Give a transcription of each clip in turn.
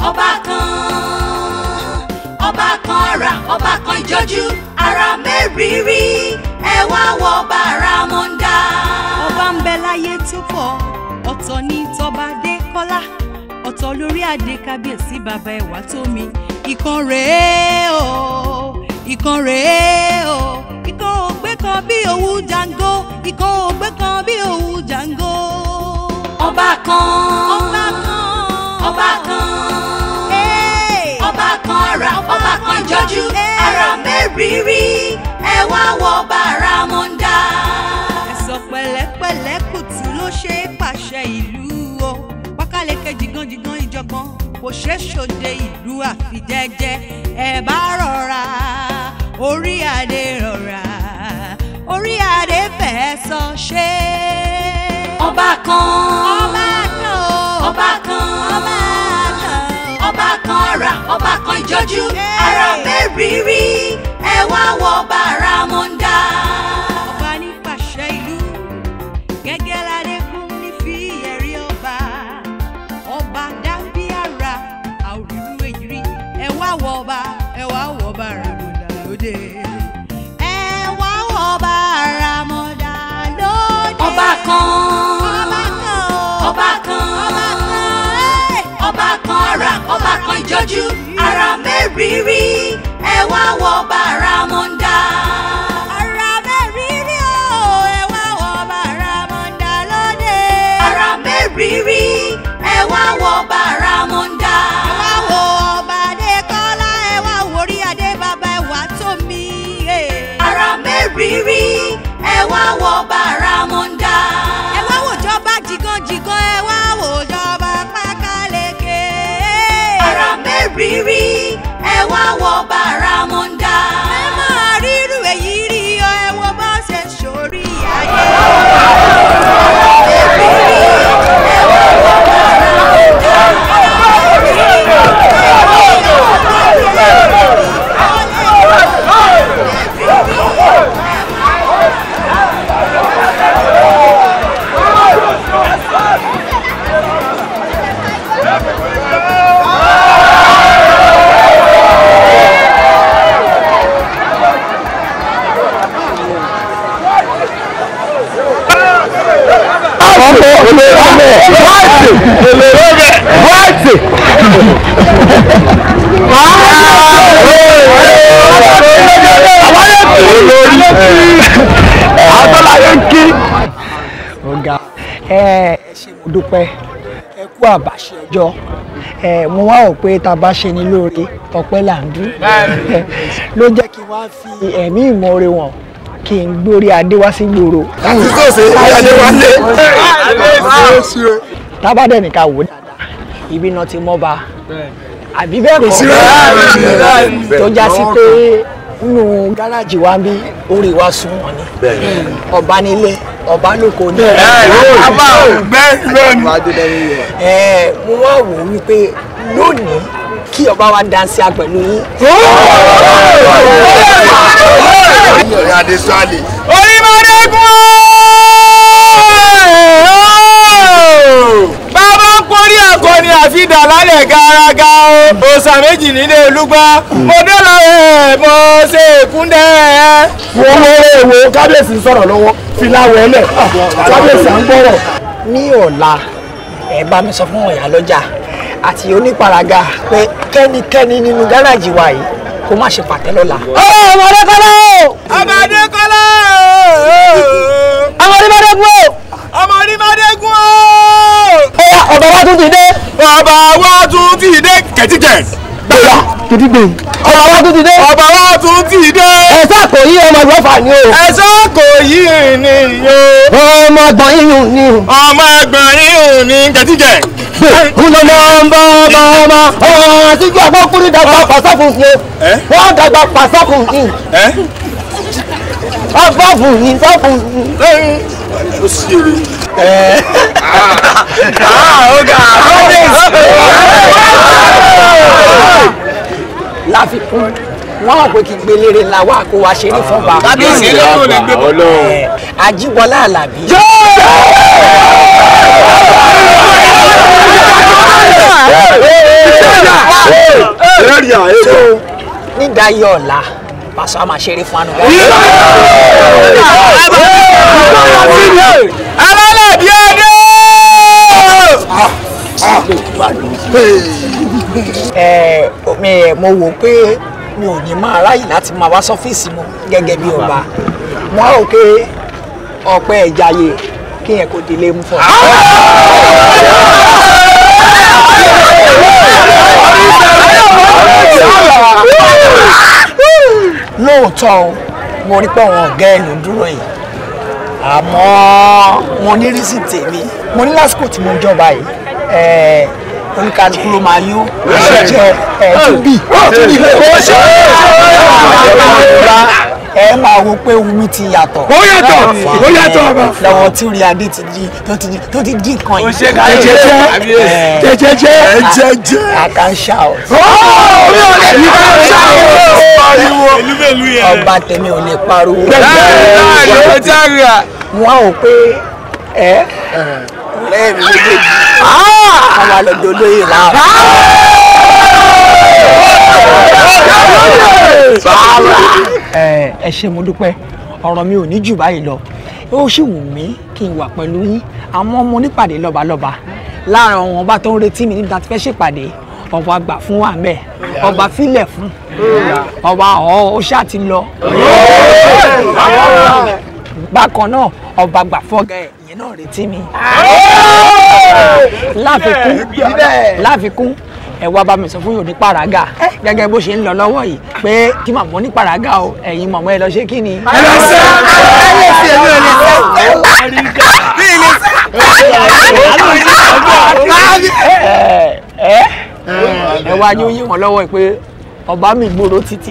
ọba kan ọba kan ọba kan ara ọba kan ìjọjú ara mẹ́rìírí ẹ wá wọ ọba Àràmọ̀ndà. ọba ń bẹ láyé tó pọ̀ ọ̀tọ̀ ní tọba Adékọ́lá ọ̀tọ̀ lórí adé kábíyèsí bàbá ẹ̀wà tómi ìkan rèé o ìkan rèé o ìkan ògbé kan bí òwú jango ìkan ògbé kan bí òwú jango ọba kan ọba kan ọba kan ọba kan ara ọba kan jọjú ara mẹ́rìírí ẹ wá wọ bàrà mọ́ndà. ẹ̀sọ̀ pẹ̀lẹ́pẹ̀lẹ́ kùtù ló ṣe é pàṣẹ ìlú o pákálẹ̀ kejì ganjigan ìjọgbọ́n kò ṣeé ṣòde ìlú àfijẹ́jẹ́ ẹ bá rọra orí adé rọra orí adé fẹ́ sọ ṣe ọba kan ọba kan ọba kan ọba kan ọba kan ara ọba kan ìjọjú ara mẹ́rìírí ẹ wá wọ ọba Àràmọ̀ndá. ọba ní pàṣẹ ìlú gẹ́gẹ́ ládé kún ní fi ẹ̀rí ọba ọba dábí ara àwòrán èyírí ẹ wá wọ ọba ẹ wá wọ ọba Àràmọ̀ndá lóde. ẹ wá wọ ọba Àràmọ̀ndá lóde. ọba kan. bá kan ìjọjú ara mẹ́rìírí ẹ wá wọ bàrà mọ́ńdà. Yeah. elérome white elérome white. àtọ́láyé ń kí. ọ̀gá ẹ ṣe mo dúpẹ́ ẹ kú àbàṣe ọjọ́ ẹ mo wá ò pé tá a bá ṣe ni lóore ọpẹ́ là ń dún ló jẹ́ kí wọ́n fi ẹ̀mí ìmoore wọn kí n gbórí adé wá sí gbòòrò. àti sọ̀sẹ̀ ìyá adé wá lé. tábàdẹ̀ nìkan wò dáadáa ibi náà ti mọ́ ba àbí bẹ́ẹ̀ kọ́ tó já sí pé nínú gáràjì wa ń bí orí wa sùn wọn ni ọba nílé ọba lóko ní. àbá ò mo wá wò ó wípé lónìí kí ọba wa dansi pẹ̀lú yín. ẹ̀yin ọ̀rẹ́ adesale. onímọ̀dékun bàbá ń porí àkọni àfi dàlálẹ̀ garaga o òòsàn méjì nílé olúgbà mo dọ́là ẹ̀ mo ṣe èkúndẹ́. wo wo wo kábíyèsí sọ̀rọ̀ lọ́wọ́ filáwẹ́lẹ̀ kábíyèsí à ń gbọ́rọ̀. ní ọ̀la ẹ̀ bá mi sọ fún ọ̀yà lọ́jà àti oníparaga pé kẹ́nikẹ́ni nínú gáràjì wa yìí kó má ṣe pàtẹ́ lọ́la. ọmọ adékọ́lá o. ọmọ adékọ́lá o. ọmọ onímọ̀dégún o. ọmọ onímọ̀dégún o. bóyá ọ̀bà wa tún ti dé. ọ̀bà wa tún ti dé kẹ̀tíkẹ̀. gbẹ̀yà gidigbe. ọ̀bà wa tún ti dé. ọ̀bà wa tún ti dé. ẹ̀sẹ̀ kò yí ọmọ ìwọ́fà ni o. ẹ̀sẹ̀ kò yí ni o. ọmọ àgbọ̀n yíyún ni. ọmọ àgbọ̀n yíyún ni kẹ̀tíkẹ̀ kúlọ̀mọ́ ọmọ ọmọ ọmọ ọmọ àtijọ́ àwọn ọkùnrin dàgbà pàṣẹkùn sí i wọ́n dàgbà pàṣẹkùn sí i ọgọ́fùn yìí sọ́fùn lẹ́yìn. ó sì rí. ọ̀gá ah, ah, láfikún wọn ò pé kí gbélére la wá kó wa ṣe ní fúnba. kábíyèsí lọ́wọ́ lè gbé bọ́. Ajíbọ́lá Àlàbí. yóò ní dayé ọ̀la pàṣẹ àmà ṣeré fún àná. alálẹ̀bí ọdẹ. mo wò pé mi ò ní máa ráyè láti máa wá sọ́fíìsì mu gẹ́gẹ́ bí ọba wọn ò pé ọpẹ́ ẹ̀jáyé kí yẹn kò délé mú fún ọ lóòótọ́ o mo rí pé àwọn ọ̀gá ẹ̀ ló dúró yìí àmọ́ mo ní rísì tèmi mo ní lásìkò tí mo jọba yìí oníkálukú ló máa yó ṣe jẹ ẹ túbì túbì lè kó ṣe ẹ máa wo pé omi ti yàtọ̀. ó yàtọ̀ ó yàtọ̀ ọba. lọ́wọ́ tí orí adé ti di tó ti di tó ti di nǹkan yìí. jẹjẹjẹ jẹjẹjẹ jẹjẹjẹ. kàkà ń ṣá o. mi ò lè pa ariwo. elúbẹ̀lú yẹn. ọba tèmi ò lè pariwo. láàrin ló ti àrà. wọn ò pé ẹ. lẹ́yìn méjèèjì. àwọn ah! àlejò olóyè la ẹ ṣé mo dúpẹ́ ọ̀rọ̀ mi ò ní jù báyìí lọ ó sì wù mí kí n wà pẹ̀lú yín àmọ́ mo nípàdé lọ́balọ́ba láàrin àwọn ọba tó ń retí mi níbi tá a ti fẹ́ ṣèpàdé ọba àgbà fún wa mẹ́ ọba filẹ̀ fún ọba ọ̀ ó ṣáà ti lọ. bákan náà ọba àgbà fọ́gà ẹ̀ ìyẹn náà retí mi. láfikún láfikún ẹ wá bá mi sọ fún yòó ní paraga gẹ́gẹ́ bó ṣe ń lọ lọ́wọ́ yìí pé kí màmú ní paraga o ẹ̀yin màmú ẹ lọ ṣe kí ni. ẹ lọ sí ẹ lè sí èmi ò lè sí. mi lè sí. ẹ wá ní oyin wọn lọ́wọ́ yìí pé ọba mi gbòòrò títì.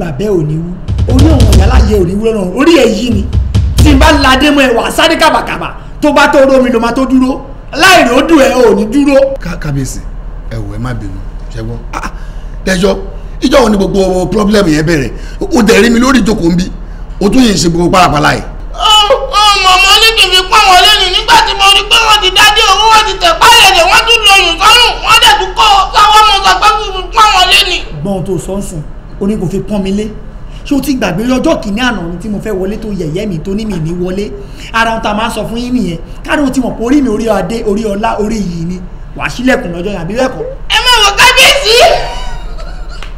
bàbá ò ní wú orí àwọn ìyá láyé ò ní wú lọ́rùn orí ẹ̀ yí ni tí n bá ladé mọ́ ẹ wà sáré kàbàkàbà tó bá tó rómi ló máa tó dúró láì rò ó dùn ẹ ò ní dúró. kábíyèsí ẹ wò ẹ má bínú ṣẹgbọn ah, ah, tẹjọ ìjọ òun ni gbogbo problem yẹn bẹ̀rẹ̀ o dẹ̀ rí mi lórí ìjókòó ń bí o tún yìí ń ṣe gbogbo pàlàpàlà yìí. mọ̀mọ́ ní kì í fi pọ́n wọn lẹ́nu nígbà tí mo rí pé wọ́n ti dájú owó wọ́n ti tẹ̀ pálẹ̀ dẹ̀ wọ́n tún lóyún sọ́rùn wọ́n dẹ̀ tún kọ́ sáwọ́ mo sọ pé kí fi pọ́n wọn lẹ́nu. gbọ́n tó sọ́nsùn oní kò fi pọ́n mi lé ṣé o ti gbàgbé lọ́jọ́ kìíní àná ni tí mo fẹ́ wọlé tó yẹ̀yẹ́ mi tó ní mi ní wọlé ara ohun tá a máa sọ fún yín nìyẹn káàdì o ti mọ̀ pé orí mi orí adé orí ọlá orí yìí ni wàá sílẹ̀kùn lọ́jọ́ yàbí lẹ́kọ̀ọ́. ẹ má wọ kábíyèsí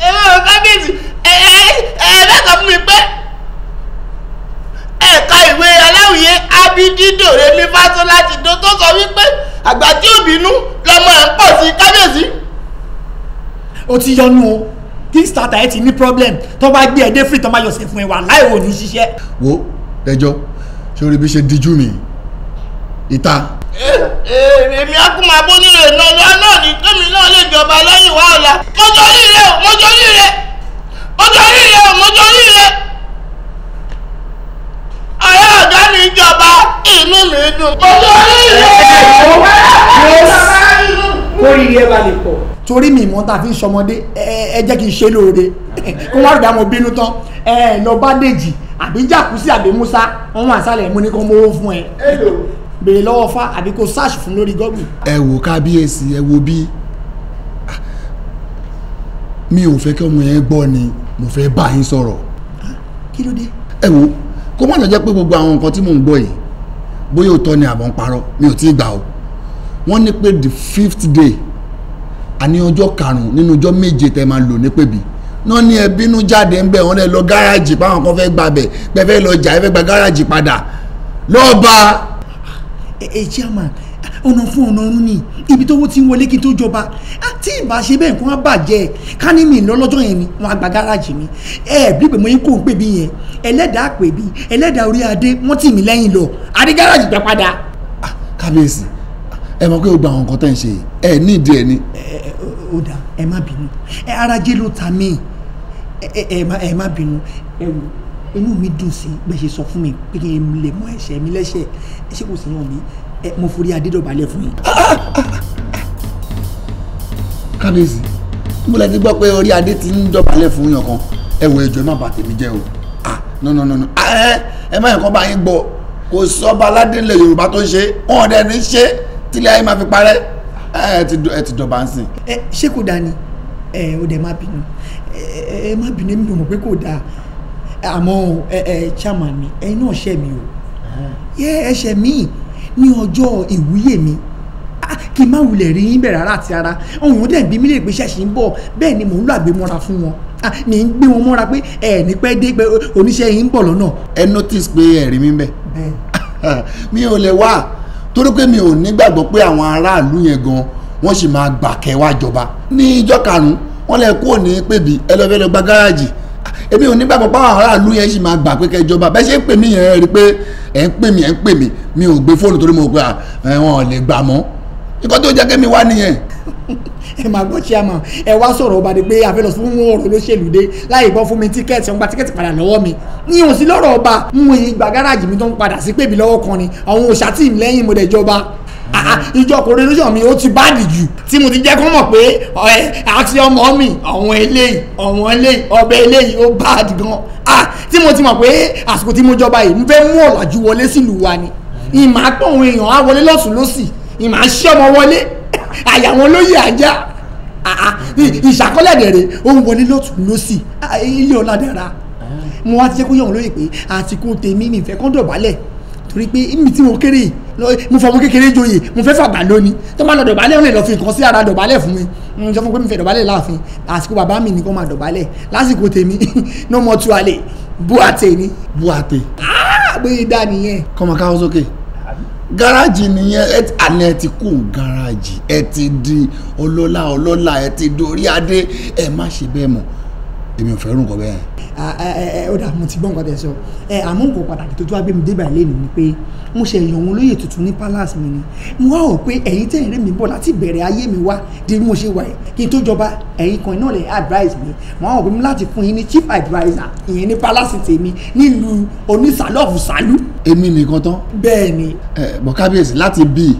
ẹ má wọ kábíyèsí ẹ ẹ ẹ lẹ́kọ̀ọ́ fún mi pé ẹ̀ka ìwé aláwìyé abididore ní fásolá ti do tó sọ wípé àgbà tí ò bínú lọmọ ẹ̀ ń pọ̀ sí kábíyèsí. o ti yọnu o starter ẹ ti ní problem tó bá gbé ẹ dé free tó máa yọ sí fún ẹ wà láì ò ní ṣiṣẹ́. wo ẹjọ́ sórí bí ṣe díjú mi ìta. èmi á kún máa bó nílò ìnáwó náà ní gómìnà náà lè jọba lẹ́yìn wá ọ̀la. mo jọ rí rẹ o mo jọ rí rẹ mo jọ rí rẹ o mo jọ rí rẹ. ààrẹ ọ̀gá mi jọba inú mi dùn. mo jọ rí rẹ o. kórìí ẹ bá lè pọ̀ torí mi mọ́ ta fi ń sọmọdé ẹ jẹ́ kí n ṣe lóore kó wá rògbà mo bínú tán ẹ lọ bá dèjì àbí jàkúsí àbí musa wọn wà sálẹ̀ mo ní kó mówó fún ẹ bèrè lọ́wọ́ fa àbí kó search fún lórí Google. ẹ wò kábíyèsí ẹ wo bí mi ò fẹ́ kí ọmọ yẹn gbọ́ ni mo fẹ́ bá yín sọ̀rọ̀. kí ló dé. ẹ wo kó má jẹ́ pé gbogbo àwọn nǹkan tí mò ń gbọ́ yìí bóyá òótọ́ ni àbọ̀ ń parọ́ mi ò tí ì gbà o wọ́n ní pé the fifth day àní ọjọ́ karùn-ún nínú ọjọ́ méje tẹ́ máa lò ní pèbí náà ní ẹ bínú jáde ń bẹ̀ wọ́n lẹ́ lọ gáràjì báwọn kan fẹ́ gbàbẹ̀ pẹ́ fẹ́ lọ jà ẹ fẹ́ gba gáràjì padà lọ́ọ̀ba. ẹ ẹ chairman ọ̀nà fún ọ̀nà ọ̀run ni ibi tó wó ti ń wọlé kí n tó jọba tí ìbá ṣe bẹ́ẹ̀ nǹkan á bàjẹ́ ká ní mi lọ́lọ́jọ́ yẹn ni wọ́n á gba gáràjì mi ẹ bí pé mo yín kò ń pè bí yẹn ẹlẹ́dàá pè bí ẹlẹ́dàá orí adé wọ́n tì mí lẹ́yìn lọ adé gáràjì gbà padà. Ah, kábíyèsí ẹ mọ̀ pé o gba àwọn nǹkan tẹ́ ń ṣe ẹ ní ìdí ẹ ní. ó dà ẹ má bínú ẹ arajé ló ta mí ẹ má bínú ẹ wò inú mi dùn sí bẹ́ẹ̀ ṣe sọ fún mi pé kí n lè mọ ẹ̀ṣẹ̀ mi lẹ́ṣẹ̀ ẹ ṣé kò sí yàn mí ẹ mo forí adédọ̀bálẹ̀ fún yín. kábíyèsí mo lè ti gbọ́ pé orí adé ti ń dọ̀bálẹ̀ fún yàn kan ẹ wò ẹjọ́ má bà tèmi jẹ́ o ah no no no ah, ẹ má yàn kan bá yín gbọ́ kò sọ́ba aládé ilẹ̀ yorùbá tó ń ṣe wọn ò dẹ̀ ṣe tílẹ̀ ayé máa fi parẹ́ ẹ ti dọ̀bà ń sìn. ẹ ṣé kò dáa ni ẹ ò dẹ̀ má bínú ẹ má bínú èmi ò mọ̀ pé kò dáa àmọ́ ẹ ẹ mi ẹ̀yin náà ṣẹ̀ mí o yẹ ẹ̀ṣẹ̀ mi ní ọjọ́ ìwúyè mi kí n má wulẹ̀ rí yín bẹ̀rẹ̀ ara àti ara àwọn èèyàn dẹ̀ ń bí mílíọ̀nù pé ṣẹ̀ṣì ń bọ̀ bẹ́ẹ̀ ni mò ń lọ àgbémọ́ra fún wọn mi ń gbé wọn mọ́ra pé ẹ̀ ní pẹ́ dé pé oníṣẹ́ yín ń bọ̀ lọ́nà. ẹ notice pé ẹ̀rí mi ń bẹ mi ò lè wá torí pé mi ò nígbàgbọ́ pé àwọn aráàlú yẹn gan wọ́n sì máa gbà kẹwàá jọba ní ìjọ karùn-ún wọ́n lẹ kó ní pèbí ẹlọ́fẹ́lọ́ gba gáràjì èmi ò nígbàgbọ́ pé àwọn aráàlú yẹn sì máa gbà pé kẹjọba bẹ́ẹ̀ ṣe ń pè mí yẹn rí pé ẹ̀ ń pè mí ẹ̀ ń pè mí mi ò gbé fóònù torí mo gbà wọn ò lè gbà mọ́ nǹkan tó jẹ́ kémi wá nìyẹn ẹ máa gbọ́ chairman ẹ wá sọ̀rọ̀ ọba de pé a fẹ́ lọ fún ọ̀rọ̀ olóṣèlú dé láì gbọ́ fún mi tíkẹ́ẹ̀tì ọ̀n gba tíkẹ́ẹ̀tì padà lọ́wọ́ mi ní òun sí lọ́rọ̀ ọba mo yìí gba gáràjì mi tó ń padà sí pèbí lọ́wọ́ kan ni àwọn òṣàtì lẹ́yìn mo dẹ̀ jọba ìjọ coronation mi ó ti báàdì jù tí mo ti jẹ́ kó mọ̀ pé àti ọmọ mi ọ̀wọ́n eléyìí ọ̀wọ́n eléyìí ọbẹ̀ eléyìí ó báàdì gan tí mo ti mọ̀ pé àsìkò tí mo jọba yìí mo fẹ́ mú ọ̀làjú wọlé sílùú wa ni ìmọ̀ àpọ̀ òun èèyàn á wọlé lọ́sùn lọ́sì ìmọ̀ àṣẹ ọmọ wọlé àyà wọn lóye ajá ìṣàkọlẹ̀ dẹ̀rẹ̀ òun wọlé lọ́tún lọ́sì ilé ọ̀la dára mo wá ti jẹ́ kó yọ̀ wọ́n lóye pé àtìkù tèmi mi ìfẹ́ kọ́ńdọ̀ balẹ̀ torí pé ibi tí mo kéré mo fọmọ kékeré joyè mo fẹ́ fàgbà lónìí tó máa lọ dọ̀bálẹ̀ wọn lè lọ fi nǹkan sí ara dọ̀bálẹ̀ fún mi n sọ fún pé mi fẹ́ dọ̀bálẹ̀ láàfin àsìkò bàbá mi nìkan máa dọ̀bálẹ̀ lásìkò tèmi ní ọmọ tuwalẹ̀ buwate ni. buwate. ah gbé dá nìyẹn. kọ́mọ káwọ́ sókè gáràjì nìyẹn àná ẹ ti kú gáràjì ẹ ti di ọlọ́lá ọlọ́lá ẹ ti dorí adé ẹ má ṣe bẹ́ẹ̀ mọ́ èmi ò fẹ́ràn nǹkan bẹ́ẹ̀. ó dà mo ti gbọ́ nǹkan tẹ̀ sọ àmọ́ nǹkan pàtàkì tó tó abẹ́ mi débà lẹ́nu ni pé mo ṣe èèyàn òun lóye tuntun ní palace mi ni mo wá rò pé ẹ̀yin tẹ̀ ń rí mi bọ̀ láti bẹ̀rẹ̀ ayé mi wá di bí mo ṣe wà yìí kí n tó jọba ẹ̀yin kan náà lè advise mi mo wá rò pé mo láti fún yín ní chief adviser ìyẹn ní palace tèmi nílùú onísàlọ́ọ̀fù sálú. èmi nìkan tán. bẹ́ẹ̀ ni. ẹ bọ̀ kábíyèsí láti bíi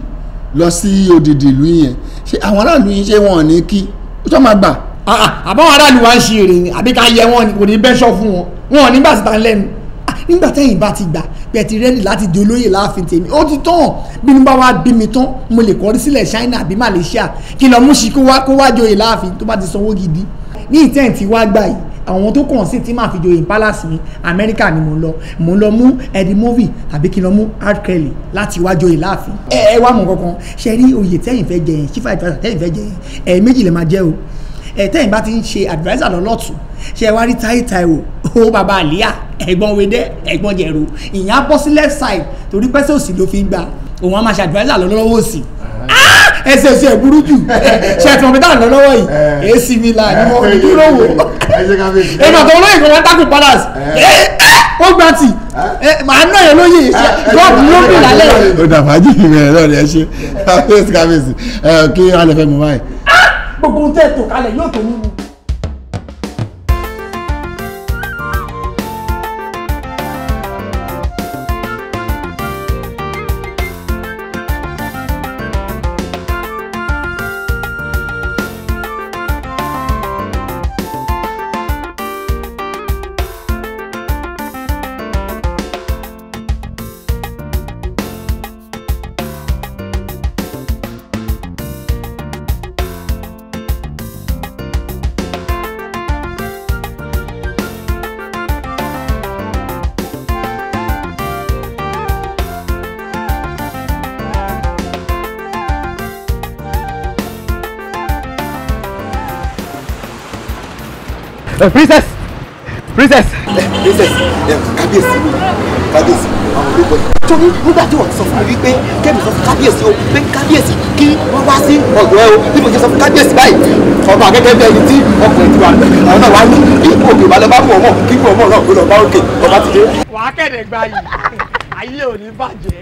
lọ sí odidi ìlú yẹn ṣé àwọn aráàlú yìí ṣé wọn ò ní kí ó tó máa gbà Ah, ah, àbáwọn aráàlú wa ń ṣe èrè àbí ká yẹ wọn kò ní bẹ́ṣọ fún wọn wọn ò ní gbà síta lẹ́nu ah, nígbà tẹ́yìn bá ti gbà pẹ̀tì rẹ́dì láti di olóyè láàfin tèmi ó ti tán bínú bá wá bí mi tán mo lè kọrí sílẹ̀ China àbí Malaysia kí lọ́ọ́ mú sí kó wá kó láàfin tó bá ti sanwó gidi ní ìtẹ́ǹtì wá gbà yìí àwọn tó kàn sí tí màá fi joyè palace ní amẹ́ríkà ni mò lọ mò lọ mú eddie movie àbí kí n mú art kelly láti wá joyè láàfin ẹ ẹ wá mọ̀ kankan ṣe rí oyè tẹ́yìn fẹ́ jẹ yẹn sífà ìfẹ́ tẹ́yìn fẹ́ jẹ yẹn ẹ méjì lè máa jẹ́ o ẹ̀ tẹ́yìn bá ti ń ṣe adviser lọ́lọ́tún ṣe wá rí táyì táìwò owó bàbá àlíyà ẹ̀gbọ́n wedẹ́ ẹ̀gbọ́n jẹ̀rọ ìyẹn á bọ́ sí left side torí pẹ́sẹ́ òsì ló fi ń gbà òun á máa ṣe adviser lọ́lọ́wọ́ òsì ah! ẹsẹ̀ ẹsẹ̀ ẹ̀ burú jù ṣe ẹ̀tún ọ̀bẹ dáhùn lọ́wọ́ yìí èsì mi là ní ọ̀rọ̀ dúró wò èmi àtọ̀ olóyè kan wọn tákù palace eh. Eh, eh, ó gba tì màá náà yẹn lóye gọ́ọ̀bù ló bì lálẹ́. ó dàbàjì mi rẹ̀ ṣe kábíyèsí kábíyèsí kí alẹ́ fẹ́ mú báyìí gbogbo ohun tẹ́ kalẹ̀ yóò tó níwu Eh, princess princess. princess eh, kábíyèsí kábíyèsí àwọn olóògbé torí nígbà tí wọ́n sọ fún mi wípé kẹ́mi sọ fún kábíyèsí o pé kábíyèsí kí wọ́n wá sí ọ̀dọ̀ ẹ o bí mo ṣe sọ fún kábíyèsí báyìí ọba akẹ́kẹ́ bí ẹni tí ọkùnrin ti wà àwọn náà wá ní ipò òkè balẹ̀ bá wọ̀ mọ̀ kí wọ́n mọ̀ náà gbọ́dọ̀ bá òkè ọba ti dé. wàá kẹ́dẹ̀ gba yìí ayé ò ní bàjẹ́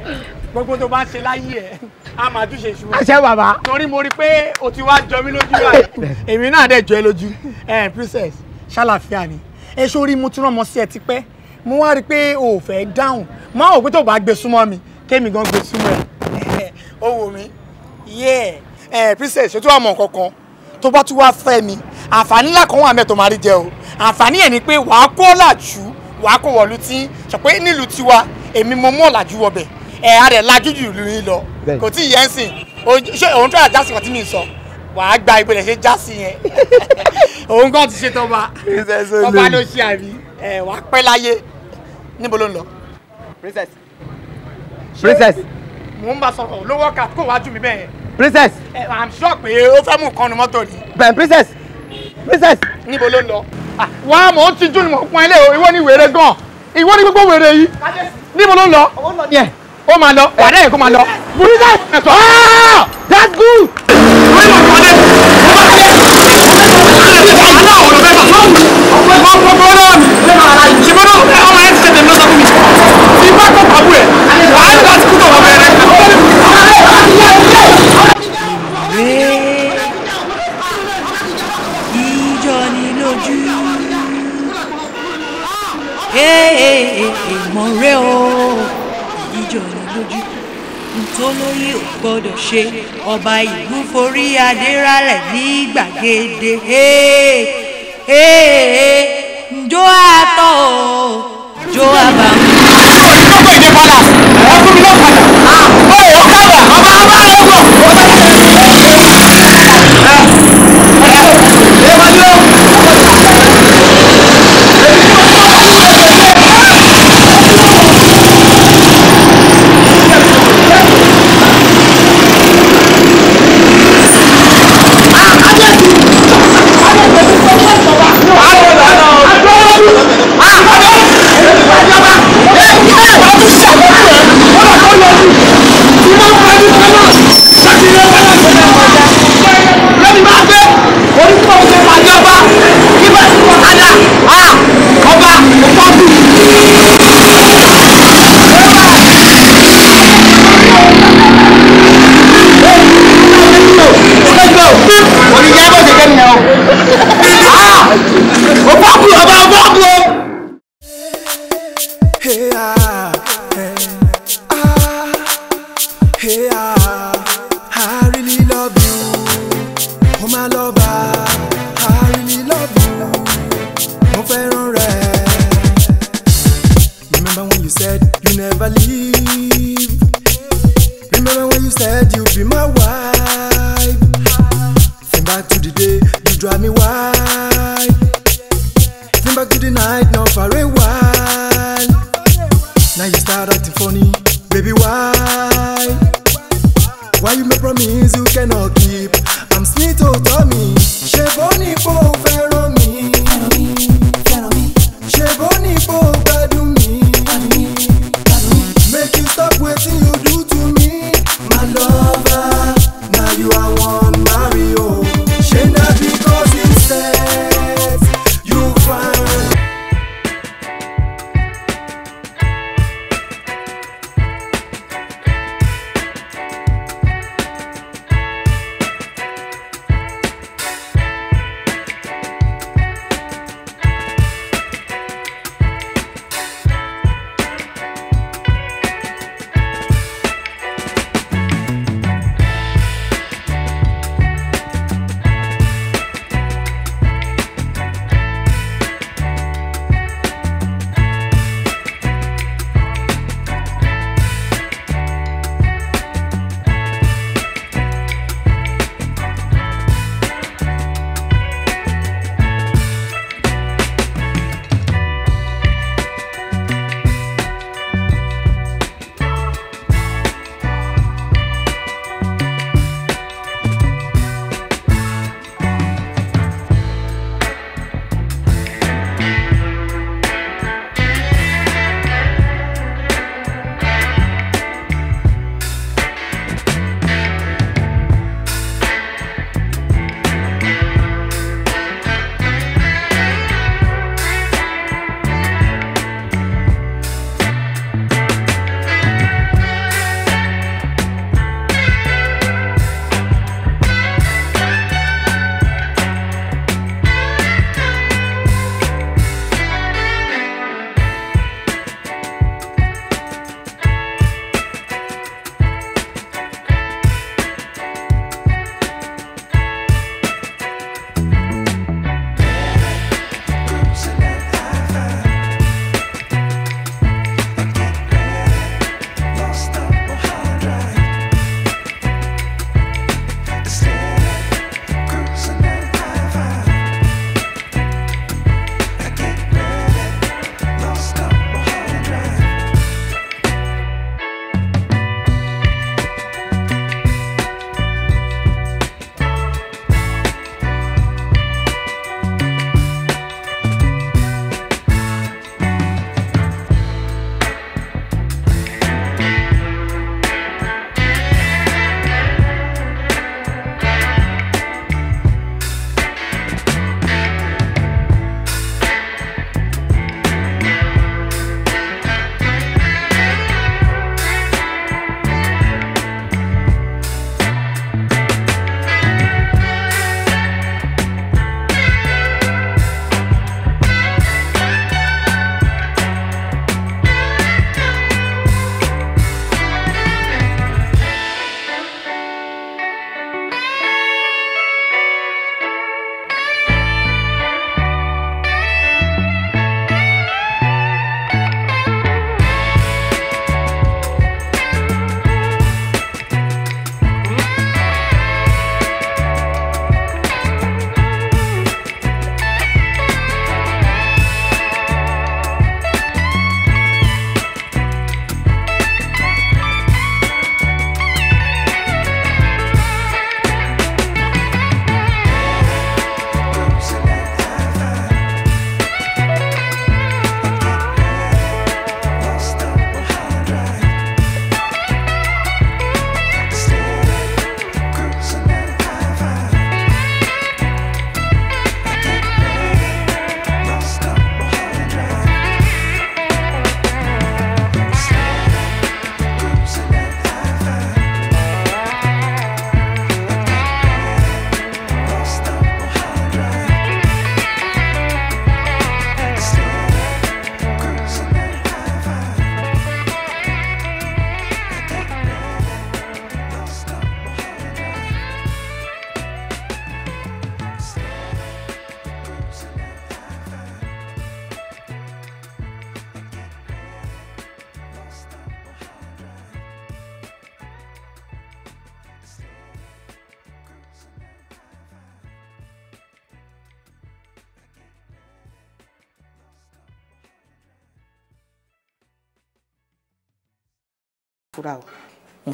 gbogbo tó bá ṣe láyé ẹ̀ a máa tún ṣe ìṣúná. àṣẹ bàbá. torí mo rí pé o ti wá jọ mí lójú báyìí èmi náà dẹ̀ jọ ẹ lójú ẹ eh, princess ṣàlàfíà ni ẹ sórí mo tún rọmọ sí ẹ tipẹ́ mo wá rí i pé o ò fẹ́ dáhùn mo á wò pé tó bá gbé súnmọ́ mi kémi gan gbé súnmọ́ ẹ ó wò mí yé ẹ princess ṣé tó kankan tó bá tún wá fẹ́ mi àǹfààní ńlá kan wà mẹ́ tó máa rí jẹ o àǹfààní ẹ̀ ni pé wàá kó làjú wàá kó wọ̀lú tí ṣọ̀pẹ́ nílùú tiwa èmi mo mú ọ̀làjú wọbẹ̀ ẹ̀ á rẹ̀ lajú jù lù yín lọ kò tí ì yẹn sìn òun tó àjásìkò tí mi sọ wàá gba ìpìlẹ̀ ṣe já sí yẹn òun kàn ti ṣe tọba tọba ló ṣe àbí ẹ wàá pẹ́ láyé níbo ló ń lọ. princess princess. mò ń bá sọ̀rọ̀ ló wọ́ọ̀kà kó wájú mi bẹ́ẹ̀. princess. ẹ i'm sure pé ó fẹ́ mú nǹkan nu mọ́tò ni. bẹ́ẹ̀ princess princess. níbo ló ń lọ. Ah, wàá mò ń tijú ni mò ń pọn ẹ lé o ìwọ ni wèrè gan-an ìwọ ni gbogbo wèrè yìí níbo ló ń lọ. owó lọ ni ẹ ó máa lọ wàdà yẹn kó máa lọ. burúkú ẹ̀sọ́ ah! that's good. Hey, hey, hey, hey, Morel tó lóyè ò gbọ́dọ̀ ṣe ọba ìlú forí adé rálẹ̀ ní gbàgede ǹjọ́ àtọ̀ ò jó àbàmù.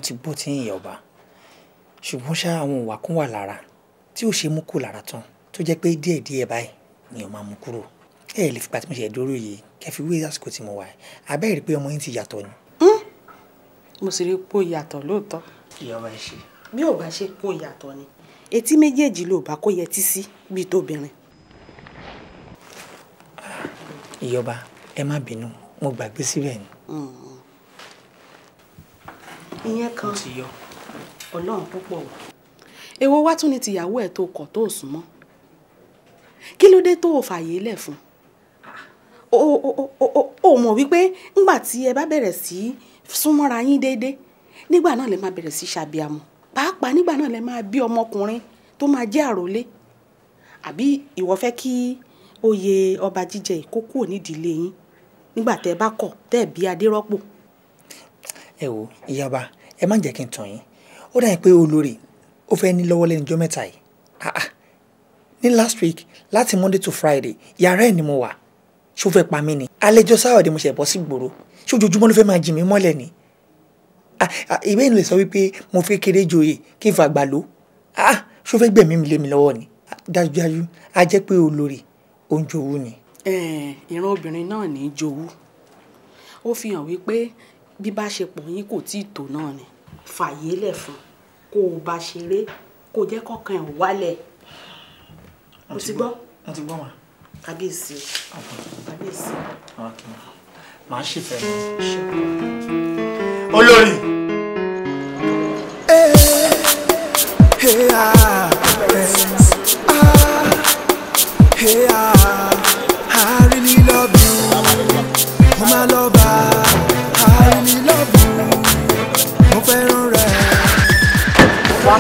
ti gbó tí ń yẹ ọba ṣùgbọ́n ṣá àwọn ìwà kan wà lára tí ò ṣe mú kú lára tán tó jẹ́ pé díẹ̀díẹ̀ báyìí ni ò máa mú kúrò ẹ lè fipá tí mo ṣe dúró yìí kẹfí wí àsìkò tí mo wà abẹ́ rí pé ọmọ yín ti yàtọ̀ ni. Hmm? mo sì rí pò yàtọ̀ lóòótọ́. ìyọba ẹ ṣe. bí ò bá ṣe pò yàtọ̀ ni etí méjèèjì ló bá kó yẹtí sí bíi tóbìnrin. Ah, ìyọba ẹ má bínú mo gbàgbé síbẹ̀ ni. Mm ìyẹn kan ọlọ́run tó pọ̀ wọ̀. èwo wá tún ni tìyàwó ẹ̀ tó kọ̀ tó sùn mọ́ kí ló dé tó o fààyè lẹ̀ fún o mọ̀ wípé ńgbà tí ẹ bá bẹ̀rẹ̀ sí súnmọ́ra yín déédéé nígbà náà lè máa bẹ̀rẹ̀ sí ṣàbíamọ̀ pàápàá nígbà náà lè máa bí ọmọkùnrin tó máa jẹ́ àròlé àbí ìwọ fẹ́ kí oyè ọba jíjẹ ìkókó nídìílé yín nígbà tẹ́ ẹ bá kọ̀ tẹ́ ẹ bí adé rọ́pò. ẹ wo ìyá ọba ẹ má jẹ́ kí n tàn yín ó dà pé olórí ó fẹ́ ní lọ́wọ́ lẹ́nu ọjọ́ mẹ́ta yìí ah ah ní last week láti monday to friday yàrá ẹ̀ ni mo wà ṣó fẹ́ pa mí ni alẹ́jọ́ sáwọ̀dì mo ṣẹ̀ bọ́ sí gbòòrò ṣó ojoojúmọ́ ló fẹ́ máa jì mí mọ́lẹ̀ ni ìwé ìlú sọ wípé mo fẹ́ kéré joyè kí n fàgbà ló ah ṣó fẹ́ gbẹ̀mí mi lé mi lọ́wọ́ ni dájúdájú a jẹ́ pé olórí òun jowú ni. ìran obìnrin náà ní í jowú ó fi hàn wípé bí bá ṣe pọ̀ yín kò tí ì tó náà ni fàyè lẹ̀ fún kó o bá ṣeré kó jẹ́ kọ́kàn ẹ̀ wálẹ̀ o ti gbọ́. mo ti gbọ́ mà. kábíyèsí kábíyèsí. màá ṣèfẹ́ mi. olórí. Ah, hey, ah, I really love you. Oh, my love.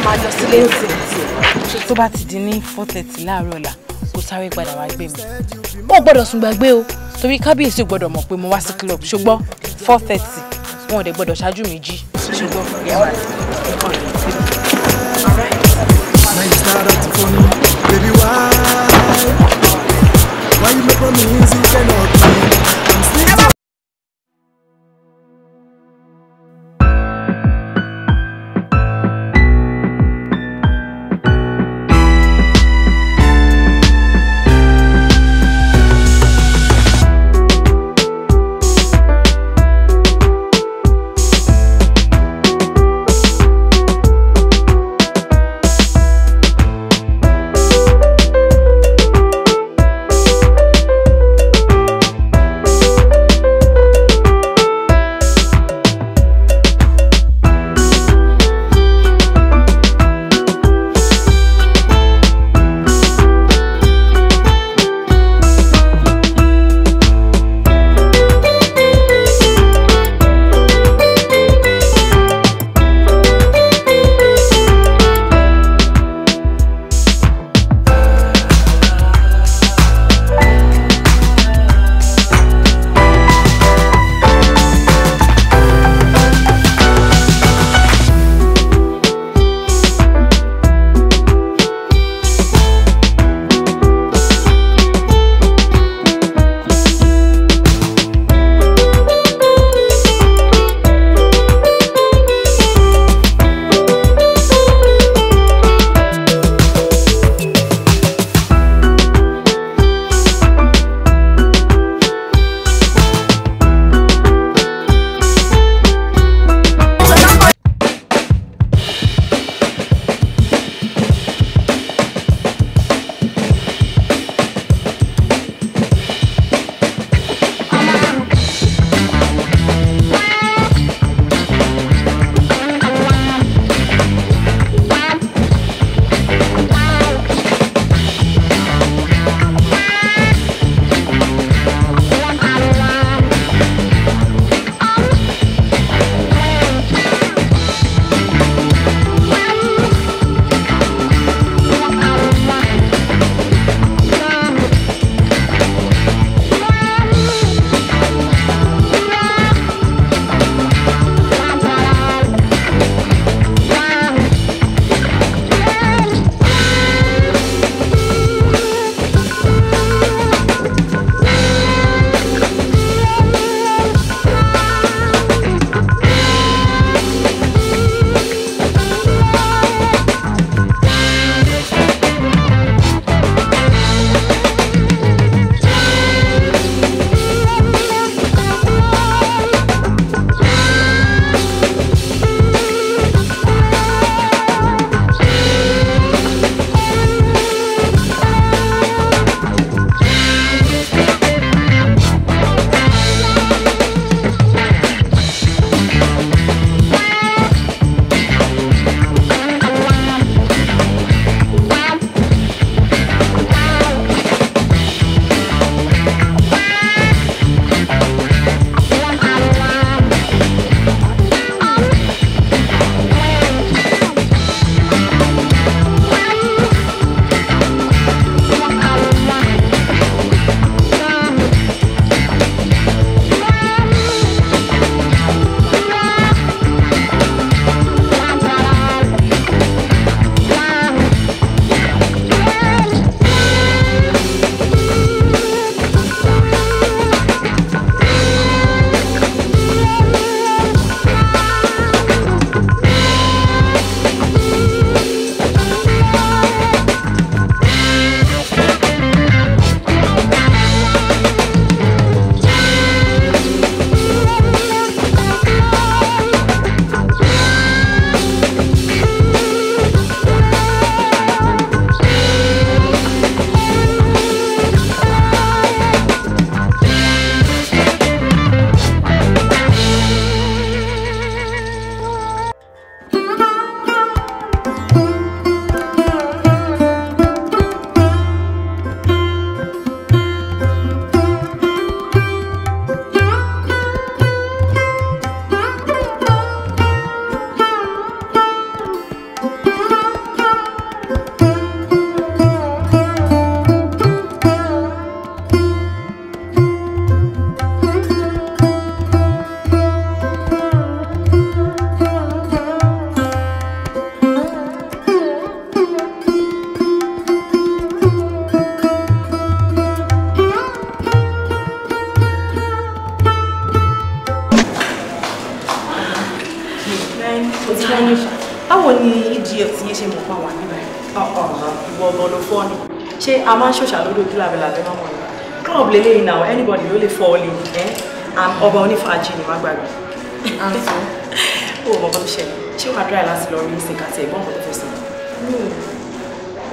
máa lọ sílé ǹsìn. tó bá ti di ní four thirty láàárọ̀ ọ̀la kó sáré padà wá gbé mi. wọn gbọ́dọ̀ sùn gbàgbé o torí kábíyèsí gbọ́dọ̀ mọ̀ pé mo wá sí club ṣùgbọ́n four thirty wọn ò dẹ̀ gbọ́dọ̀ ṣáájú mi jí ṣùgbọ́n ìyàwó ẹ̀kọ́ rẹ̀ baby why? Why you make promises you cannot keep? ṣàlódò kí làbẹ̀ làbẹ̀ náà mọ̀ ní. club lélẹ́yìn náà anybody ló lè fọ́ ọ lè ẹ́ ọba onífàájì ni wọ́n gbàgbé. ó mọ̀ bọ́ tó ṣẹlẹ̀ ṣé wàá dúrà láti lọ rí ní sèkàtì ẹ̀gbọ́n kan tó fẹ́ sọ.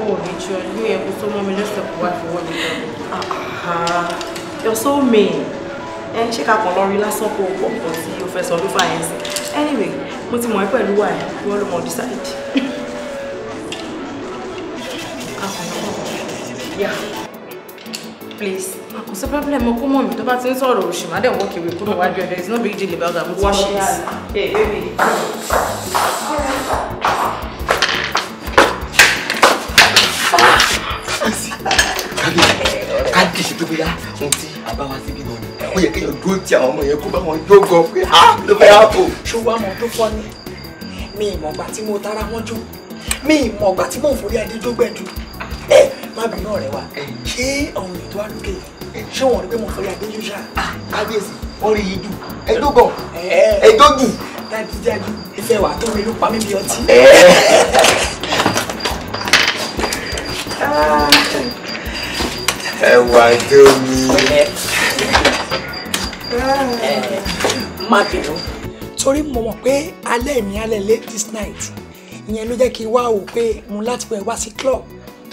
o ò lè jọ ní ẹkú tó mọ́ mi lẹ́sẹ̀ kó wá fi wọ́n mi lọ. you're so mean ẹ she ká kàn lọ rí lásán kó o pọ̀ pọ̀ sí o fẹ́ sọ ló fà yẹn sí anyway mo ti mọ̀ ẹ́ pẹ̀lú wa ẹ̀ wọ́n ló mọ̀ decide. Yeah place. kò problem ọkọ mọ̀ mi tó bá ti ń sọ̀rọ̀ òṣì má dẹ̀ wọ́n kiri kúrò wájú there is no big deal about that mo ti ṣe é. káàdì ṣe tó bóyá ohun tí a bá wá síbí náà ni ẹ eh, má bínú ọ̀rẹ́ wa ṣé ọ̀run ètò àdúgbò ṣé wọn rí pé mo fẹ́ yà dé yúṣà ah, kábíyèsí orí yìí jù ẹdógàn ẹdógù dájú dájú ìfẹ́ wà tó mi ló pa mí bí ọtí. ẹwà tó mi. má bínú torí mo mọ̀ pé alẹ́ mi alẹ́ late this night ìyẹn ló jẹ́ kí n wá wò pé mo láti wẹ̀ wá sí club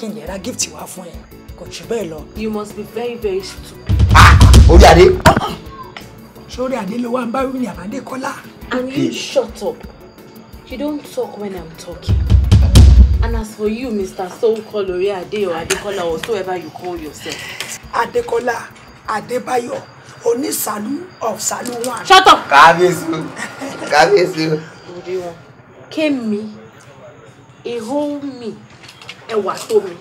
kí n gift wá fún ẹ kò jù bẹ́ẹ̀ lọ. you must be very very stupid. orí Ade. sórí Ade. ló wá ń bá wíwìn àbádé kọ́lá. and you shut up you don't talk when i'm talking and as for you mr so-called Ade or Adekola, or whoever you call yourself. Adekola, Adebayo, Adébáyọ̀ Salu of Salu one. shut up. kábíyèsí kábíyèsí. orí wọn kémi ehó mi ẹwà tó mi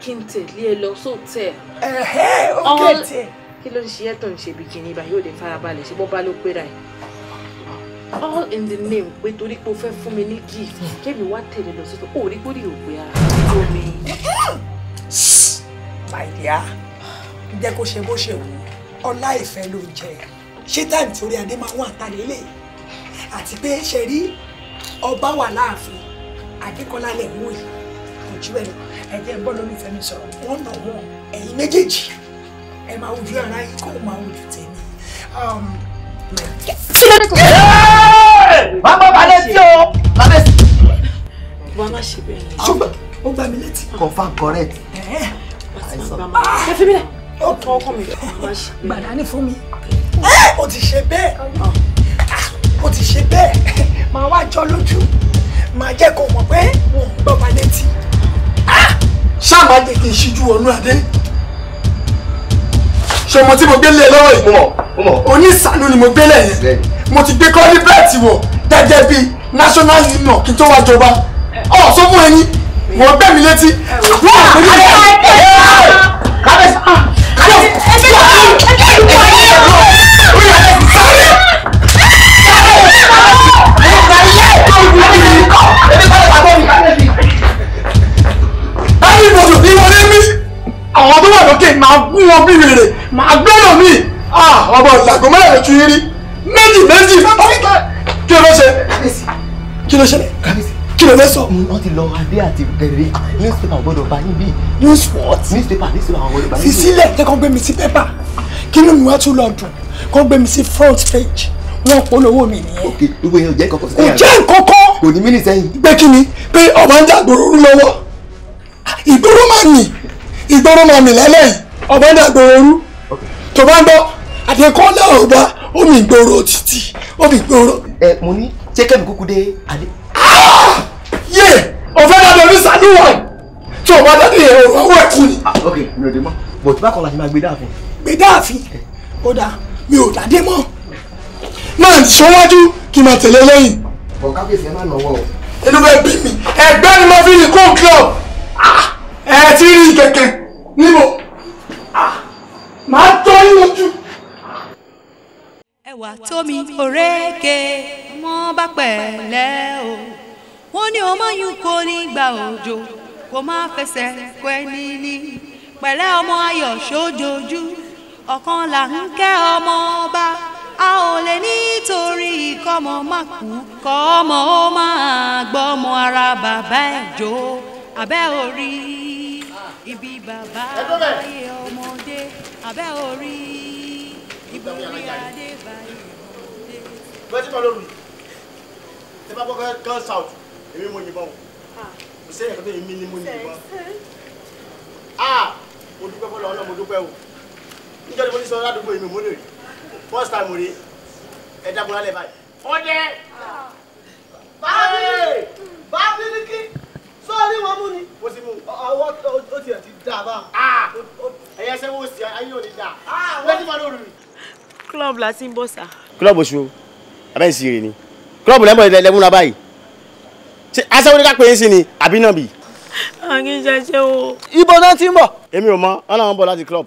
kí n tẹ̀lé ẹ lọ sóòtẹ́ ẹ̀ ọ̀hún kí ló ń ṣe ẹ̀tọ́ ń ṣe bìkìní báyìí ó lè farabalẹ̀ ṣe bọ́ba ló pé ra all in the name pé torí pé o fẹ́ fún mi ní gift kébì wá tẹ̀lé lọ sóòtẹ́ ò rí gbórí òpè ara tó mi. màìyá jẹ́ kó ṣe bó ṣe wù ọlá ìfẹ́ ló ń jẹ ṣé táìmù torí adé máa wà tálẹ́ lè àti pé ṣe rí ọba wà láàfin Adékọ́lá lẹ̀ ń wò yìí ojú ẹ̀ lọ ẹ̀jẹ̀ ń bọ́ lórí fẹ́mi sọ̀rọ̀ wọ́n nà wọ́n ẹ̀yin méjèèjì ẹ máa wojú ara yín kó máa wojú tèmi. Um, kí balẹ̀ sí o balẹ̀ sí. wọ́n á má ṣe bẹ́ẹ̀ lọ. ṣùgbọ́n ó gbà mí létí. confam correct. Ah! ẹ fi mí lẹ̀ ó tọ́ ọkọ mi. gbàdá ní fún mi. ó ti ṣe bẹ́ẹ̀ ah, ó ti ṣe bẹ́ẹ̀ máa wá jọ lójú máa jẹ́ kó mọ̀ pé wọ́n gbọ́ balẹ̀ tí ṣáà má jẹ́ kí n ṣíjú wọnú adé ṣe ọmọ tí mo gbélé lọ́wọ́ yìí onísàánú ni mo gbélé yẹn mo ti gbé kọ́lí bẹ́ẹ̀tì wọ̀ gẹ́gẹ́ bí national union kí n tó wá jọba ọ̀ sọ fún ẹni wọ́n gbẹ́ mi létí wọ́n àgbẹ̀ mi létí. àwọn tó wà lókè máa gún wọn bí wèrè máa gbẹ́rọ̀ mi ọmọ ìlàgọ́ mẹ́rin lè tún yín rí méjì méjì kí ló ṣe kí ló ṣe kí ló fẹ́ sọ. wọ́n ti lọ adé àti gẹ̀rẹ́ ah, newspaper gbọ́dọ̀ bá yín bí. news what. newspaper newspaper àwọn gbọ́dọ̀ bá yín bí. fi sílẹ̀ jẹ́ kó gbé mi sí pépà kí ló ń wá tún lọ dùn gbé mi sí front page wọn polówó mi nìyẹn. ok gbogbo yẹn ò jẹ́ kọ́kọ́ sẹ́yìn. O jẹ́ kọ́kọ́. kò ní mílì sẹ́yìn. pé kí ni pé ọba ń jà gbòòrò lọ́wọ́ ìgbòòrò máa nì ìgboro máa mì lálẹ́ yìí ọ̀bọ̀n dàgbòrò orú tó bá ń bọ̀ àtẹ̀kọ́ náà ò dá omi ìgboro títì omi ìgboro. ẹ mo ní ṣé kẹ́mi kúkú dé adé. Ah! yé ọ̀fẹ́ dàbí orí sànú wà tí ọba dàbí ẹ̀rọ ọwọ́ ẹ̀ kú ni. Ah, ok mi ò dé mọ́ bò tí bá kọ́ la ti máa gbé dáàfin. gbé dáàfin ó dáa mi ò dàdé mọ́ máa ṣọwájú kí n máa tẹ̀lé lẹ́yìn. bọ̀ kábíyèsí ẹ má nà ọwọ́ o. inú bẹ bí mi ẹgbẹ́ ni mo fi ní kó club. ah ẹ ti rí kẹ̀kẹ́ níbo ah, máa tọ́ yín lójú. ẹwà tómi òrékè mọ́ bá pẹ̀lẹ́ o wọ́n ní ọmọ yín kò ní gba òjò kò má fẹsẹ̀ kọ ẹni ní pẹ̀lẹ́ ọmọ ayọ̀ sójoojú ọ̀kan là ń kẹ́ ọmọ ọba a ò lè nítorí kọ́mọ má kú kọ́mọ ó máa gbọ́mọ ara bàbá ẹ̀ jó abẹ́ orí ibi bàbá ayé ọmọdé abẹ́ orí ìgbórí adé báyé ọmọdé. bẹ́ẹ̀ tó lórí ẹ bá gbọ́dọ̀ gan south èmi mo yìnbọn o ah. kò sẹ́yìn kan tó yẹ mí ni mo yìnbọn ah, mo dúpẹ́ fọlọ́ ọlọ́mọ dúpẹ́ o níjọ́ ni mo ti sọ ládùúgbò yìí mi mo lè rí first time rí ẹ dábọ̀ lálẹ́ báyìí. ọdẹ ah. bábí hmm. bábí ní kí sọ ní wọn mú ni. mo ti mú un. ọwọ́ ó tiẹ̀ ti dà bá. ẹ̀yẹ ṣé wo sí ayé ò ní dà. wọ́n ti máa lóru rì. club la ti ń bọ̀ sá. club oṣù abẹ́ ìsirè ni club lẹ́mọ̀ lẹ́mú la báyìí ṣe aṣẹ́wó ní ká pè é sí ni àbí náà bì. àkínṣẹ́ṣẹ́ o. ibo náà ti ń bọ̀. èmi ò mọ ọlọ́run bọ̀ láti club.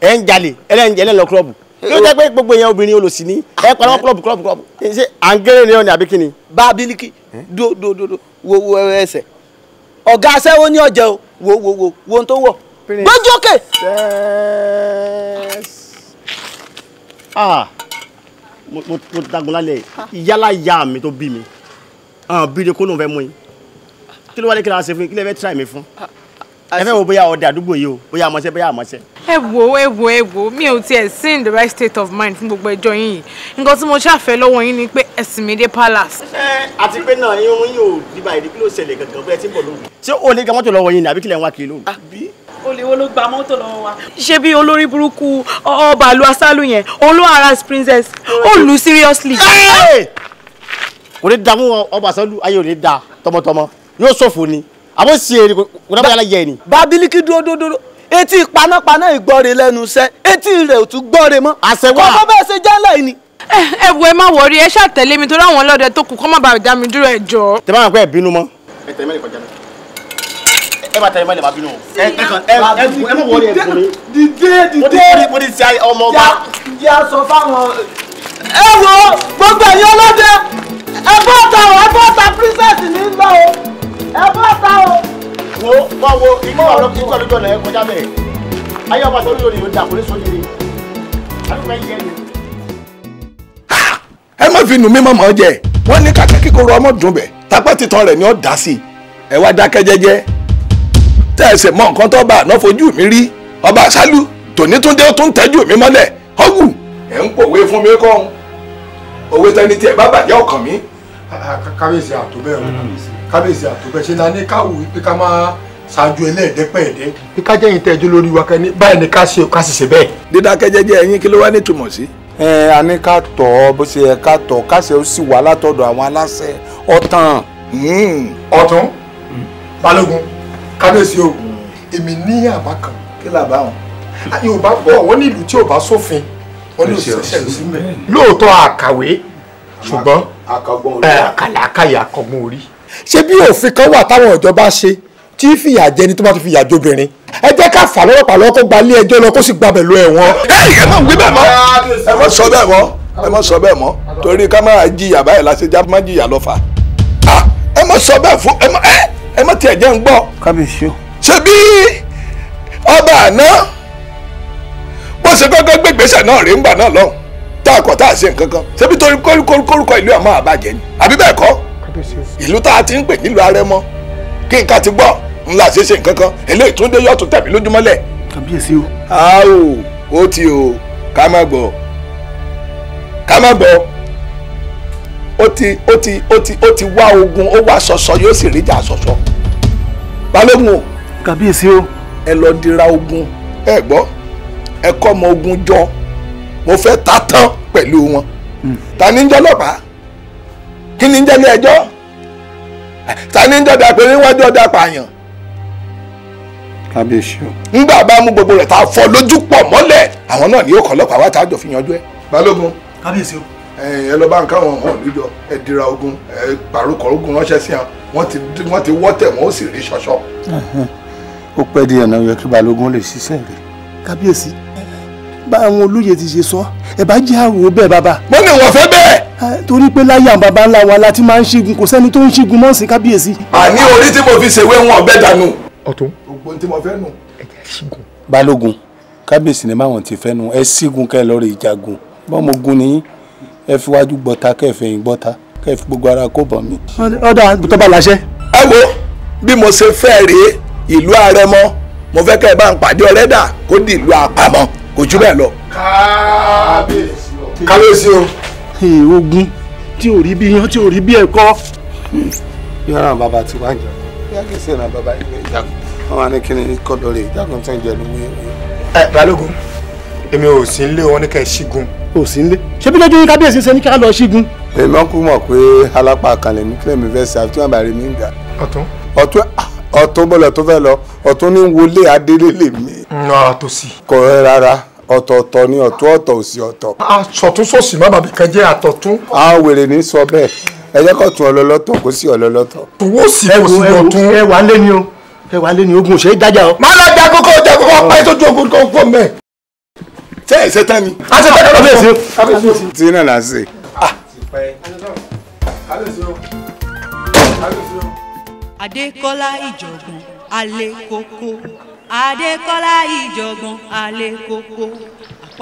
ẹ ń jalè ẹlẹ́njẹ ẹlẹ́nlọ club yóò jẹ́ pé gbogbo èèyàn obìnrin olòṣì ni ẹ pa lọ́wọ́ club club club ṣe à ń gẹ́rẹ́ ni ọ ní àbí kíni. bá a bí ní kí dúró dúró dúró wo wo ẹsẹ̀ ọ̀gá aṣẹ́wó ní ọ̀jẹ̀ o wo wo wo wo ohun tó wọ̀ gbójú òkè. Ah. mo dagun lálẹ́ yálà ya mi tó bí mi ah, bíire kó lóun fẹ́ mú yín kí ló wá lè kí la ṣe fún yín kí lè fẹ́ tíra mi fún ah, ẹ fẹ́ wo bóyá ọ̀dẹ àdúgbò yìí o bóyá àmọ́ṣẹ́ bóyá àmọ́ṣẹ́. ẹ wo ẹ wo ẹ wo mi ò tiẹ̀ sí in the right state of mind fún gbogbo ẹjọ́ yín yìí nǹkan tí mo ṣàfẹ́ lọ́wọ́ yín ni pé Ẹ̀sìnmídé Palace. àti pé náà irun yìí ò ní báyìí kí ló ṣẹlẹ̀ gangan bẹ́ẹ̀ tí ń bọ̀ lóru. ṣé o lè ga mọ́tò lọ́wọ́ yín ni àbí kílẹ̀ ń wá kiri lóru. àbí olè wo ló gba mọ́tò lọ́wọ́ wa. ṣé bí olórí burúkú ọba àlù asálù yẹn òun ló princess ó lù ú seriously. kò ní da fún ọba àsálù ayé ò ní da tọmọtọmọ yóò ṣòfò ni àbọ̀ sí èrè kò dábàá yàrá yẹ ẹni. bábílíkì dúró dúró etí panápaná ìgbọ́re lẹ́nu iṣẹ́ etí rẹ̀ ò tún gbọ́re mọ́. àṣẹ wà kọ́ bẹ́ẹ̀ ṣe jẹ́lẹ̀ ni ẹ eh, eh, wo ẹ má wọrí ẹ ṣàtẹ̀lé mi torí àwọn ọlọ́dẹ tó kù kọ́ má bàa dá dúró ẹ jọ. tẹ bá wọn pẹ́ ẹ bínú mọ́. ẹ tẹ̀ mẹ́lẹ̀ kọjá mi ẹ bá tẹ̀lé mọ́lẹ̀ bá bínú. ẹ ẹ ẹ mọ̀ wọlé ẹ̀kọ́ mi. dìde dìde mo ti ti ọmọ ọba. yà sọ fáwọn. ẹ wo gbogbo ẹ̀yin ọlọ́dẹ ẹ bọ́ ọ̀tá o ẹ bọ́ ọ̀tá princess ní í lọ o ẹ bọ́ ọ̀tá o. wo wá wo ikú ọ̀rọ̀ ikú ọ̀rọ̀ lójú ọ̀nà ẹ ẹ má fi nù mí mọ̀mọ́ jẹ wọ́n ní kàkà kíkorò ọmọ dùn bẹ̀ tapá titan rẹ̀ ni ó dá sí i ẹ wá dákẹ́ jẹ́jẹ́ tẹ́ ẹsẹ̀ mọ nǹkan tó bá àná fojú mi rí ọba àṣálù tònítúndé ó tún tẹ́jú mi mọ́lẹ̀ ọ́gù ẹ̀ ń pòwe fún mi kọ́ òwe tẹni tí ẹ bá bàjẹ́ ọkàn mi. kábíyèsí àtúbẹ̀ ọ̀rọ̀ kábíyèsí àtúbẹ̀ ṣe la ní káwù pé ká máa ṣáájú ẹlẹ́ẹ̀dẹ́pẹ̀ẹ́dẹ́ pé ká jẹ́yìn tẹ́jú lórí wa báyìí ni ká ṣe ká sì ṣe bẹ́ẹ̀. dídákẹ́ jẹ́jẹ́ ẹ̀yin kí ló wá nítumọ̀ sí ẹ a ní ká tọ̀ ọ́ bó ṣe yẹ ká tọ̀ káṣẹ́ ó sì wá látọ̀dọ̀ àwọn aláṣẹ ọ̀tàn. Hmm. ọ̀tún hmm. balógun kábíyèsí o hmm. èmi ní àbá kan kí làbá wọn yorùbá bọ̀ wọ́n ní ìlú tí ò bá sófin wọ́n ní òṣìṣẹ́ sílẹ̀. lóòótọ́ àkàwé ṣùgbọ́n àkàlàkàyà àkọ́gbọ́n orí. ṣé bí òfin kan wà táwọn ìjọba ṣe tí fìyà jẹni tó bá tún fìyà jóbìnrin ẹ jẹ́ ká fà lọ́wọ́ pàlọ́ kó gba ilé ẹjọ́ lọ kó sì gbabẹ̀ lọ ẹ̀wọ̀n. ẹ má wí bẹ́ẹ̀ mọ́ ẹ má sọ bẹ́ẹ̀ mọ́ ẹ má sọ bẹ́ẹ̀ mọ́ torí ká jìyà báyìí láti já má jìyà lọ́fà ah, ẹ má sọ bẹ́ẹ̀ fún ẹ má ẹ má tiẹ̀ jẹ́ ń gbọ́. kábíyèsí o. ṣé bí ọba àná bó ṣe kọ́kọ́ gbégbèsè náà rí ńgbà náà lọ́hùn tá a kọ̀ tá a ṣe nǹkan kan ṣé bí torí kórúkọ ìlú àmọ́ àbàjẹ́ ni àbí bẹ́ẹ̀ kọ́ ìlú tá a ti ń pè nílùú arẹmọ kí nǹkan ti gbọ́ ńlá ṣeéṣe nǹkan kan eléyìí tún dé yọ̀tún tẹ̀mí lójúmọ́lẹ̀. kàbíyèsí o. a ò ó ti o ká má gbọ́ ká má gbọ́ ó ti ó ti ó ti ó ti wá ogun ó wá ṣọṣọ yóò sì ríjà ṣọṣọ balógun o. kàbíyèsí o. ẹ lọ dira ogun ẹ gbọ́ ẹ kọ́ ọmọ ogun jọ mo fẹ́ ta tán pẹ̀lú wọn hmm. ta ni ń jẹ́ ọlọ́pàá kí ni ń jẹ́ ilé ẹjọ́ ta ni ń jẹ́ ọ̀dà pé níwájú ọ̀dà pààyàn kábíyèsí o. ńgbà bá mú gbogbo rẹ̀ tá a fọ́ lójú pọ̀ mọ́lẹ̀ àwọn náà ni yóò kọ́ ọlọ́pàá wá tá a jọ fi yanjú ẹ̀. balógun kábíyèsí o. ẹ lọ bá ń káwọn ọmọ níjọ ẹ dira ogun ẹ pàrókọ ogun ránṣẹ́ sí wọn wọn ti wọ́tẹ̀ wọn ó sì rí ṣọṣọ. ó pẹ́ di náà yẹ kí balógun lè ṣiṣẹ́ rẹ̀. kábíyèsí báwọn olóye ti ṣe sọ ẹ bá jẹ́ àrò bẹ́ẹ̀ bàbá. mo ní wọn fẹ́ bẹ́ẹ̀. torí pé láyé àwọn baba ńlá wa la ti máa ń ṣígun kò sẹ́ni tó ń ṣígun mọ́ọ̀sì kábíyèsí. àní orí tí mo fi ṣèwé wọn ọ̀bẹ dànù ọ̀tún. gbogbo ní tí mo fẹ́ nù. ẹ jẹ́ ṣígun. balógun kábíyèsí ni báwọn ti fẹ́ nu ẹ sígun kẹ́ ẹ lọ́ọ́ rè jagun bọ́n mo gun ni ẹ fi wájú gbọ́ta kẹ́ ẹ fẹ̀yìn gbọ́ta kẹ́ ẹ fi gbogbo ara kó bọ̀ mí. ọ̀dà tó bá láṣẹ. ẹ wo bí mo ṣe fẹ́ rèé ìlú àrẹmọ mo fẹ́ kẹ́ ẹ bá ń pàdé ọ̀rẹ́dà kó di ìlú àpamọ́ kò jù bẹ́ẹ̀ lọ. kábíyèsí o. kábíyèsí o. ogun tí ò rí bí yan tí ò rí bí ẹ̀kọ́. yàrá bàbá ti wá kí sí ọ̀nà bàbá ìwé ìjákùn wọn wà ní kí ni kọ́ lórí ìjákùn tó ń jẹ lówó ìwé. ẹ balógun èmi ò sí nílé wọn ní ká ẹ ṣígun. ò sí nílé ṣé bí lójú kábíyèsí ṣe ní ká lọ ṣígun. èmi ọkùn mọ̀ pé alápá kan lè ní kílẹ̀ mi fẹ́ ṣe àfi tí wọ́n bá rí mi ń gà. ọ̀tún. ọ̀tún ah, ọ̀tún bọ́lọ̀ tó fẹ́ lọ ọ̀tún ní wọlé adélélè mi. nà á tó sí. kò rẹ rárá ọ̀tọ̀ọ̀tọ̀ ni ọ̀tún ọ̀tọ̀ òsì ọ̀tọ̀. àtọ̀tún sòsì má bàbí kan jẹ́ àtọ̀tún. àwọn wèrè ní sọ bẹ́ẹ̀ ẹ jẹ́ kó tún ọlọ́lọ́tọ̀ kó sì ọlọ́lọ́tọ̀. owó sì kò sí ọtún. ẹ wà lé ni o ẹ wà lé ni òṣèré dájà o. má lọ jà kókó jà kókó pa ètò ojú ogun kó kó mẹ. ṣé ẹ ṣe ni. a ṣe tán ní kábíyèsí. tí náà là ń ṣe. Ah. Adékọ́lá Ìjọ̀gbọ̀n alẹ́ kókó Adékọ́lá Ìjọ̀gbọ̀n alẹ́ kókó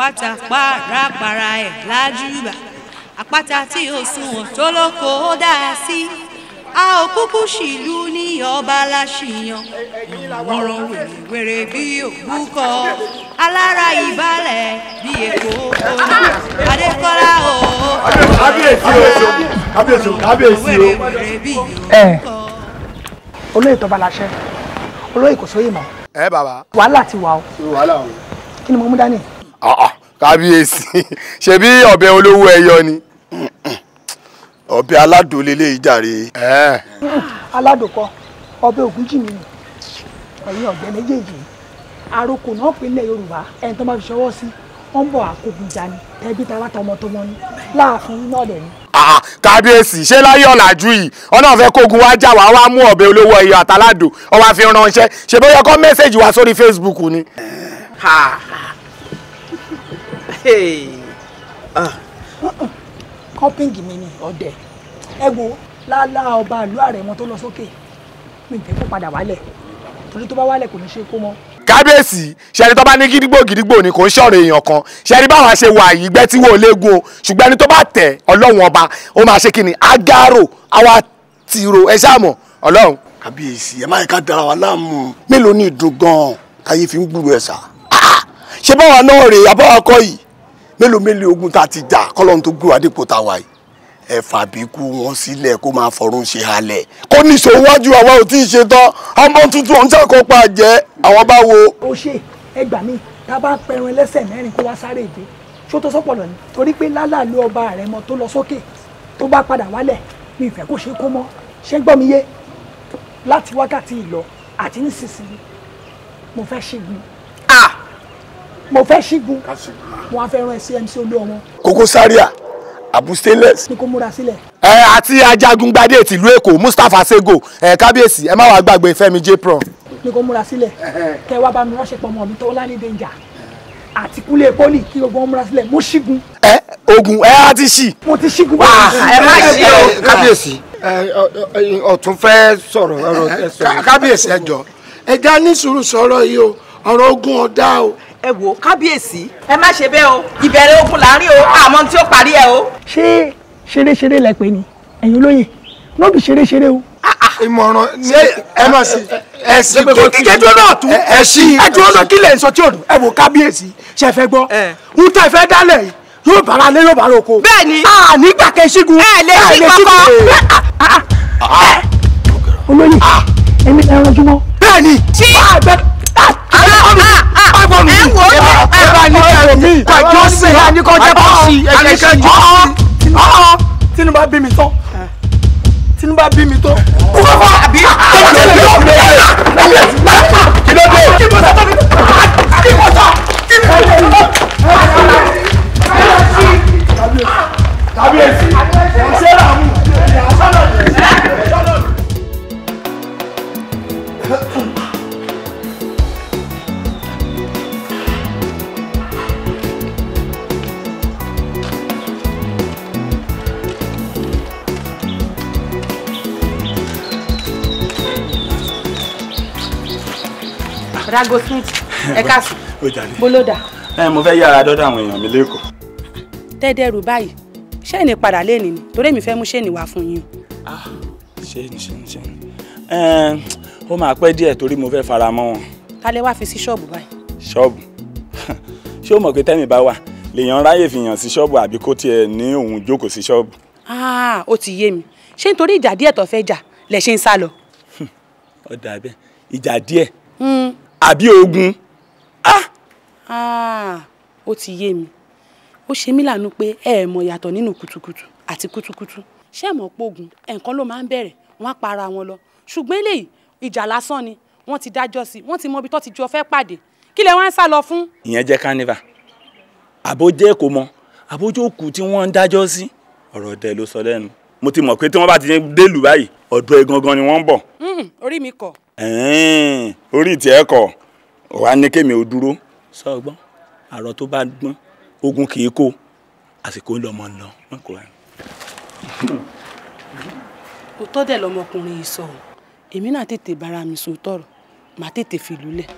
àpáta pàràpàrà ẹ̀ lájú ìgbà àpáta tí ó sunwọ̀n tó lóko ó dá a sí a ò kúkú ṣìlú ní ọba láṣìyàn mọ̀ràn wèrè bí òbúkọ alára ìbálẹ̀ bí èkó adékọ́lá o. kábíyèsí o kábíyèsí o kábíyèsí o. olóyè tó bá láṣẹ olóyè kò sóyè mọ́. ẹ bàbá. wàhálà ti wà o. wàhálà o. kí ni mo mú dání. Ah, ah, kábíyèsí ṣebí ọbẹ̀ olówó ẹyọ ni. ọbẹ̀ aládùn lélẹ̀ ìjàre. aládùn kọ ọbẹ̀ ògúnjì mi nù ẹ̀yin ọ̀gbẹ́ méjèèjì àròkò náà pinlẹ̀ yorùbá ẹni tó máa fi ṣọwọ́ sí wọ́n ń bọ̀ àkókò jà ní ẹbí tara tọmọtọmọ ni láàfin náà dẹ̀ ni ah, ah, kábíyèsí ṣé láyé ọ̀làjú yìí ọ̀nà ọ̀fẹ́ kógun wá jà wá wá mú ọ̀bẹ olówó ẹyọ àtàládò ọwọ́ fi ránṣẹ́ ṣe bóyá kọ́ mẹ́sẹ̀gì wá sórí Facebook ni. ha ha hey ah kọ́pìngì mi ni ọ̀dẹ̀ ẹ wo lálá ọba ìlú àrẹ̀mọ tó lọ sókè mi ń fẹ́ kó padà wálẹ̀ torí tó bá wálẹ̀ kò ní ṣe kó mọ́ kábíyèsí ṣẹ́ni tó bá ní gidigbo gidigbo ni kò ń ṣọ̀rọ̀ èèyàn kan ṣẹ́ni báwa ṣe wà yìí gbẹ́ tí wò léegun o ṣùgbọ́n ẹni tó bá tẹ̀ ọlọ́run ọba ó máa ṣe kí ni agaro àwa tìrò ẹ ṣáàmọ̀ ọlọ́run. kábíyèsí ẹ má yẹ ká dara wa láàmú mélòó ní ìdùn gan-an káyé fi ń gbúrò ẹ̀ sá. Ah, ah. ṣé báwa náà rèé àbáwá kọ́ mélòó mélòó ogun tá a ti jà kọ́lọ́n tó gbé wa dípò tá a wà yìí ẹ fàbíkú wọn sílẹ̀ kó máa fọ̀run ṣe halẹ̀ kó níṣó wájú àwa ò tí ì ṣe tán ọmọ tuntun ọ̀hún ṣàkó pa àwọn bá wo. ó ṣe ẹ gbà mí tá a bá pẹrun ẹlẹ́sẹ̀ mẹ́rin kó wá sáré ìdè ṣó tó sọ́pọ̀lọ́ ni torí pé lálàlú ọba rẹ̀ mọ tó lọ sókè tó bá padà wálẹ̀ mi ìfẹ́ kó ṣe kó mọ́ ṣé gbọ́ mi yé láti wákàtí ìlọ àti nísinsìnyí mo fẹ́ ṣègùn mo fẹ́ ṣígun Mo á fẹ́ rán ẹ sí MC Olúọmọ. Koko Zaria abu stainless. ni kò múra sílẹ̀. ẹ àti ajagungbadé tìlú èkó mustapha sego ẹ kábíyèsí ẹ má wàá gbàgbé fẹ́mi j pro. ni kò múra sílẹ̀ kẹ wá bá mi ránṣẹ́ pọ̀ mọ́ mi tó láni danger àti kúlẹ̀ poli kí gbogbo wọn múra sílẹ̀ mo ṣígun. ẹ ogun ẹ á ti ṣì. mo ti ṣígun báyìí. ẹ má ṣe o kábíyèsí. ọ̀tún fẹ́ sọ̀rọ̀ ọ̀rọ̀ ẹ sọ̀rọ̀. kábíyèsí ẹ jọ ẹ já ní sùúrù sọ̀rọ̀ yìí o ọ̀rọ̀ ogun ọ̀dá o ẹ wò kábíyèsí ẹ má ṣe bẹ́ẹ̀ o ìbẹ̀rẹ̀ ogun láàrin o àmọ́ tí ó parí ẹ o. ṣé ṣeréṣeré lẹ pè ní ẹ̀yin olóyè ló bí ṣeréṣeré o. ìmọ̀ràn ní ẹ má sí ẹ sí tó kíkẹ́ dúró náà tú ẹ sí ẹ dúró náà kí lẹ́yìn sọ tí ò dùn ẹ wò kábíyèsí ṣe fẹ́ gbọ́ ń tẹ́ fẹ́ dálẹ̀ yìí yóò bára lé yóò bára oko. bẹ́ẹ̀ni a nígbà kẹ ṣígun ẹ lè ṣí kọkọ. Ah, ah, ah, olóyè ẹni ẹranjú mọ. bẹ́ẹ̀ni. ṣí àgbẹ̀ àgbẹ̀ ọ̀rọ̀ bọ̀ mi. ẹ wo ẹ bá ní kẹrù mi. pàjọ́ sí i àníkànjẹ́ bá sí i ẹ̀jẹ̀ sí i. ọ̀ọ́ tinubu bí mi tán tinubu bí mi tán. kúrò fún àbí. kí ló dé kí ló dé kí ló dé kí ló dé. ẹ káàsì bólódà. ẹ mo fẹ́ yára dọ́dọ̀ àwọn èèyàn mi lẹ́kọ̀ọ́. tẹ́ẹ̀dẹ̀ rù báyìí ṣéènì padà lẹ́ẹ̀nì ni torí èmi fẹ́ mú ṣéènì wá fún yín. ṣéènì ṣéènì ṣéènì ó máa pẹ́ díẹ̀ torí mo fẹ́ fara mọ́ wọn. ta lẹ wá fi sí ṣọ́ọ̀bù báyìí. ṣọ́ọ̀bù ṣé o mọ̀ pé tẹ́mi bá wà lèèyàn ráyè fi sí ṣọ́ọ̀bù àbí kó tiẹ̀ ní òun jókòó sí ṣọ́ọ̀bù. Ah, ó ti yé mi ṣé nítorí ìjà díẹ̀ tó fẹ́ jà lẹ̀ ṣe ń sá lọ. ó bẹ́ẹ̀ ìjà díẹ̀ hmm. àbí ogun Ah! Ah, ó ti yé mi ó ṣe mí lànà pé ẹ ẹ mọ̀ yàtọ̀ nínú kùtùkùtù àti kùtùkùtù ṣé ẹ mọ̀ pógun ẹ̀ǹkan ló máa ń bẹ̀rẹ̀ wọ́n á para wọn lọ ṣùgbọ́n eléyìí ìjà lásán ni wọ́n ti dájọ́ sí wọ́n ti mọ ibi tó ti jọ fẹ́ pàdé kí lẹ wá ń sá lọ fún. ìyẹn jẹ́ carnival àbójẹ́ kò mọ àbójẹ́ òkú tí wọ́n ń dájọ́ sí ọ̀rọ̀ dẹ ló sọ lẹ́nu mo ti mọ̀ pé tí wọ́n bá ti délùú báyìí ọ̀dọ̀ ẹ̀ ni wọ́n ń bọ̀. Hmm, orí mi kọ̀. orí tiẹ̀ kọ̀ wàá ní kémi ò dúró. sọ ọgbọ́n àrò tó bá gbọ́n ogun kì í kó àsìkò lọmọ ń lọ wọn kò rẹ. òótọ́ dẹ̀ lọmọkùnrin yìí sọ èmi náà tètè bára mi sọ tọ̀rọ̀ màá tètè fìlú lẹ̀.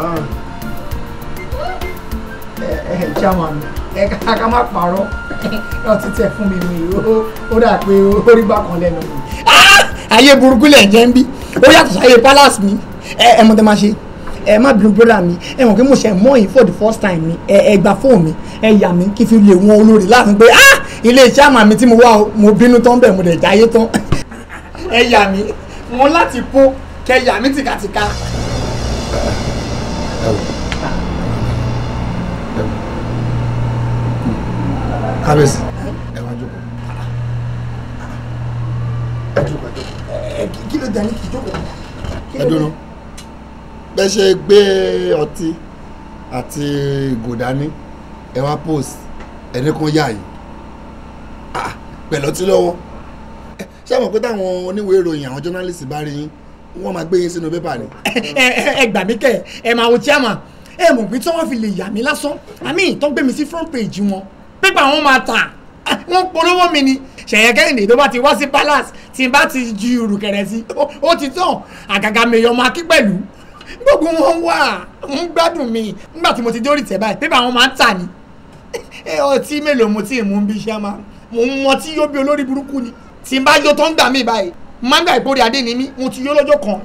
Ah. Eh, eh, chairman ẹ ká má parọ́ náà ti tẹ̀ fún mi mi ó dà pé ó rí bákan lẹ́nu mi. Ah! ayé burúkú lẹ̀ jẹ́ ń bí ó yàtọ̀ sáyé palace mi ẹ mọ̀ tẹ́ máa ṣe ẹ má bínú brother mi ẹ mọ̀ pé mo ṣe mọ́ yìí for the first time ni ẹ gba fóònù mi ẹ yà mí kí fi lè wọn olórí láàrin pé ah ilé iṣẹ́ àmà mi tí mo wá mo bínú tán bẹ́ẹ̀ mo dẹ̀ jáyé tán ẹ yà mí wọn láti kó kẹ yà mí tìkàtìkà. kábíyèsí ẹ wá jókòó. ẹ jókòó ẹ jókòó. kí ló dé ní kí jókòó. ẹ dúró bẹ́ẹ̀ ṣe gbé ọtí àti ìgò dání ẹ wá post ẹni kan yá yìí ah, pẹ̀lú ọtí lọ́wọ́ ṣé àwọn pé táwọn oníwèé ìròyìn àwọn jọ́nálìsì bá rí yín wọ́n máa gbé yín sínú pépà ni. ẹ gbà mí kẹ ẹ máa wo chairman ẹ mọ̀ pé tí wọ́n fi lè yà mí lásán àmì ìtàn gbé mi sí front page wọn pépà wọn máa tà wọn polówó mi ni ṣẹ̀yẹ kẹ́hìndé tó bá ti wá sí palace tí n bá ti ju ìrùkẹ̀rẹ̀ sí ó ti tàn àgàgà mèyàn máa kí pẹ̀lú gbogbo wọn wà ń gbádùn mi nígbà tí mo ti dórí tẹ̀ báyìí pépà wọn máa ń tà ni ọtí mélòó mo ti mú bí iṣẹ́ máa mo ń mọtí yó bí olórí burúkú ni tí n bá yó tó ń gbà mí báyìí manga ìkórè adé ni mí mo ti yó lọ́jọ́ kan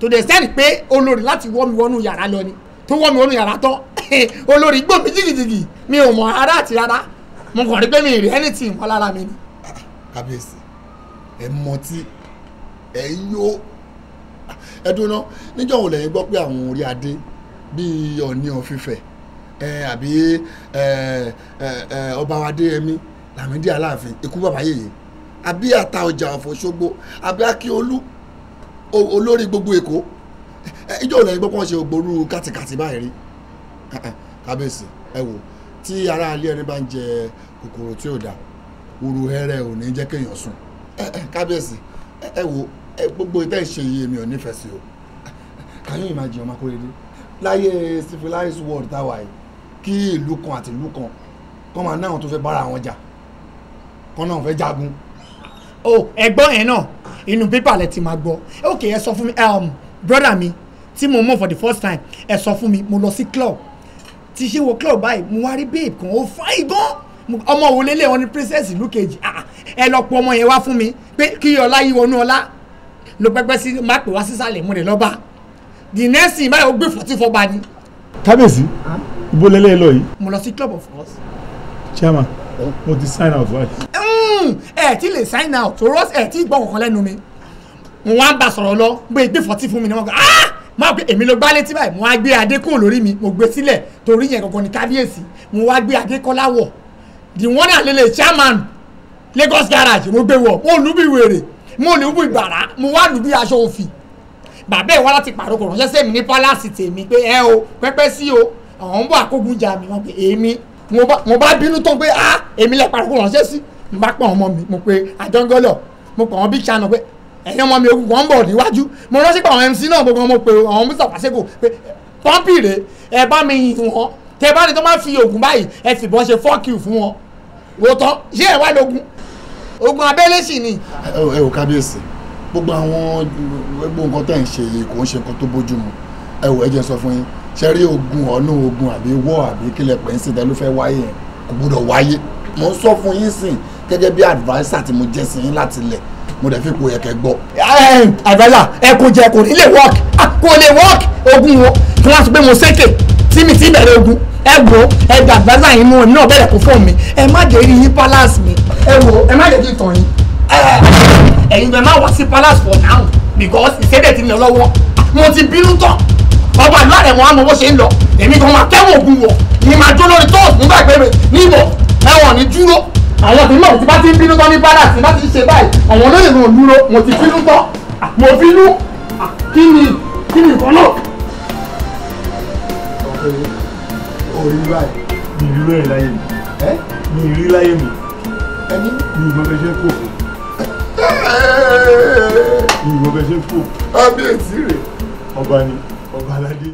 tòdè sẹ́ni pé olórí láti wọ́ mi wọnú yàrá lọ ni tó wọ́ mi wọnú yàrá tán olórí gbò mí jìgìjìgì mi ò mọ̀ ara àti rárá mo kàn rí pé mi rí ẹni tí nǹkan lára mi ni. kábíyèsí ẹ mọtí ẹ ń yó ẹ dúná níjọ́ wo lẹ́yìn gbọ́ pé àwọn orí adé bíi ọ̀ní ọ̀fífẹ́ ẹ àbí ọba adé ẹmí làmídìí aláàfin ikú bàbá yèyé àbí ata ọjà ọ̀fọ̀ ṣogbo àbí akíolú olórí gbogbo èkó ìjọ eh, òlẹ̀ gbọ́ pọ́n ṣe ògbórú kàtìkàtì báyìí rí eh, eh, kábíyèsí ẹ wò tí ara alẹ́ ẹni bá ń jẹ kòkòrò tí ò dáa òru hẹrẹ ò ní jẹ́ kéèyàn sùn kábíyèsí ẹ wò gbogbo ìtẹ́ ìṣe yìí èmi ò nífẹ̀ẹ́ sí o can you imagine ọmọ akóredé láyé civilized world táwa yìí kí ìlú kan àti ìlú kan kọ́ máa náà tó fẹ́ bára wọn jà kọ́ náà fẹ́ jagun. o oh, ẹ̀gbọ́n yẹn náà inú pépà lẹ ti máa gbọ́ ókè ẹ sọ fún mi um, brother mi tí mo mọ̀ for the first time ẹ sọ fún mi mo lọ sí club ti ṣe wo club báyìí mo wá rí babe kan O fine gan ọmọ wo lélẹ̀ wọn ni princess ìlú kejì ah, ah, ẹ lọ pọ ọmọ yẹn wá fún mi pé kí ọlá yí wọnú ọlá ló pẹpẹ sí má pè wá sísàlẹ̀ mo rẹ̀ lọ́ba the next thing báyìí ó gbé fọtí fọba ni. kábíyèsí ibo lẹ́lẹ́ lọ yìí. mo lọ sí club of course. chairman mo ti sign out báyìí. Hmm, ẹ ti lè sign out to rọ́ọ̀sì ẹ ti gbọ́ kankan lẹ́nu mi mo wá ń bá sọ̀rọ̀ lọ bó gbé fọ́tí fún mi ni wọ́n gbé ah máa pe èmi ló gbá létí báyìí mo wá gbé adékùn lórí mi mo gbé sílẹ̀ torí yẹn gangan ni kábíyèsí mo wá gbé adékọ́lá wọ̀ the one and only chairman Lagos garage mo gbé wọ̀ mo lù bí wèrè mo lù bí bàrà mo wá lù bí aṣọ òfì bàbá ìwá láti pàrọ̀ kò ránṣẹ́ sẹ́mi ní pálásì tèmi pé ẹ o pẹ́pẹ́ sí o àwọn ń bọ̀ àkógunjà mi wọ́n pe èmi mo bá bínú tó pé ah èmi lẹ pàrọ̀ kò ránṣẹ́ sí mo bá pọ̀ ọmọ mi mo pe àjọngọ́lọ̀ mo pọ̀ wọn bí ṣáná pé ẹ̀yin ọmọ mi òkú wọ́n ń bọ̀ níwájú mo rántí pé àwọn mc náà gbogbo ọmọ pé àwọn mr paseko pé pọ́ǹpì rè ẹ bá mi yìn wọ́n tẹ bá ní tó máa fi oògùn báyìí ẹ fìbọn ṣe fọ́ọ̀kì fún wọn wò tán ṣé ẹ wá lógun ogun abẹ́lé sì ni. ẹ ò kábíyèsí gbogbo àwọn gbogbo nǹkan tẹ̀ ń ṣe yìí kò ń ṣe nǹkan tó bójú mu ẹ wò ẹ jẹ́ sọ fún yín ṣe rí ogun ọ̀nà ogun àbí wọ́ àbí kílẹ̀ pẹ́ńsì tẹ́lú fẹ́ wáyé yẹn kò gbọ́dọ̀ wáyé mò ń sọ fún yín sìn gẹ́gẹ́ bí adviser tí mo jẹ́ sí yín láti lẹ̀ mo dẹ̀ fi kó yẹ kẹ́ gbọ́. Eh, eh, adviser ẹ kò jẹ kò ní lè work ah, kò lè work ogun wo tí wọ́n sọ pé mo ṣèké tí mi ti bẹ̀rẹ̀ ogun ẹ wo ẹ gba adviser yín mú náà bẹ̀rẹ̀ kó fún mi ẹ má jẹ́ rí yín palace mi ẹ wo ẹ má jẹ́ kí n tàn yín. Eh, ẹ̀yin bẹ́ẹ̀ má wá sí palace for now because ìṣẹ́dẹ̀ ti ń lọ lọ́wọ́ mo ti bínú tán ọba ìlú àrẹ̀ wọn á mọ bó ṣe ń lọ èmi kan máa kẹ́wọ̀n ògùn wọ̀ ni màá jó lórí tóòtù nígbà pé mi níbọ̀ ẹ̀wọ̀n ní dúró àwọn tèmi náà ti bá ti ń bínú tán ní bára tí bá ti ń ṣe báyìí àwọn olóyè náà dúró mo ti bínú tán ah, mo bínú ah, kí ni kí ni ìkan náà. orí báyìí mi ìrírí ẹ̀ láyé mi mi ìrírí láyé mi ẹni mi ìmọ̀ bẹ ṣe kú mi ìmọ̀ bẹ ṣe kú. kábíyèsí rè ọba ni ọba aládé.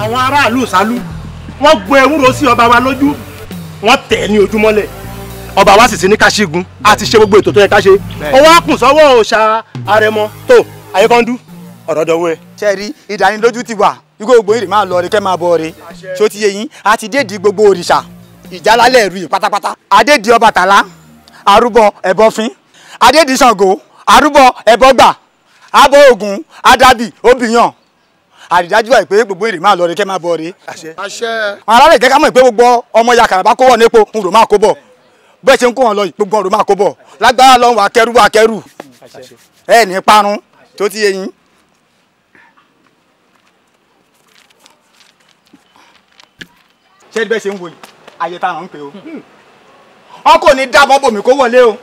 àwọn aráàlú sálú wọ́n gbọ́ ewúro sí ọba wa lójú wọ́n tẹ̀ ní ojúmọ́lẹ̀ ọba wa sì sí ní káṣígun a ti ṣe gbogbo ètò tó yẹ ká ṣe ọwọ́ àkùn sọ́wọ́ òòṣà àrẹ̀mọ tó ayékọ́ndú ọ̀rọ̀ dọ̀wọ́ ẹ. sẹ́ẹ̀rí ìdánilójú ti wà ikú gbogbo ìrì máa lọ rí kẹ́ máa bọ̀ rí ṣó ti yé yín a ti déèdì gbogbo òrìṣà ìjálálẹ̀ rí pátápátá adéèdì Ọbàtálá arúbọ ẹ̀bọ̀fín adéèdì Ṣàngó arúbọ ẹ̀bọ̀gbà abọ́ Ògún adábì obìyàn àrídájú wa pé gbogbo èrè máa lọ rí kẹ́ máa bọ̀ rí. àṣẹ. àwọn alárèké ká mọ̀ pé gbogbo ọmọ ya kàràbá kó wọ̀ ní epo n rò máa kó bọ̀ bẹ́ẹ̀ ṣe ń kó wọn lọ gbogbo ọ̀rọ̀ máa kó bọ̀ lágbára lọ́hùn akẹ́rù akẹ́rù ẹ ní parun tó ti yé yín. ṣé bẹ́ẹ̀ ṣe ń wòye ayé tá à ń pè o wọn kò ní dábọ̀ bòmí kó wọlé o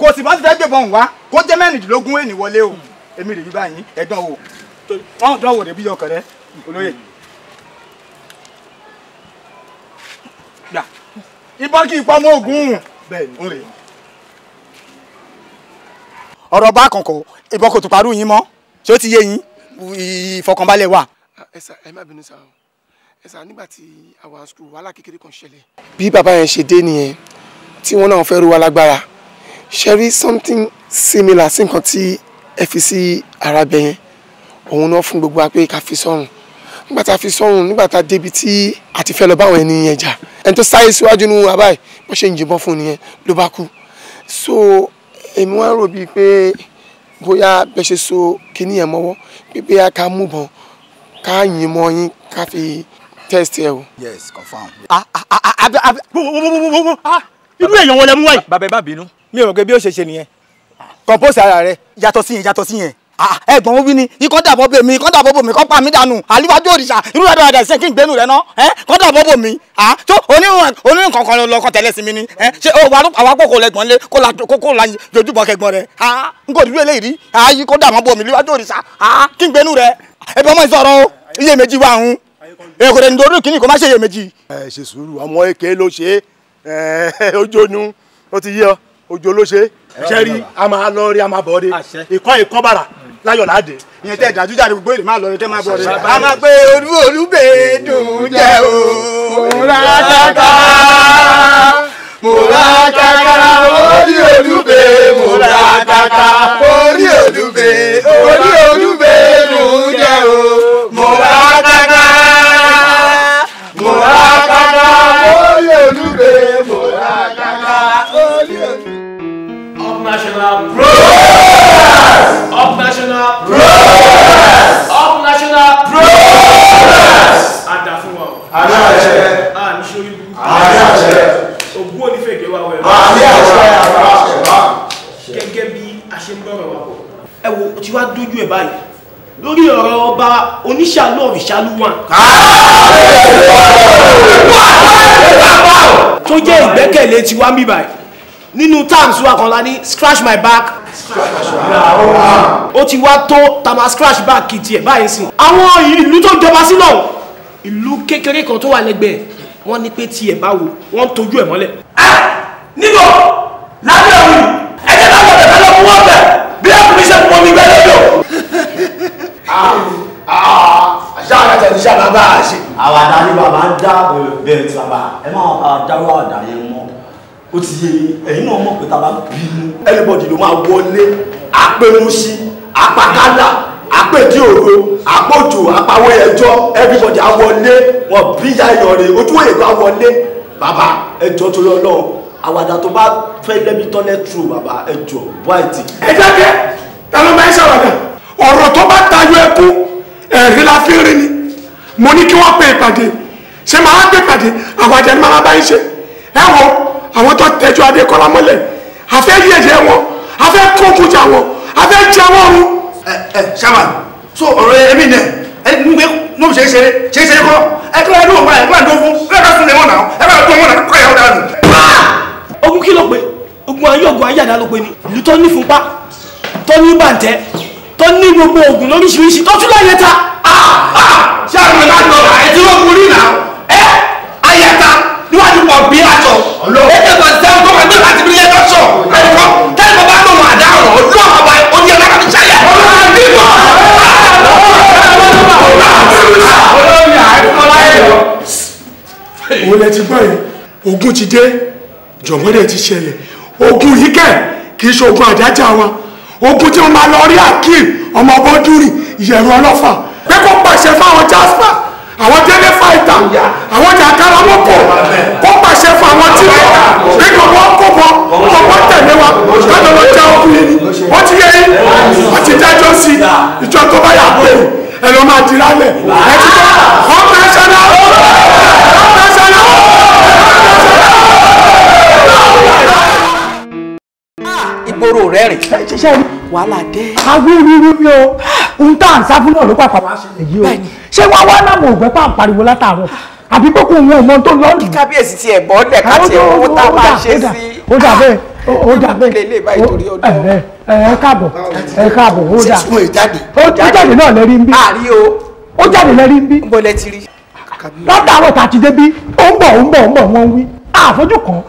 kò sì má ti fẹ́ gbẹ̀bọ̀n wá kó jẹ́ mẹ́rìndínlógún èèní wọlé o èmi rèé báyìí ẹ̀dán o ọ̀hún dán wò rèé bí ọkàn rẹ olóyè. ìbọn kì í pamọ́ ògùn bẹ́ẹ̀ni ó rè é. ọ̀rọ̀ bá kọ̀kọ̀ ìbọn kò tún parú yín mọ́ ṣé ó ti yé yín ìfọkànbalẹ̀ wà. Ah, ẹ má bínú sà ẹ sà nígbà tí àwa sùkúrù wàhálà kékeré kan ṣẹlẹ̀. bí bàbá yẹn ṣe dé nìyẹn tí wọ́n náà fẹ́ ru wa lágbára ṣe rí something similar sí nǹkan tí ẹ fi sí arábẹ òun náà fún gbogbo wa ká fi sọ́run nígbà tá a fi sọ́run nígbà tá a débi tí a ti fẹ́ lọ báwọn ẹni yẹn jà ẹni tó sáré síwájú nínú wa báyìí wọ́n ṣe ń jìnbọn fún un nìyẹn ló bá kú so èmi wá ń rò bíi pé bóyá bẹ ṣe so kinní yẹn mọ́wọ́ pé bóyá ká mú bọ́n ká yìn mọ́ yín ká fi test ẹ o. yes confam. irú èèyàn wọlé mú wáyé. bàbá ẹ bá bínú mi ò rò pé bí ó ṣe ṣe nìyẹn compose ara rẹ yàtọ̀ sí yẹn yàtọ̀ sí yẹn Ah, ẹ̀gbọ́n wí ni ikọ́ dàbọ̀ bò mi ikọ́ dàbọ̀ bò mi kọ́ pa mí dànù àlíwájú òrìṣà irú ẹ̀dọ̀ ẹ̀dẹ̀ ṣe kí n gbénu rẹ̀ ná ẹ̀ kọ́ dàbọ̀ bò mí à ah, tó onírun kankan lọkọ tẹ̀lé sí mi ni ẹ̀ ṣé àwa kòkò lẹ́gbọ̀n lé kókó la jojúbọ̀ kẹgbọ̀n rẹ̀ à ah, n kò dúró eléyìí rí à yí kọ́ dàbọ̀ bò mí àlíwájú òrìṣà à kí n gbénu rẹ̀ ẹ̀bí ọmọ ìsọ̀rọ̀ o iye méjì wà ń èkó rẹ̀ nítorí kìíní kò má ṣe iye méjì. ẹ ṣe sùúrù ọmọ é ojónú ó ti yé ọ ojo ló ṣe é ṣẹ́rí a máa lọ rí a máa bọ̀ ọ́ de ìkọ́ ìkọ́ bàrà láyọ̀ láde ìyẹn tẹ́ ìdájú jáde gbogbo èlé máa lọ rẹ tẹ́ máa bọ̀ rẹ. a máa pe olú olúbẹ̀ dùn jẹ́ o. múra kàkà múra kàkà orí olúbẹ̀ múra kàkà orí olúbẹ̀ orí olúbẹ̀. progress. Up national progress. Up national progress. Àdàfúnwa o. Àmì àṣẹ. À ah, ní sórí ibú. Àmì àṣẹ. Ògún onífẹ̀kẹ́ wa wẹ̀. Àmì àṣẹ àbá àṣẹwà. Gẹ́gẹ́ bí a ṣe ń bọ̀rọ̀ wa bọ̀. Ẹ wo tí wàá dójú ẹ̀ báyìí lórí ọ̀rọ̀ ọba oníṣàlú ọ̀fìṣàlú wa. Káàárọ̀! Tó jẹ́ ìgbẹ́kẹ̀lé tiwa ń bíbáyìí nínú times wa kan la ní scratch my back. ó ti wá tó tá máa scratch back kì í tiẹ̀ báyìí sìn. àwọn ìlú tó jọba sí náà ìlú kékeré kan tó wà lẹ́gbẹ̀ẹ́ wọ́n ní pé tiẹ̀ báwo wọ́n ń tọ́jú ẹ̀ mọ́lẹ̀. ẹ níbo lábẹ́ òun ẹ jẹ́ bá wọlé fẹ́ lọ́kùn wọ́n bẹ̀ bí ọkùnrin ṣe fún omi gbẹ lọ́dọ̀. àṣà rẹ̀ tẹ̀lé iṣẹ́ bàbá àṣẹ. àwàdà ni bàbá ń dá bẹ̀rẹ̀ tí bàbá ẹ máa dárò àdá yẹn mọ́ ó ti yé ẹ̀yin náà mọ̀ pé tá a bá bínú everybody ló máa wọlé apẹnusi apakala apèdí òru apòjò apawọ ẹjọ everybody á wọlé wọn bí ya ìyọrin ojú èèkó á wọlé bàbá ẹjọ torí Ọlọ́run àwàdà tó bá fẹ́ lẹbi tọlẹ tru bàbá ẹjọ white. ẹ jáde ta ló máa ń ṣàwàdà ọ̀rọ̀ tó bá tayọ ẹkú ẹ̀rí la fi rí ni mo ní kí wọ́n pe ìpàdé ṣé màá pe ìpàdé àwàdà ni màá bá yín ṣe ẹ wo àwọn tó tẹjọ́ adékọ́lá mọ́lẹ̀ àfẹ́ yẹ̀yẹ́ wọn àfẹ́ kókùjà wọn àfẹ́ jẹ wọn rú. ẹ ẹ ṣáàmà so ọ̀rọ̀ ẹ̀mí náà ẹ ní gbé ní òun ṣe é ṣeré ṣe é ṣeré kọ́ ẹ kí wọ́n dún ẹ kí wọ́n dún fún ẹ bá fún wọn náà ẹ bá dún wọn náà kọ́ ìyàwó dànù. Ah! ogun kí ló pé ogun ayé ogun ayé àdá ló pé ni ìlú tó ní fúnpá tó ní bàǹtẹ́ tó ní gbogbo ogun lóríṣiríṣi tó tún láyé ta. Ah! Ah! ṣé àwọn ìlànà ẹ̀ tí wọ́n kú rí náà níwájú pọ̀ bí àjọ ètò ìgbọ̀nsẹ̀ tó máa gbé láti bílẹ̀ lọ́sọ̀ ẹ̀kọ́ tẹ́lifọ̀ bá lòun àdá ọ̀rọ̀ ojú àwọn ọba oní ọlọ́kà ti ṣáyà. òun lẹ ti gbọ́ yẹn ogun ti dé jọ̀mọ́dẹ̀ ti ṣẹlẹ̀ ogun yìí kẹ̀ kì í ṣe ogun àdájà wa ogun tí mo máa lọ rí akeem ọmọ bọ́dúrì ìyẹ̀rù ọlọ́fà pé kó pàṣẹ fáwọn jasper àwọn jẹ́lẹ̀ fáìtà àwọn jàkárà wọn kọ̀ kó pàṣẹ fún àwọn tí wọn nígbà wọn kó bọ ọwọ́ tẹ̀lé wa kájọ lọ jẹ ọkùn yìí ó ti yẹ yín ó ti dájọ́ sí ìjọ tó bá yà pé ẹ lọ máa di lálẹ́ ẹ ti tọ́ kọ́ńtẹ́sánná kọ́ńtẹ́sánná kọ́ńtẹ́sánná. ìgboro rẹ̀ rìn wàhálà dé. àwọn irúurú mi o ohun tá à ń sá fún náà ló pàpà wá ṣẹlẹ̀ yìí o ṣé wá wá náà mo gbẹ́ pà ń pariwo látàárọ̀ àbí kókó wọn ò mọ tó lọ́ọ̀lù. kí kábíyèsí tiẹ̀ bọ́ lẹ̀ ká tiẹ̀ owó tá a máa ṣe sí. ó dà bẹ́ẹ̀ ó dà bẹ́ẹ̀ ẹ káàbọ̀ ẹ káàbọ̀ ó dà ó jáde náà lẹ́rí ń bí ó jáde lẹ́rí ń bí látàárọ̀ tàti débí ó ń bọ̀ ó ń bọ̀ ó ń bọ̀ wọ́n wí àfojúkan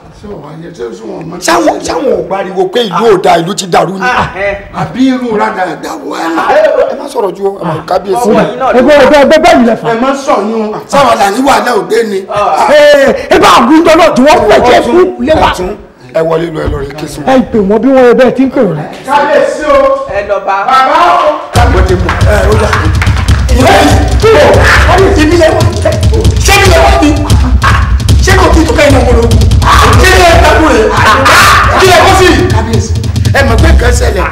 sáwọn sáwọn ò pariwo pé ìlú ò da ìlú ti dàrú ni. Ah, eh. àbí irú rádà ìdàwọ ẹ náà. ẹ má sọ̀rọ̀ ju ọmọ ah. kábíyèsí. ẹgbẹ́ ẹgbẹ́ ẹgbẹ́ bẹ́ẹ̀ lẹ̀ fà. ẹ má sọ yún un. sáwọn làní wà náà òde ni. Ah. Eh, eh, ẹ bá àgùntàn náà tí wọ́n fẹ̀ jẹ́ fún lẹ́wà. ẹ wọlé lọ ẹ lọ rí kí ẹ pè wọn bí wọn bẹ́ẹ̀ ti ń pè wọn. kábíyèsí o ẹ lọ bàbá o. wọ́n ti mú ẹ ó dà. ìrẹsì tó o ṣé kò tí tó kẹ́ ẹ̀ náà kí ni ẹ takú rẹ kí lẹ kó sí. kábíyèsí ẹ mọ̀ pé nǹkan ṣẹlẹ̀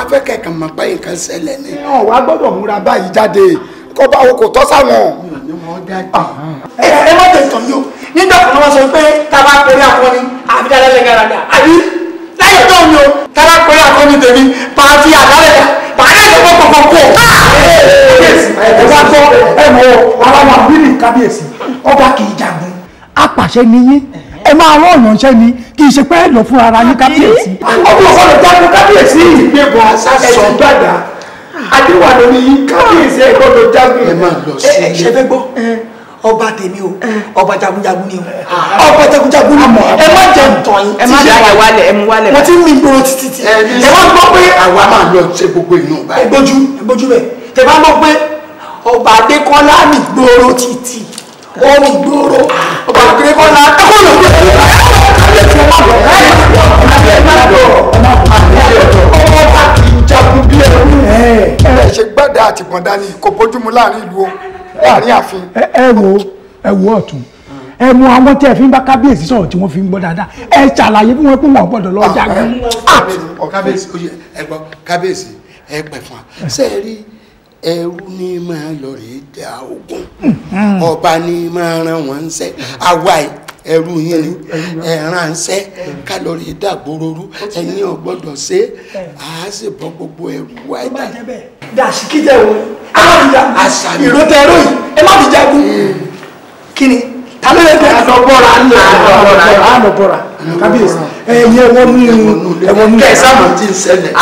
afẹ́kẹ́ kan mọ̀ pé nǹkan ṣẹlẹ̀ ni. ọ̀ wá gbọ́dọ̀ múra báyìí jáde kó bá wo kò tọ́ sáwọn. ẹ ẹ má tẹ̀sán mi o nígbà kan wọ́n sọ pé tá a bá pèrè àkọni àbí dáadáa lẹ́gàá rà dà àbí láyé tó mi o tá a bá pèrè àkọni tèmi pàtí àdálẹ́gà pàdé ìfọ̀kọ̀kọ̀ kò. ẹ wá gbọ́ ẹ wọ ara wa bí kábíyèsí ọba kì í jagun apàṣẹ nìyí ẹ máa rán ọ̀yàn ṣẹ́ ni kì í ṣe pé ẹ lọ fún ara yín kábíyèsí. ọkùnrin ọ̀sán ló jáde kábíyèsí ìgbébọn sọ gbàdá adéwà lórí kábíyèsí ẹ gbọ́dọ̀ jáde. ẹ máa lọ sí ilé ṣe fẹ́ gbọ́ ọba tèmi o ọba jagunjagun ni o ọba jagunjagun ni o ẹ má jẹ ntọ yín ẹ má jẹ ayẹ wálẹ ẹ mú wálẹ wọn ti ń mi gbòòrò títí tí ẹ má gbọ́ pé àwa máa lọ ṣe gbogbo inú báyìí ẹ gbójú ẹ gbójú bẹ tẹ bá gbọ́ pé ọba adékọlá mi gbòòrò títí ọrùn gbòòrò ọba àgbèrè bọ́lá ẹ̀kọ́ ló gbé ẹ̀kọ́ ló gbé ẹ̀kọ́ ló gbé ẹ̀kọ́ ọmọ ọba kì í jagun bí ẹrú ẹ ṣe gbàdá àti gbọ̀ndá ni kò bójúmu láàrin ìlú o láàrin ààfin. ẹ wo ẹ wo ọ̀tún ẹ mú àwọn tí ẹ fi ń bá kábíyèsí sọ̀rọ̀ tí wọ́n fi ń gbọ́ dáadáa ẹ ṣàlàyé bí wọ́n pé wọ́n gbọ́dọ̀ lọ jagun. kábíyèsí ẹ gbọ́ kábíyèsí ẹ pẹ̀ fún wa ṣé ẹ rí i ẹrú n'ime máa lọrẹ dá ogun ọba ní máa ran wọn ń sẹ àwa yìí ẹrú yín ni ẹran ṣẹ kálọ̀rì dàgbòròrú ẹ̀yin ò gbọ́dọ̀ ṣe á sì bọ́ gbogbo ẹrù wa o alábìyá ìró tẹrọ yìí ẹ má hmm. kí ni tàbí kábíyèsí. ẹ̀yin ẹ̀wọ̀n nù ẹ̀wọ̀n nù. kẹsà mọ̀ tí ń ṣẹlẹ̀.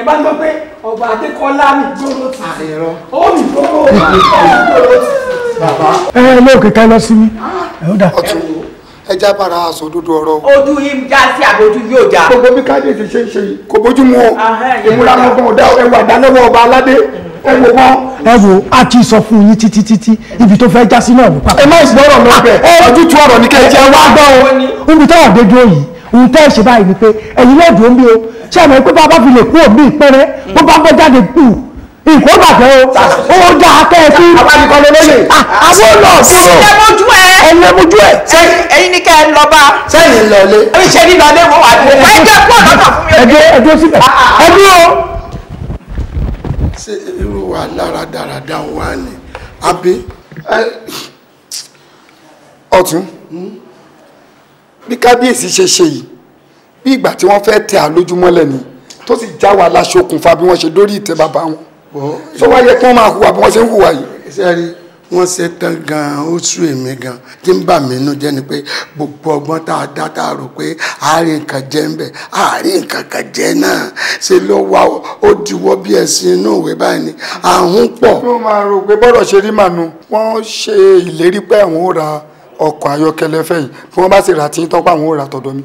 ẹ bá gbọ́ pé ọba adékọ́lá mi gbóró ti ó mi gbóró mi gbóró ti. bàbá. ẹ ẹ lóòkè ká lọ sí mi. ọtún ẹja bára aṣọ òdodo ọ̀rọ̀. ojú yìí já sí àbójú yóò já. gbogbo bí kábíyèsí ṣe ń ṣe yìí kò bójú mu o ìmúra ọgbọ́n ọ̀dà ẹwà ìdánilọ́wọ́ ọba aládé ẹ wò wọ́n. ẹ wò a ti sọ fún yín títí títí ibi tó fẹ́ já sí náà nípa. ẹ má ìgbọ́rọ̀ lọ bẹ̀ ojútùú ọ̀rọ̀ ni kẹ́ ẹ jẹ́ wá gbọ́ o. níbi táwọn àdéjọ́ yìí ohun tẹ́ ẹ̀ ṣe báyìí ni pé ẹ̀yin lè dùn mí o ṣé àmọ́ pé bá bá fi lè kú òmí ìpẹ́rẹ́ bó bá bọ́ jáde kù ìkó bàtẹ́ o ó dá akẹ́ ẹ sí. àbánikọ́ ló lóye. Ah, àwọn lọ sí o ẹ̀yin lẹ́mọ̀jú ẹ̀. ẹ̀yin lẹ́mọ̀jú ẹ̀. ẹ̀yin ni kẹ́ ẹ lọ bá. sẹ́yìn lọlé. ẹ̀yin ṣe ní lọlé mo wà ní. ẹ̀jẹ̀ kú ọ̀dọ́kọ̀ fún mi. ẹ̀jẹ̀ ẹ̀jẹ̀ síbẹ̀ ẹ̀mí o. ṣé irú wa bí kábíyèsí ṣe ṣe yìí bí ìgbà tí wọ́n fẹ́ tẹ àlójúmọ́lẹ̀ ni tó sì já wa láṣokùnfà bí wọ́n ṣe dórí ìtẹ́ bàbá wọn tó wá yẹ kí wọ́n máa hùwà bí wọ́n ṣe ń hùwà yìí. wọ́n ṣe tán gan-an ó sú èmi gan-an tí ń bà mí nú jẹ́ ni pé gbogbo ọgbọ́n tá a dá tá a rò pé àárín nǹkan jẹ́ ń bẹ̀ àárín nǹkan kan jẹ́ náà ṣe ló wá ó diwọ́ bí ẹ̀sìn inú ìwé báyìí ni àhún pọ̀. tó máa rò pé bọ́rọ̀ ṣe rí mànú wọ́n ṣe ìlérí pé àwọn ò ra ọkọ̀ ayọ́kẹ́lẹ́ fẹ́ yìí bí wọ́n bá sì rà tí ń tọ́pọ̀ àwọn ò rà tọ̀dọ̀ mi.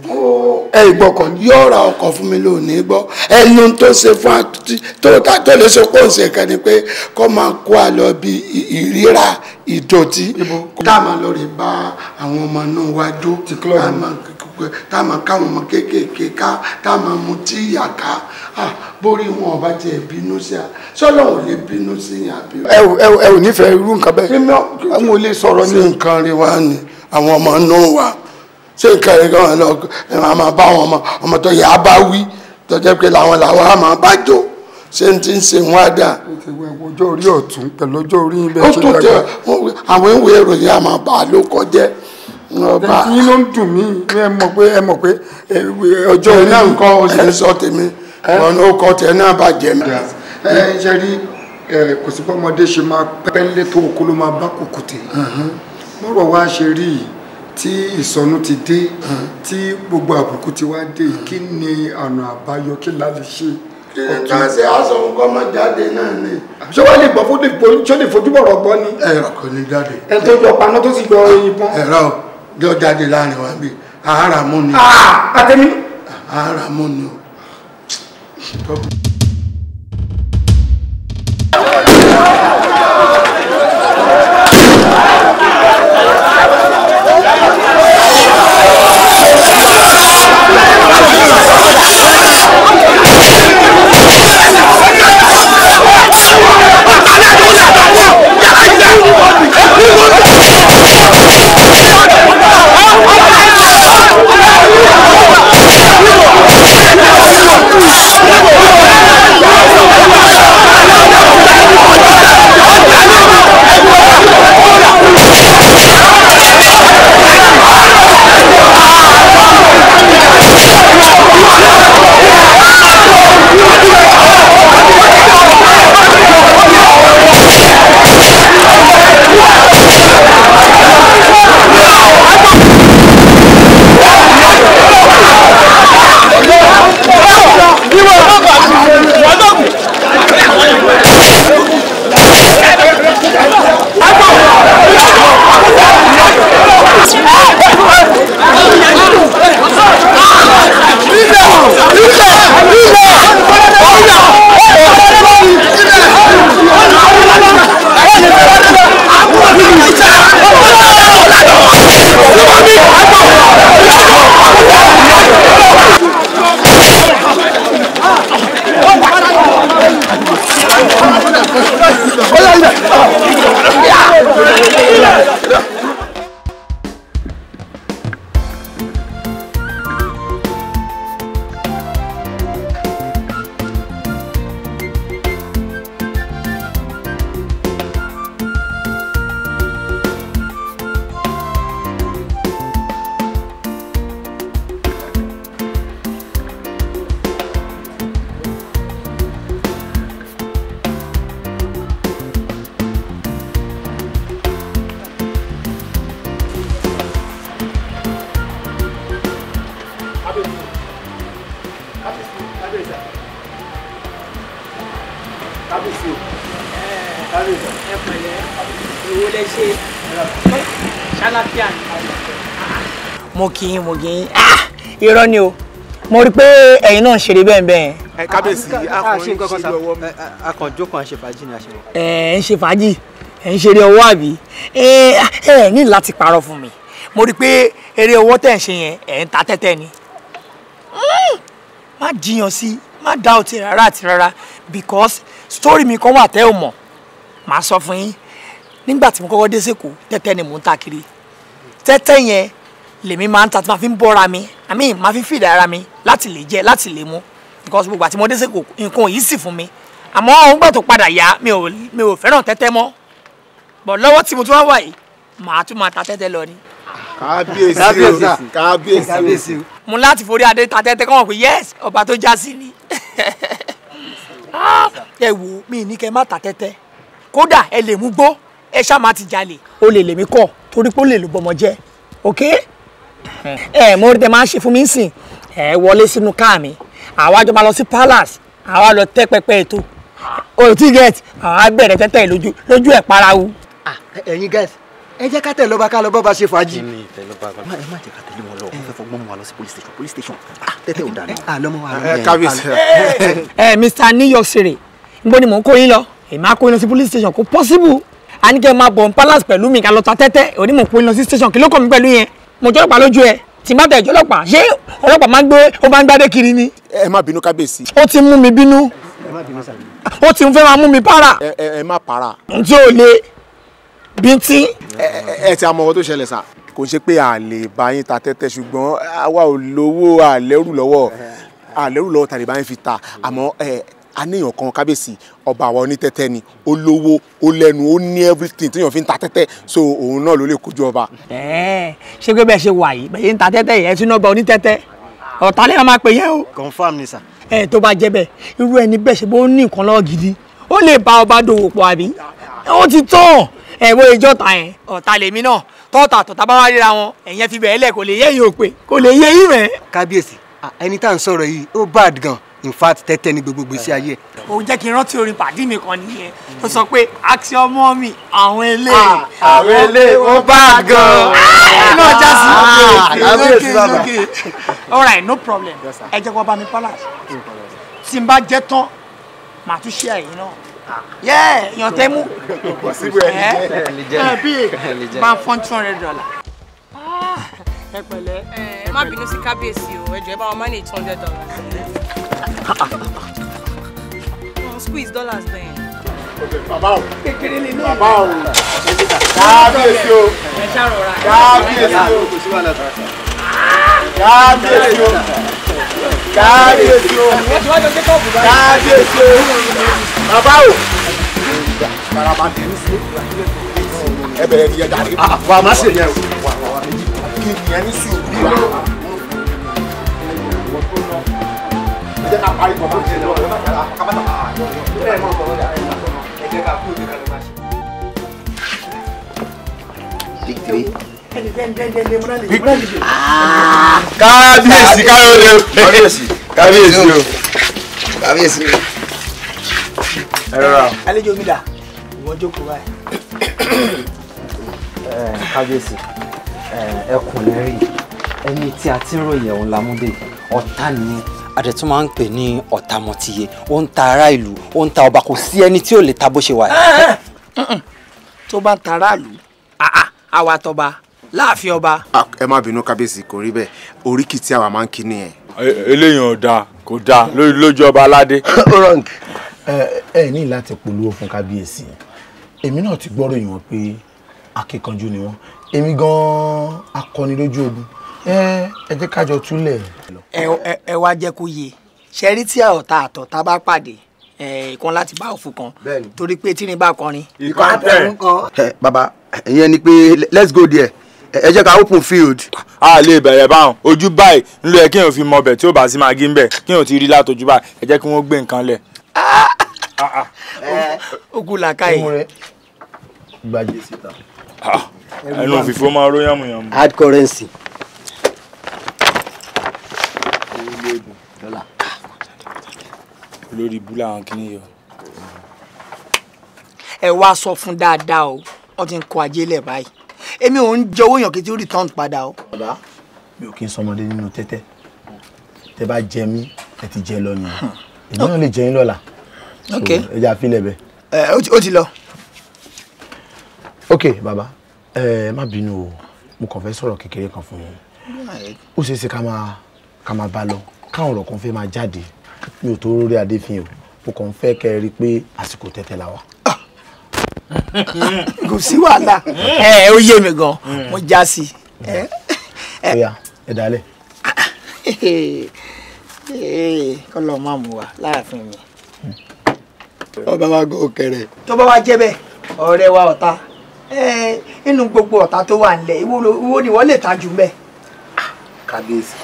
ẹ ìgbọ́kọ̀ yóò ra ọkọ̀ fún mi lónìí gbọ́ ẹyin ohun tó ṣe fún àtúntì tó ta tó lè ṣe kó ṣe kan ni pé kó máa kó a lọ bí ìríra ìdọ̀tí. tá a máa lọ rè bá àwọn ọmọ náà wájú. ti kílọ̀ tá a máa káwọn ọmọ kéékèèké ká tá a máa mutí yà ká bórí wọn ọba tiẹ̀ bínú sí a sọ́lọ́ ò lè bínú sí yàn àbí. ẹ ò ẹ ò nífẹ̀ẹ́ irú nǹkan bẹ́ẹ̀ àwọn ò lè sọ̀rọ̀ ní nǹkan rí wa ni àwọn ọmọ nù wa ṣé nǹkan rí kan lọ ẹ máa bá àwọn ọmọ ọmọ tó yà á bá wí tọ́jọ́ pé làwọn làwọn á máa bá jó ṣé n ti ń ṣe wọn dà. ọjọ́ orí ọ̀tún pẹ̀lú ọjọ́ orí ibẹ̀ tó dàgbà. ó tún tẹ àwọn ìwé ìròyìn àmọ́ ló kọjẹ́ ọba tí ló ń dùn mí ẹ mọ̀ pé ẹ mọ̀ pé ọjọ́ orí nǹkan ẹ sọ tèmi ọ̀nà ọkọ̀ tẹ̀ náà bàjẹ́ mi. ẹ ṣe rí kò sí bọ́mọdé ṣe máa pẹ́ńlé tó okó ló máa bá kùkùté uh-huh. mọ̀rọ̀ wá ṣe rí tí ìsọnù ti dé uh-huh. tí gbogbo àbùkù ti wá dé uh-huh. kí ni ọ̀nà àbáyọ kí la lè ṣe kan se aṣọ nǹkan ọmọ jáde náà ni. ṣé wàá lè gbọ́ fún ṣé lè fojú bọ̀rọ̀ gbọ́ ni. ẹ̀rọ kò ní jáde. ẹ tó jọ paná tó sì jọ ìbọn. ẹ̀rọ jọ jáde láàrin wa bí àárà mú ni. Ah, àtẹ̀mí. àárà mú ni o. irọ́ ni o mo rí i pé ẹ̀yin náà ń ṣeré bẹ́ẹ̀ bẹ́ẹ̀. ẹ kábíyèsí akọrin ṣeré ọwọ́ mi. akànjó kan ni a ẹ ẹ ń ṣe fàájì ẹ ń ṣeré ọwọ́ àbí ẹ ẹ ní láti parọ́ fún mi mo rí pé eré ọwọ́ tẹ̀ ń ṣe yẹn ẹ̀ ń ta tẹ́tẹ́ ni hmm, má jiyàn sí má dá òtí rárá àti rárá because story mi kan wà tẹ́ ò mọ̀ màá sọ fún yín nígbà tí mo kọ́kọ́ dé sẹ́kọ̀ọ́ tẹ́tẹ́ ni mò ń ta kiri tẹ́tẹ́ yẹn lèmi máa ń ta tí màá fi ń bọ́ra mi i mean màá fi feed ara mi láti lè jẹ láti lè mu because gbogbo àti mo dé sí kò nǹkan yìí sì fún mi àmọ́ òun gbà tó padà yá mi ò mi fẹ́ràn tẹ́tẹ́ mọ́ bọ̀ lọ́wọ́ tí mo tún wá wà yìí màá tún máa ta tẹ́tẹ́ lọ ni. kábíyèsí o kábíyèsí o. mo láti forí adé ta tẹ́tẹ́ kọ́ wọn pé yes ọba tó já sí ni ah, ẹ wò mí ní kẹ́ má ta tẹ́tẹ́ kódà ẹ lè mú gbó ẹ ṣá máa ti jalè o lè lèmi kọ torí pé ó lè lò bọmọ jẹ okay ẹ mo rí tẹ máa ń ṣe fún mi sìn ẹ wọlé sínú káà mi àwa jọ máa lọ sí palace àwa lọ tẹ pẹpẹ ètò o ti get àwa bẹ̀rẹ̀ tẹ́tẹ́ lójú lójú ẹ̀ parawu. ẹ̀yin guys ẹ jẹ́ ká tẹ̀ lọ́ba ká lọ́ba bá ṣe fàájì. èmi ìfẹ́ lọ́ba bá ẹ má jẹ́ ká tẹ̀lé wọn lọ fẹ́ fọgbọ́n mu wa lọ sí police station police station tẹ́tẹ́ ò dáná. àlọ́mọ wa lọ́mọ kábíyèsí. ẹ Mr New York City nbọ ni mò ń kó yín lọ èmi á kó yín lọ sí police station kò possible a ní kẹ́ ẹ máa bọ̀ n palace pẹ̀lú mi ká lọ ta tẹ́tẹ́ òní mò ń kó yín lọ sí station kí ló kọ́ mi pẹ̀lú yẹn mo jọ́lọ́pàá lójú ẹ tí bá tẹ̀ jọ́lọ́pàá ṣé ọlọ́pàá máa ń gbé ó máa ń gbádé kiri ni. ẹ má bínú kábíyèsí. ó ti mú mi bínú. ẹ má bínú sàbí. ó ti ń fẹ́ máa mú mi para. ẹ ẹ má para. ǹtí ò le bíntín. ẹ ẹ ti àmọ́ ọkọ tó ṣẹlẹ̀ sà kò ń ṣe pé a lè bá yín ta tẹ́tẹ́ ṣùgbọ́n àwa ò lówó àlẹ́rù lọ́wọ́ àlẹ́rù lọ́wọ́ tàbí bá yín fi ta àmọ́ a níyàn kan kábíyèsí ọba àwa onítẹ́tẹ́ ni ó lówó ó lẹ́nu ó ní everything téèyàn fi ń ta tẹ́tẹ́ so òun náà ló lè kojú ọba. ẹẹ ṣé pé bẹ́ẹ̀ ṣe wà yìí bẹ́ẹ̀ ń ta tẹ́tẹ́ yẹn sínú ọba onítẹ́tẹ́ ọ̀tá lẹ́yìn máa pè yẹn o. confam ni sà. ẹ tó bá jẹ́ bẹ́ẹ̀ irú ẹni bẹ́ẹ̀ ṣe bó ní nǹkan lọ́wọ́ gidi ó lè bá ọba dòwò pọ̀ àbí ó ti tán ẹ̀wọ́ ìjọta yẹn ọ̀tá lèmi náà tọ́ta tọ́ta bá wá ríra wọn ẹ̀yẹn fi bẹ̀ẹ́lẹ̀ kò lè yẹ yìí ò kò lè yẹ yìí rẹ̀. kábíyèsí ẹni tá à ń sọ̀rọ̀ yìí ó bad gan in fact tẹ́tẹ́ ní gbogbo gbèsè ayé. ó jẹ́ kí n rántí orin pàdí mi kan nìyẹn tó sọ pé àti ọmọ mi àwọn ilé. Ah, àwọn ah, ilé ó bá gan. Ah, náà já sí. lókè lókè all right no problem ẹ jẹ́ kó bá mi palace tí n bá jẹ́ tán màá tún ṣe àyè náà yẹ èèyàn tẹ mú ẹ bí máa fún two hundred dollars. ẹ pẹ̀lẹ́. ẹ má bínú sí kábíyèsí o ẹ jọ̀ọ́ ẹ bá wọn manage two hundred dollars. squeeze dollars bẹ́ẹ̀. Bàbá o. Kékeré lè ní. Bàbá o. Kábíyèsí o. Ẹ ṣàrọ̀ra. Kábíyèsí o. Kábíyèsí o. Kábíyèsí o. Kábíyèsí o. Bàbá o. Bàbá tẹ̀ ní sí. Ẹ bẹ̀rẹ̀ ni ẹ dàrí. Ah, wà á má ṣe yẹn o. Kí ni ẹ ní sùúrù bí wa? jẹ́ ká parí kọ̀ọ̀kan ṣe lọ kábàtà máa rà ẹ̀ mọ̀ ọ̀rọ̀ rẹ̀ ẹ jẹ́ ká kú ìdíkan ló máa ṣe. dígírí. kábíyèsí kábíyèsí kábíyèsí o kábíyèsí o. ẹ rọra o. àlejò mi dà ìwọ jókòó báyìí. kábíyèsí ẹkùn adẹ̀ tún máa ń pè ní ọ̀tàmọ̀tìyẹ ó ń ta ará ìlú ó ń ta ọba kò sí ẹni tí ò lè ta bó ṣe wà. Eh, eh, eh. tó bá ń ta aráàlú ah, ah, àwa tọba láàfin ọba. ẹ má bínú kábíyèsí kò rí bẹ́ẹ̀ oríkì tí àwa máa ń kí nìyẹn. eléyìí ò dáa kò dáa lójú ọba aládé. ẹ ní láti polówó fún kábíyèsí èmi náà ti gbọ́ròyìn wọn pé akíkanjú ni wọ́n èmi gan-an akọni lójú ogun ẹ jẹ́ kájọ túlẹ̀. ẹ wá jẹ́ kó yé ṣe rí tí ọ̀tá àtọ̀ tá a bá pàdé ìkan láti bá òfu kan torí pé tírin bá kọrin. ìkan tẹ̀. baba ìyẹn ni pé let's go there ẹ jẹ́ ká open field. a lè bẹ̀rẹ̀ báwọn ojú báyìí ń lo ẹ kí èèyàn fi mọ ọbẹ̀ tí ó bá sí máa gí ń bẹ̀ kí èèyàn ti rí látọjú báyìí ẹ jẹ́ kí wọ́n gbé nǹkan lẹ̀. ogun làkàyè. gbàjẹ́ ẹnu òfìfo máa ró yàmùyàmù. hard currency. olórí ibú làwọn kìíní yọ. ẹ wá sọ fún dáadáa o wọn ti ń kó ajé báyìí èmi ò ń jẹ owó yàn kí tí ó return padà o. bàbá mi ò kí n sọmọdé nínú tẹ́tẹ́ tẹ bá jẹ mí ẹ ti jẹ lọ nìyẹn èmi náà lè jẹ yín lọ́la ẹ jà fílẹ̀ bẹ́ẹ̀. ẹ ó ti lọ. ok bàbá ẹ má bínú o mo kàn fẹ́ sọ̀rọ̀ kékeré kan fún yín ó ṣeé ṣe ká máa ká máa bá lọ káwọn ọ̀rọ̀ kan fẹ́ máa jáde mi ò tó rórí adéfin o mo kàn ń fẹ́ kẹ́ ẹ rí i pé àsìkò tẹ̀tẹ̀ la wa. kò sí wàhálà ẹ ẹ ó yé mi gan mm. mo já sí i. Mm. ó yá ẹ dálẹ̀. kọ́ lọ́ọ́ máa mú wa láàfin mi. Mm. ọba wa gọ òkèrè. tó bá wa jẹ́ bẹ́ẹ̀ ọ̀rẹ́ wa ọ̀tá inú gbogbo ọ̀tá tó wà nílẹ̀ ìwọ ni wọ́n lè ta jù mẹ́. Ah, kábíyèsí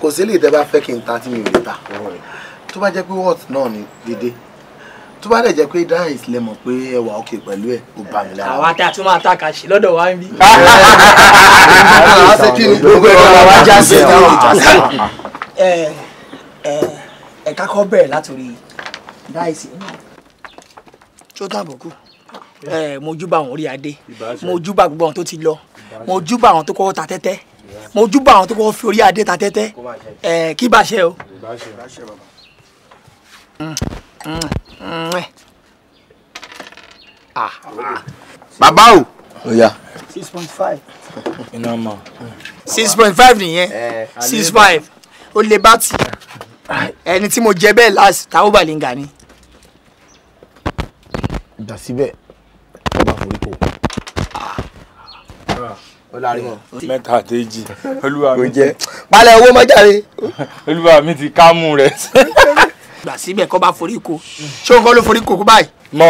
kò sí lè tẹ́ bá fẹ́ kí n ta tí mi ò lè ta tó bá jẹ́ pé what náà ni dédé tó bá dẹ̀ jẹ́ pé dice lẹ mọ̀ pé ẹ wà òkè pẹ̀lú ẹ̀ kò bá mi lára. àwa tá a tún máa ta kàṣí lọ́dọ̀ wa ń bí. àwọn ṣe kí ni gbogbo ẹ̀rọ làwọn ajá sí ìdáhùn ìjà sí. ẹ ẹ ẹ̀ka kọ́ bẹ̀rẹ̀ látòrí dice náà. tó dàbọ̀ kù mojúbà àwọn orí adé mojúbà gbogbo àwọn tó ti lọ mojúbà àwọn tó kọ́kọ́ ta tẹ́tẹ́ mojúbà àwọn tó kọ́kọ́ fi orí adé ta tẹ́tẹ́ kí bá ṣe o. Ah. bàbá o. oya. six point five. iná mọ. six point five nìyẹn eh, six five O lè bá tì ẹni tí mo jẹ bẹ́ẹ̀ láti táwọn balinga ni. dà síbẹ̀ ó bá forí kò ah. mẹ́ta àtẹ́jì olúwa mi ti. palẹ̀ owó mọ́jà rẹ. olúwa mi ti kámú rẹ̀. gbà síbẹ̀ kọ́ bá forí ko ṣé òun kọ́ ló forí ko kú báyìí. mọ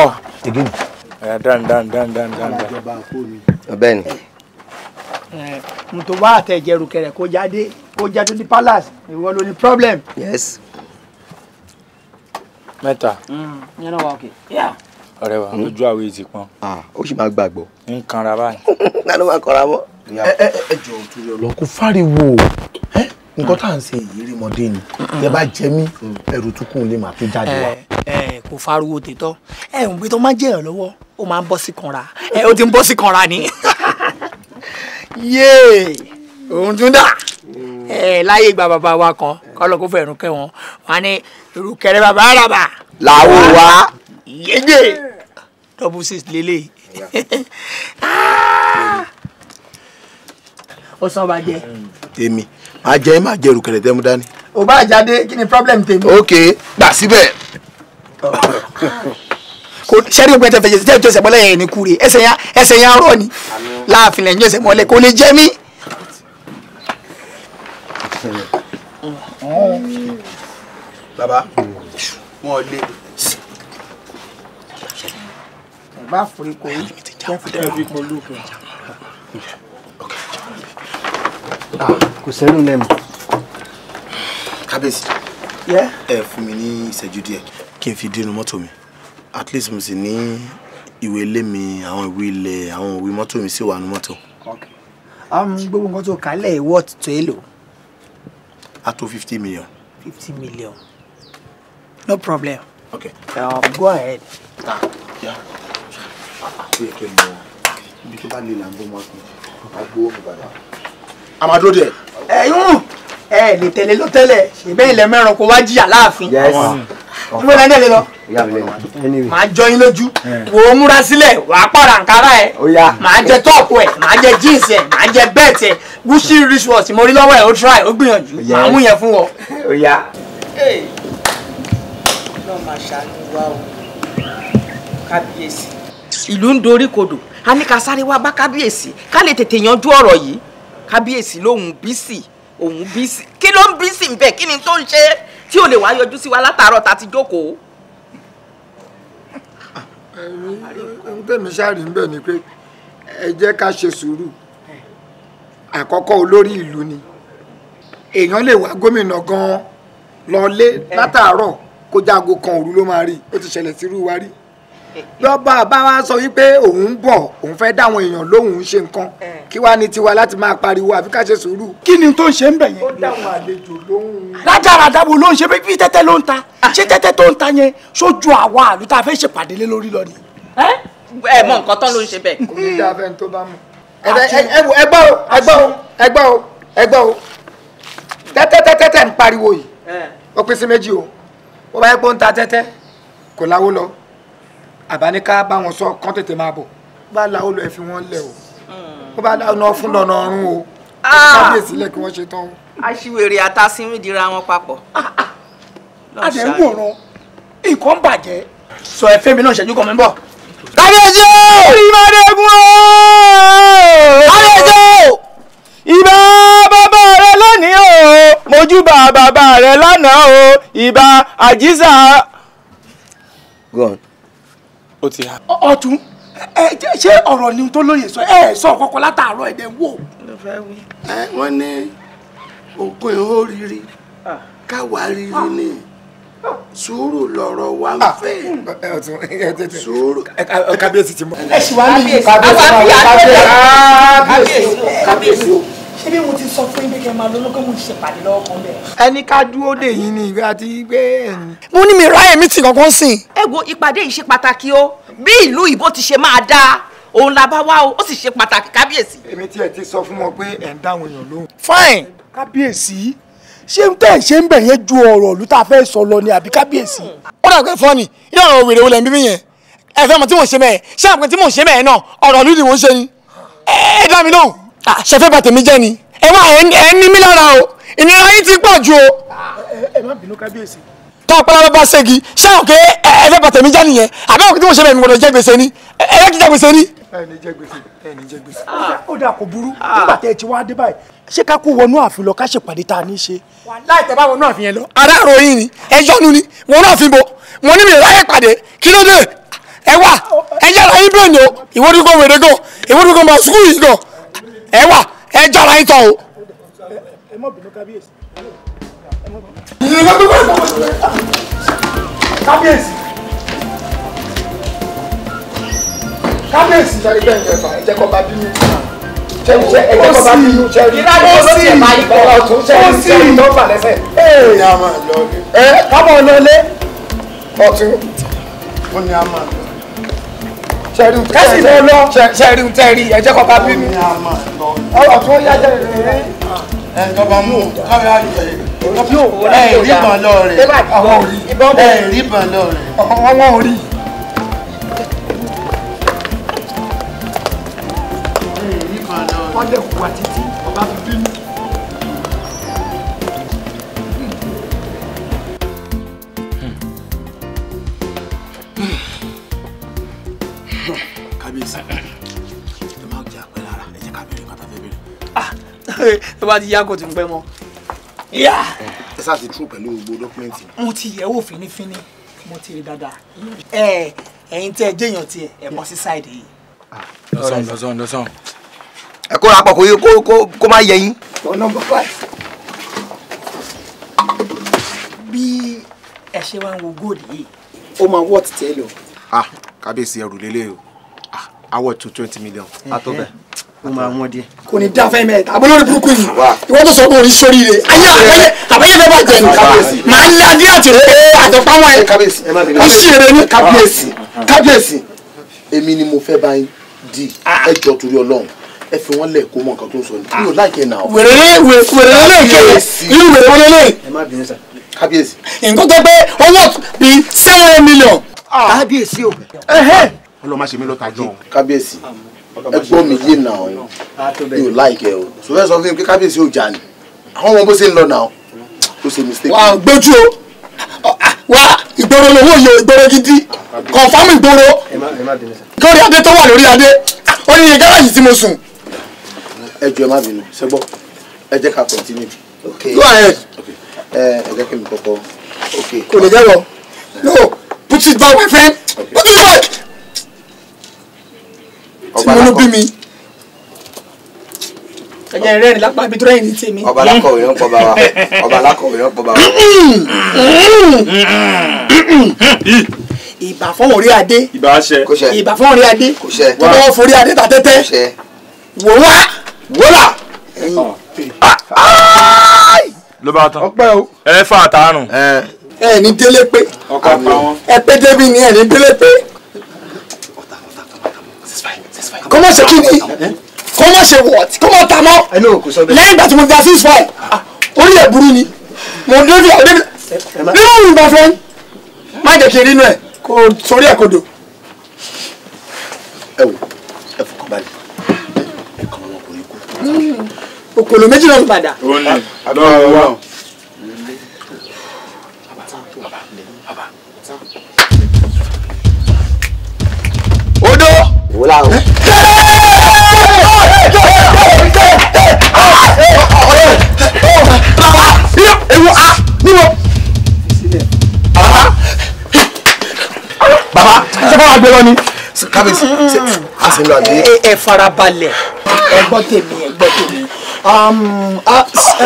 ìdí ni dan dan dan dan dan dan ọbẹ̀ ni. mùtòwá àtẹ̀jẹ̀rù kẹrẹ̀ kó jáde kó jáde ní palace ìwọ ló ní problem. yes. mẹ́ta. Mm, yẹn náà wà òkè. ọ̀rẹ́ wa lójú hmm. àwẹ̀ ti pọ́n. Ah, ó sì máa gbàgbọ́. ń kanra báyìí. nánú máa kanra mọ́. ẹ ẹ ẹ jọ̀ọ́ tó yọ lọ kó fáriwo nǹkan tá à ń ṣe èyí rí mọdé ni tẹ bá jẹ mí ẹrù tún kún un lè máa tó jáde wá. ẹ kò fariwo tètọ ẹ ń gbé tó máa jẹyàn lọ́wọ́ ó máa ń bọ́ sí kanra ẹ ó ti ń bọ́ sí kanra ni. yéè òun tún dà ẹ láyé gba bàbá wa kan kọlọ kó fẹrù kẹ wọn wọn ní ìrùkẹ̀rẹ̀ bàbá àràbà. làwọ wa. yéèjè double six lélẹ̀. ó sàn bàjẹ́. èmi máa jẹ máa jẹ rùkẹ̀rẹ̀ tẹ́ mú dání. ò bá jáde kí ni problem tèmi. ok gbà síbẹ̀. kò sẹ́rí ògbẹ́ tẹ̀fẹ̀ jẹ́sẹ̀ tó ṣẹ̀pọ̀ lẹ́yìn ẹ̀ní kúre ẹsẹ̀ yẹn ẹsẹ̀ yẹn rọ̀ ni láàfin lẹ́yìn ẹsẹ̀ mọ́lẹ̀ kò lè jẹ́ mí. baba wọn lé. bá a forí korí. Ah, kò sẹ́nu lẹ́mu. kábíyèsí ẹ fún mi ní ìṣẹ́jú díẹ̀ kí n fi dínú mọ́tò mi at least mo sì ní ìwé ilé mi àwọn ìwé ilẹ̀ àwọn ìwé mọ́tò mi sì wà ní mọ́tò. gbogbo nǹkan tó kálẹ̀ what tó èlò. a tó fifty million. fifty million no problem. okay. Um, go ahead. Ah, yeah. Ah, ah, ah, ah, ah, ah, ah, ah, ah, ah, ah, ah, a máa dúró díẹ̀. ẹ̀yún ẹ lè tẹ̀lé lọ tẹ́lẹ̀ ṣèbẹ́ ilẹ̀ mẹ́rin kó wá jìyà láàfin. níbo la ń tẹ̀lé lọ. màá jọ yín lójú wò ó múra sílẹ̀ wàá pààrà nkárá ẹ̀ màá jẹ tọ́ọ̀pù ẹ̀ màá jẹ jeans ẹ̀ màá jẹ bẹ́ẹ̀tì ẹ̀ gucci rituals mo rí lọ́wọ́ ẹ̀ ó try ó gbìyànjú màá mú yẹn fún wọ. ìlú ń dorí kodò a ní ká sáré wá bá kábíyèsí ká lè tètè yanjú ọ̀rọ̀ yìí kábíyèsí lòun bísì òun bísì kí ló ń bísì ń bẹ kí ni tó ń ṣe tí ò lè wá yọjú sí wa látàárọ̀ tá a ti jókòó. ohun tẹ̀mí ṣáàrí ń bẹ̀ ni pé ẹ jẹ́ ká ṣe sùúrù àkọ́kọ́ olórí ìlú ni èèyàn lè wá gómìnà gan-an lọ lé látàárọ̀ kó jágo kan òru ló máa rí ó ti ṣẹlẹ̀ sírú wa rí lọ́ba àbá wa sọ wípé òun ń bọ̀ òun fẹ́ dáwọn èèyàn lóhùn ṣe nǹkan kí wàá ní tiwa láti máa pariwo àfi ká ṣe sùúrù. kí ni tó ń ṣe ń bẹ̀ yẹn. ó dáhùn àlejò lóhùn. rájàràjà wo ló ń ṣe bí tẹ́tẹ́ ló ń ta ṣé tẹ́tẹ́ tó ń ta yẹn sójú àwa àlù tá a fẹ́ ṣèpàdé lé lórí lọ ni. ẹ mọ nǹkan tán ló ń ṣe bẹ́ẹ̀. kò ní dáa fẹ́ni tó bá mọ̀. ẹ o ẹ gbọ́ o ẹ gbọ́ o ẹ gbọ́ o tẹ́tẹ́tẹ́tẹ́ ń pariwo àbáníká bá wọn sọ kán tètè máa bọ̀ bá la olùẹ fi wọn lẹ o hmm. ó bá la ọ̀nà fún lọ́nà ọ̀run o ah! kábíyè sílẹ̀ kí wọ́n ṣe tán. aṣiwèrè àtàsínrín dira wọn papọ̀. àdéhùn ah, ah. nǹkan bàjẹ́ sọ ẹ fẹ́mi náà ṣẹ́jú kan mi bọ̀. kábíyèsí o o kábíyèsí o bàbá rẹ lónìí o mojúbà bàbá rẹ lánàá o ìbà àjíṣà. go ó ti há. ọ̀tún ẹ ṣé ọ̀rọ̀ ni tó lóye sọ ẹ sọ kọ́kọ́ látàárọ̀ ẹ̀dẹ̀ wò. ló fẹ́ wí. ẹ wọ́n ní òkú ìhó riri ah. káwa riri ah. ni ah. sùúrù lọ̀rọ̀ wa ń fẹ́ sùúrù. kábíyèsí ti mọ. ẹ ṣì wá ní kábíyèsí kábíyèsí kábíyèsí ṣé mo ti sọ fún yín máa lọ mo ti ṣèpàdé lọ́wọ́ kan bẹ́ẹ̀. ẹni ká dúró dè yín ni ìgbà tí gbé ẹ̀yìn. mo ní mi ráyè mi ti kankan sìn. ẹ ìpàdé yìí ṣe pàtàkì o bí ìlú ìbò ti ṣe máa dáa òun la bá wá o ó sì ṣe pàtàkì kábíyèsí. èmi tiẹ̀ ti sọ fún wọn pé ẹ̀ ń dáhùn èèyàn lóhùn. fine kábíyèsí ṣé ń tẹ̀ ṣe ń bẹ̀ yẹn ju ọ̀rọ̀ ìlú tá a fẹ́ sọ lọ ni àbí kábíyèsí. ó dà pé fọ́ọ̀nì ní ọ̀rọ̀ wèrè olè ń yẹn ẹ̀fẹ́ mọ̀ tí mò ń ṣe bẹ́ẹ̀ ṣé àpẹẹrẹ tí mò ń ṣe bẹ́ẹ̀ náà ọ̀rọ̀ ìlú ni mò ṣe ni. ẹ mi lóhùn Ah, ṣe fẹ́ bà tèmi jẹ́ ni ẹ wá ẹ ní mí lára o ìnira yín ti pọ̀ ju o. ẹ má bínú kábíyèsí. tó o pẹ́lá bá ṣégi ṣé òkè ẹ fẹ́ bà tèmi jẹ́ nìyẹn àbẹ́ òkè tí mo ṣe bẹ́ẹ̀ mi gbọ́dọ̀ jẹ́ gbèsè ni ẹ yẹ kí jẹ́ gbèsè ni. ẹ ní jẹ́ gbèsè ẹ ní jẹ́ gbèsè. Ah. ó dà kò burú ah. nígbà tẹ ẹ ti wá dé báyìí ṣé ká kú wọnú ààfin lọ ká ṣèpàdé tá a ní í ṣe. láì tẹ bá wọnú ààfin yẹn lọ. aráàrò yín ni ni wọnú ààfin bo mo ni o ìwọ́dúnkọ́ wèrè gan ẹ wà ẹ jára yín tán o. ẹ mọ̀ bínú kábíyèsí. kábíyèsí kábíyèsí ṣe ibẹ̀ ń jẹba ẹ̀jẹ̀ kọ́ bá bínú ṣe ṣe ẹ̀jẹ̀ kọ́ bá bínú ṣe rí ó sì ọ̀rọ̀ tó ṣe rí ṣe rí tó fà lẹ́sẹ̀. ẹ kábọ̀ ọ̀nà ilé ọ̀tún ó ní a máa lọ kẹ́sì lọ lọ ṣẹ́ẹ̀rì ń tẹ́rì ẹ̀jẹ̀ kọ́ka bí mi ọ̀rọ̀ tó yá jẹ́ rẹ̀ ẹ̀ tọba mú káwé àjẹ ẹ̀ ríbọn lọ rẹ̀ ríbọn lọ ọwọ́ orí. wọ́n dẹ̀ títí. tó bá ti yá kò tún pẹ́ mọ́. ẹ sáà ti tú pẹ̀lú gbogbo dọ́kúmẹ́ǹtì. mo ti yẹ̀ wò fínífíní mo ti rí dáadáa ẹ ẹ̀yin tẹ́ ẹ jẹ́yàn tiẹ̀ ẹ bọ́ sí sáìdì yìí. Ah. lọ́sàn lọ́sàn lọ́sàn. ẹ kó rapọ̀ kó kó kó má yẹ yín. nọ́mbà five. bí ẹ ṣe wá ń wo góòlù yìí ó máa wọ́ọ̀tì tẹ́lẹ̀ o. Ah, kábíyèsí ẹrù lélẹ́yìí o awọ ah, tó twenty million. a tó bẹ́ẹ̀ ó máa wọ́n díẹ̀. kò ní dáa fẹ́ẹ́ mẹ́ta abúlórí burúkú yìí ìwọ tó sọ pé òun sórí rẹ ayé àbẹ́yẹ àbẹ́yẹ bẹ́ẹ̀ bàjẹ́ ni màá lé adé àti àtọ̀pámọ́ ẹ̀ ó sì rẹ ní kábíyèsí kábíyèsí èmi ni mo fẹ́ bá yín di ah. ẹjọ́ torí ọlọ́run ẹ fi wọn lẹ kó mọ nǹkan tó ń sọ ni mi ò láìpẹ́ náà. wèrè wèrè lẹ́ẹ̀kẹ́ irú wèrè wọlé lẹ́ẹ̀. kábíyèsí. nǹkan tó pé owó bíi seven million. Ah. kábíyèsí o. ọlọ́mọ àṣemí ló ta jọ. kábíyèsí ẹgbọ́n mi yé nà ọ́ yóò láìkẹ́ o so fẹ́ sọ fún mi pé kábíyèsí ò jà ní àwọn ọmọ bó ṣe ń lọ nà ọ́ ó ṣe mistake. wà á gbójú o wà ìgboro lówó yẹ ìgboro gidi confam ìgboro kórí adé tó wà lórí adé ó ní gáràjì tí mo sùn. ẹ jọ̀ọ́ ẹ má bínú ṣẹgbọ ẹ jẹ́ ká continue. go ahead. ẹ ẹ jẹ́ kí mi kọ́kọ́. kò lè jẹ́ wọ no put it back my friend okay. put it back tí mo ló bí mi. ẹ̀yẹ rẹ̀ lápá ibi tó rẹ̀ ní tèmi. ọba alákọ̀wé yóò pọ̀ bá wa ọba alákọ̀wé yóò pọ̀ bá wa. ìbà fún orí adé ìbà fún orí adé tó bá wọ́n forí adé ta tẹ́tẹ́ wò wá. wọ́là ah, ló bá tán ọpẹ́ o ẹ fà tààrùn. ẹ ní délé pé ẹ pé débi ni ẹ ní délé pé kó má ṣe kíni kó má ṣe wọ̀t kó má ta mọ́ lẹ́yìn ìgbà tí mo gba six five orí ẹ̀ burú ni mo dóbi ọ̀dẹ́bi nínú mi my friend má jẹ́ kí n rí inú ẹ̀ kó sórí ẹ̀ kó do. ẹ wò ẹ fọkàn balẹ̀ ẹ kàn wọn kò ní kú. òkòlò méjì náà ń padà. ó ní àdó àwọn wa. Odo. Wò láwọn. a sì ń lọ àbí. Ah, ẹ farabalẹ̀ ẹ gbọ́ tèmi ẹ gbọ́ tèmi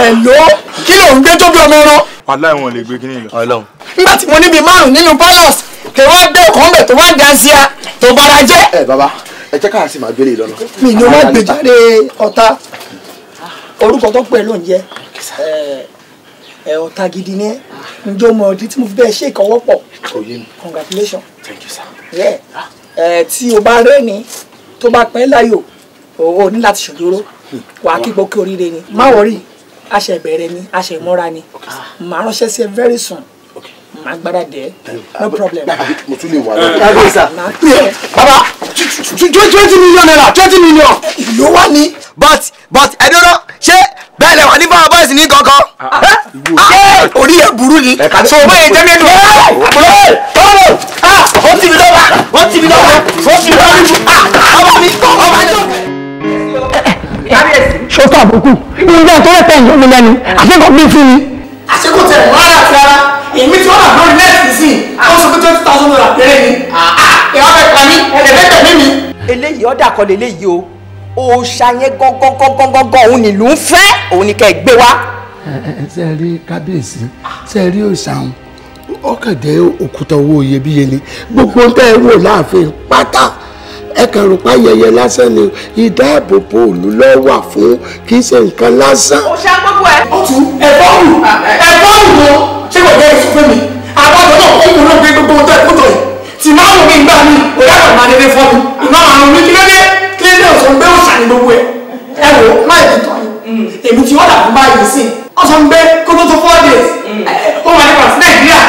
ẹ̀ló um, kí ló ń gbé tó bí ọmọ ẹran. wàhálà ìwọ̀n lè gbé kínní lọ. nígbà tí mo níbi márùn nínú palace kí wọ́n á ọkàn bẹ̀ tó wá dá sí a tó bára jẹ́. ẹ bàbá ẹ jẹ́ káà máa gbélé lọ́nà. mi ni wọ́n gbé jáde ọ̀tá orúkọ tó pẹ̀ ló ń jẹ́ ẹ ọ̀tá gidi ni ẹ njọ́ mọ̀ ọdí tí mo fi bẹ́ẹ̀ ṣe ìkọwọ́pọ̀. congratulations. thank you sir. Yeah tí o bá rẹ́ni tó bá pẹ́ láyò o ní láti ṣòjóró wà á kíkó kí oríire ni má wọrí a ṣe bẹ̀rẹ̀ ni a ṣe múra ni màá ránṣẹ́ sí ẹ very soon màá gbára dẹ̀ no problem. mo tún lè wà lọ. baba twenty million naira twenty million. ìlú wa ni. but but I don't know ṣé bẹ́ẹ̀ lẹ wà ní fáwọn bọ́ọ̀sì ní kankan ah, ah, ṣé orí ẹ̀ burú ni so wọ́n yẹn jẹ́mi ẹnu. tọ́lọ̀ ó ti mi lọ́wọ́ ó ti mi lọ́wọ́ ó ti mi lọ́wọ́ ah, ọmọ mi ọmọ mi. ṣọ́tọ̀ àbùkù ìgbà tó rẹ̀ tẹ̀ ìjọba lẹ́nu àṣekọ̀ bí fún mi. àṣekọ̀ tẹ̀ wọ́n á ti ara èmi tí wọ́n bá lórí lẹ́sìn sí i àwọn sọ pé twenty thousand naira péré ni. ìwà bẹ̀ pa mí ẹ̀ẹ́dẹ̀ẹ́dẹ̀ mímí. eléyìí ọ̀dà kan lè léyìí o òòṣà yẹn gangan gangan gangan òun nìlú ń fẹ́ òun ni kẹ́ ẹ gbé wá. ṣe é rí kábíyèsí ṣe é rí òòṣà òun ọkàn jẹ́ òkúta owó iyebíye ni gbogbo ń tẹ́ ẹ rò láàfin pátá ẹ kàn rò pa ayẹyẹ lásán ni ìdáàbòbò òlú lọ wà fún kì í ṣe nǹkan lásán. ó ṣá gbogbo ẹ. ó tún ẹ̀fọ́ òrù ẹ̀fọ́ òrù o ṣé kò jẹ́ ìsúnfún mi àwọn ọ̀dọ́ náà kó ìwúrò gbé gbogbo ohun tó ẹ̀kú tó yìí tì máa ń mi gbà mí òyà kan máa dédé fọ́ mi ìmọ̀ àwọn mi kí ló dé bíbélì ọ̀sán gbé òòṣà ní gbogbo ẹ̀ ẹ wò láì fi tọ́ ni mm. èmi ti ọ̀dà fún báyìí sí ọ̀sán gbé kókó tó four days mm. ó wà nípa sí nàìjíríà.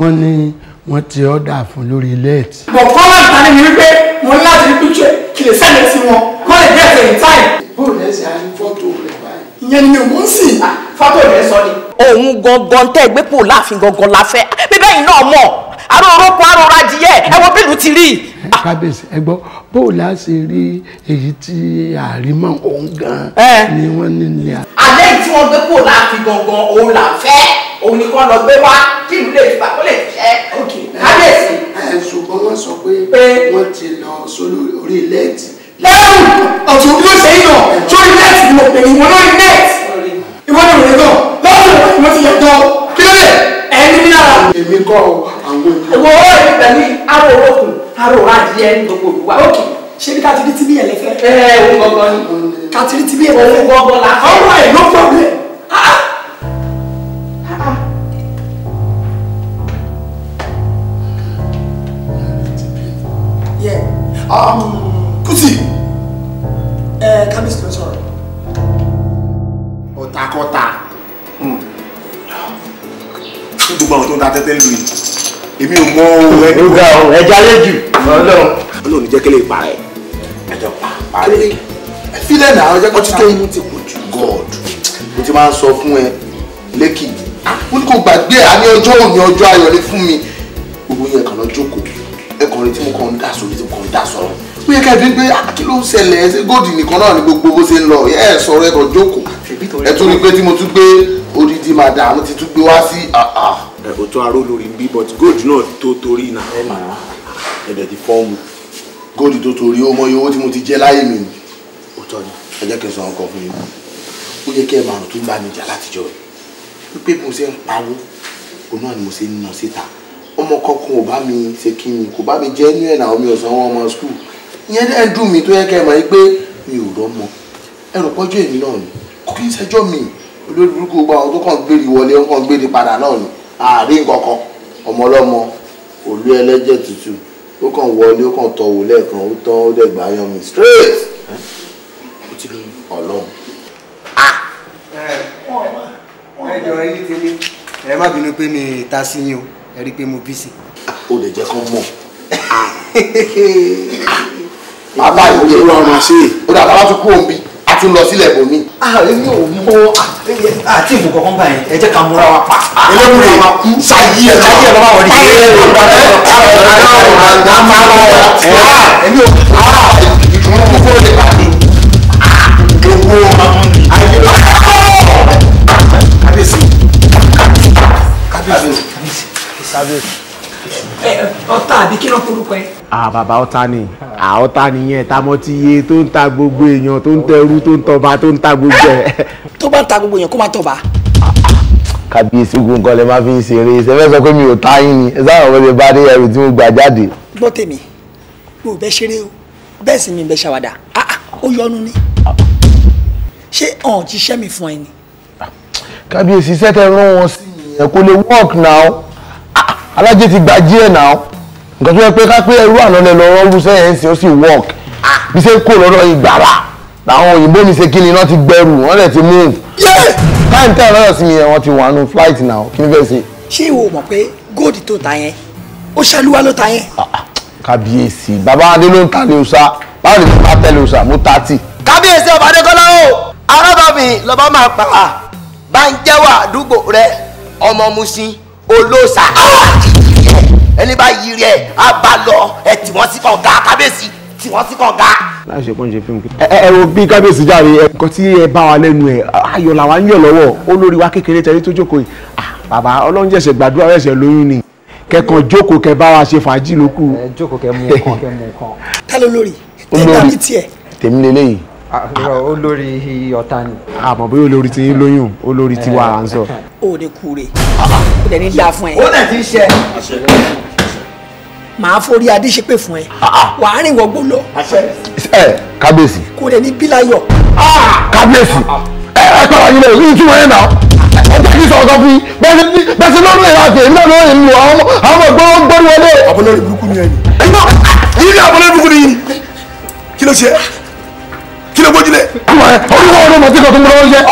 wọ́n ní wọ́n ti ọ̀dà fún lórí lẹ́ẹ̀tì. bọ̀ fọ́nrán ìtàn ni wípé mo ní láti rí píkṣẹ̀ kí lè sẹ́lẹ̀ sí wọn kọ́ lè dẹ́ẹ̀tẹ̀ ní táì. ìyẹn ni òun sì fọ́tò rẹ̀ sọ ni. òun gangan tẹ́ ẹgbẹ́ pò láàfin gangan la fẹ́ bíbẹ́ yìí náà mọ̀ àrò òrókò àrò rajiyẹ ẹ wo bílù ti rí. kábíyèsí ẹ gbọ́ bó o lá rí èyí tí àrímọ̀ òun gan ni wọ́n ní ní àlẹ́ yìí tí wọ́n gbé kúrò láàfin gangan òun là fẹ́ òun nìkan lọ gbé wá kí ìlú lè fà kó lè fẹ́ kábíyèsí. ṣùgbọ́n wọ́n sọ pé wọ́n ti lọ sórí orí lẹ́ẹ̀tì. lẹ́rù ọ̀tún bí ó ṣe ń lọ sórí lẹ́ẹ̀tì ni pè é ìwọ lórí lẹ́ẹ̀tì lẹ́ẹ̀tì ìwọ ti yàtọ̀ ẹni ní ara. èmi kọ́ àwọn èèyàn. wo ó rí pẹ̀lú aró òkun aró adìẹ ní gbogbo olúwa. ókè ṣé ní kátìrí tí bí yẹn lẹ́fẹ́. ẹ ẹ òun gbọ́ngàn ni. kátìrí tí bí yẹn lẹ́fẹ́. òun gbọ́ngàn la. ọwọ́ ẹ̀ ló pọ̀ bẹ́ẹ̀. Ah, ah. um, Kùtì ẹ kábíyèsí ló sọ̀rọ̀. ọ̀tàkọ̀tà fún gbogbo àwọn tó ń ta tẹ́tẹ́ lórí èmi ò mọ ohun ẹni. ó ga ọ ẹja léjù Ọlọ́run. Ọlọ́run ní jẹ́ kí lè pa ẹ ẹjọ pa parí. fílẹ̀ náà ọjọ́ kan tí tó inú ti pọ̀ jù. God mo ti máa ń sọ fún ẹ lẹ́kì mo ní kò gbàgbé àní ọjọ́ òní ọjọ́ ayọ̀ ni fún mi gbogbo yẹn kàn lọ jókòó ẹkùn rẹ tí mo kàn ń dà sórí tí mo kàn ń dà sọ̀rọ̀ ó yẹ kẹ́ẹ̀dín pé kí ló ń ṣẹlẹ̀ ẹ góòdì nìkan náà ni gbogbo bó ṣe ń lọ ẹ sọ̀rọ̀ ẹ kàn jókòó ẹ tún rí i pé tí mo tún gbé odidi màdàmú ti tún gbé wá sí Eh, òtún aró lórí bí but gold náà tó torí náà. ẹ màá ẹ̀dẹ̀ ti gold tó torí ó mọ owó tí mo ti jẹ láyé mi ni òótọ́ ni ẹ jẹ́ kí n sọ nǹkan fún yín ó yẹ kí ẹ màrún tó gbà mí jà látijọ́ rẹ̀ mo ṣe ń pawó òun náà ni mo ṣe ń nà síta ọmọ kọkùn ò bá mi ṣe kí mi kò bá mi jẹ́ inú ẹ̀ omi ọ̀sán wọn ọmọ skul ìyẹn dẹ́ dùn mí tó yẹ kí ẹ mọ̀ yín mi ò rọ́mọ ẹ rò pọ́jọ́ èmi náà ni kò kí n ṣẹjọ́ mi olórí burúkú gbogbo àwọn tó kàn gbé ni wọlé kàn gbé ni padà náà ni àárín kankan ọmọ ọlọ́mọ òlú ẹlẹ́jẹ̀ tútù ó kàn wọlé ó kàn tọ̀wò lẹ́ẹ̀kan ó tán ó dẹ̀ gbà yan mi straight ọlọ́run. Ah! ẹ jọ ẹyin tẹ́lẹ̀ ẹ má bínú pé mi ta sí yín o ẹ rí i pé mo bí sí. o ah, lè jẹ́ kán mọ̀ ah! bàbá ìwé rọrùn sí i ó dàbá wá tún kú òun bí tún lọ sílẹ̀ bòmí. èmi ò mọ àti ìbò kankan gbà yẹn ẹ jẹ́ ká múra wa pa. eléwúre ṣayí ẹ lọ ṣayí ẹ lọ bá wọlé. èmi ò ìdùnnú kúkú lè pàdé. owó ayé lọ. kábíyèsí kábíyèsí kábíyèsí ọ̀tá àbí kí ló forúkọ ẹ. à bàbá ọ̀tá ni à ọ̀tá nìyẹn tá mọ ti yé tó ń ta gbogbo èèyàn tó ń tẹrú tó ń tọba tó ń ta gbogbo ẹ. tó bá ń ta gbogbo èèyàn kó má tọba. kábíyèsí ogun kan lè má fi ń ṣeré ṣe fẹ́ sọ pé mi ò ta yín ni ẹ sáwọn ọmọdé bá dé ẹrù tí mo gbà jáde. gbọ́ tèmi mi ò bẹ́ ṣeré o bẹ́ẹ̀ sì mi bẹ́ ṣàwádà ah, ah, ó yọnu ni ṣé ọ̀n ti ṣẹ́ mi fún ẹ ni. kábíyèsí sẹ́tẹ̀ rán wọn sí ìyẹn lè work now alájẹ ti gba díẹ̀ náà nǹkan tó yẹ pé ká pé ẹrú àná lẹ lọ rọrùn sẹ́yìn ẹ̀sìn ó sì work ah. bí ṣe kó lọ́dọ̀ ìgbàrà làwọn òyìnbó mi ṣe kíni náà ti gbẹrù wọ́n dẹ̀ ti move. táyì tẹ́ ọ̀rọ̀ sí mi yẹn wọ́n ti wà nù flight náà kí ni fẹ́ ṣe. ṣé ìwọ mọ̀ pé góòdì tó ta yẹn ó ṣàlùwà ló ta yẹn. Ah, ah. kábíyèsí bàbá adé ló ń ta ní ọ̀sà báwo ni mo bá tẹ́lẹ̀ ọ̀sà mo ta tì. kábíyèsí ọba adékọ́lá o arábàbí lọ́ba máa pa bá ń jẹ́wọ́ àdúgbò rẹ ọmọ musin olóòsà ẹni bá yiri ẹ á bá lọ ẹ tì wọ́n sí kànga kábíyèsí tì wọ́n sí kànga. láì ṣe pọ́n ṣe fíìmù kí. ẹ ẹ wo bí kábíyèsí jáde ẹ̀kọ́ tí ẹ bá wa lẹ́nu ẹ̀ ayọ̀ làwa ń yọ̀ lọ́wọ́ olórí wa kékeré tẹ̀lé tó jókòó yìí bàbá ọlọ́run jẹ̀sẹ̀ gbàdúrà ẹ̀sẹ̀ lóyún ni kẹ́kàn jókòó kẹ́ bá wa ṣe fàájì lókù. ẹ jókòó kẹ́ mú nǹkan kẹ́ mú nǹkan. ká ló lórí tèmi lélẹ́yìn Ah, olórí ọ̀tá ni. àmọ́ bí olórí ti ń lóyún olórí ti wà á eh. ń sọ. o de kure o de ni da fún ẹ. o de ti ṣe. màá forí adé ṣe pé fún ẹ ah, ah. wàá rìn wọgbó lọ. ẹ eh, kábíyèsí. kò dẹ̀ ní bíláyọ̀. kábíyèsí eh, ẹ ẹ pàrọ̀ yín lọ ní ìtumọ̀ yẹn náà ọjọ́ kí sọ̀rọ̀ kan fi bẹ́ẹ̀ sí lọ́rùn ẹ̀rọ àti èmi náà lọ́rùn ìlú àwọn ọmọ ìgbọ́n wọlé. àbọ̀lọ́rì burúkú ni ẹ̀yìn. ìlú àbọ̀lọ́rì burúkú ni kí ló ṣe kí ló gbójúlé. olùwà ọ̀rọ̀ mọ̀tí kan tó ń bọ̀ lọ́wọ́ jẹ́.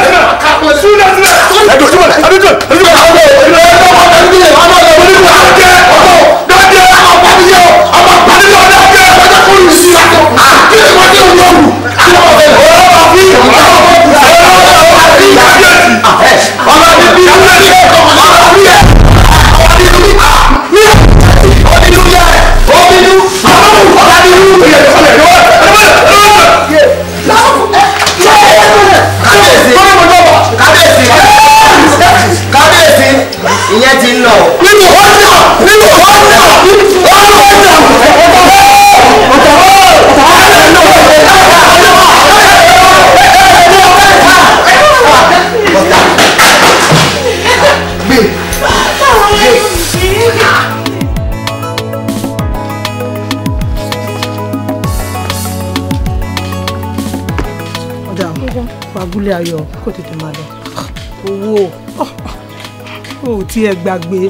ẹ gbàgbé ẹ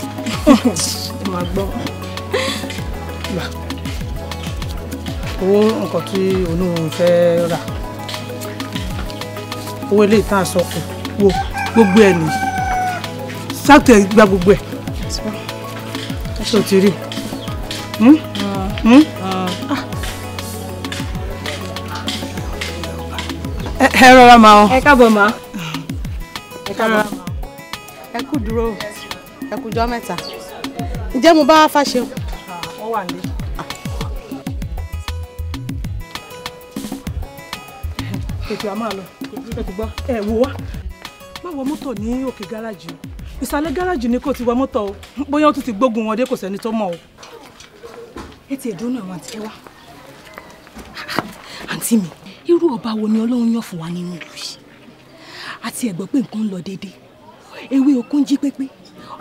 máa gbọ́ gbà owó nǹkan tí olóhùn fẹ́ rà owó ilé ìtàn àsọkù wo gbogbo ẹ nìyí sáàtẹ̀ gba gbogbo ẹ̀ ṣé o ti rí hm? Hm? Hm. Ah. ẹ rọra máa ọ ẹ káàbọ̀ máa ah. ẹ káàbọ̀ máa ẹ kú dúró ẹ kújọ́ ǹjẹ́ mo bá Fáṣeun. wọ́n wà ní. tètè a máa lọ ẹ ti gbọ́ ẹ wò wá má wọ mọ́tò ní òkè gáràjì o ìsàlẹ̀ gáràjì ni kò ti wọ mọ́tò o bóyá ó tún ti gbógun wọn dé kò sẹ́ni tó mọ̀ o. ẹ ti ẹ̀dùn náà wọn ti wá àǹtí mi irú ọba wo ni ọlọ́run yàn fún wa nínú ìlú yìí àti ẹ̀gbọ́n pé nǹkan ń lọ déédéé ewé okun jí pépé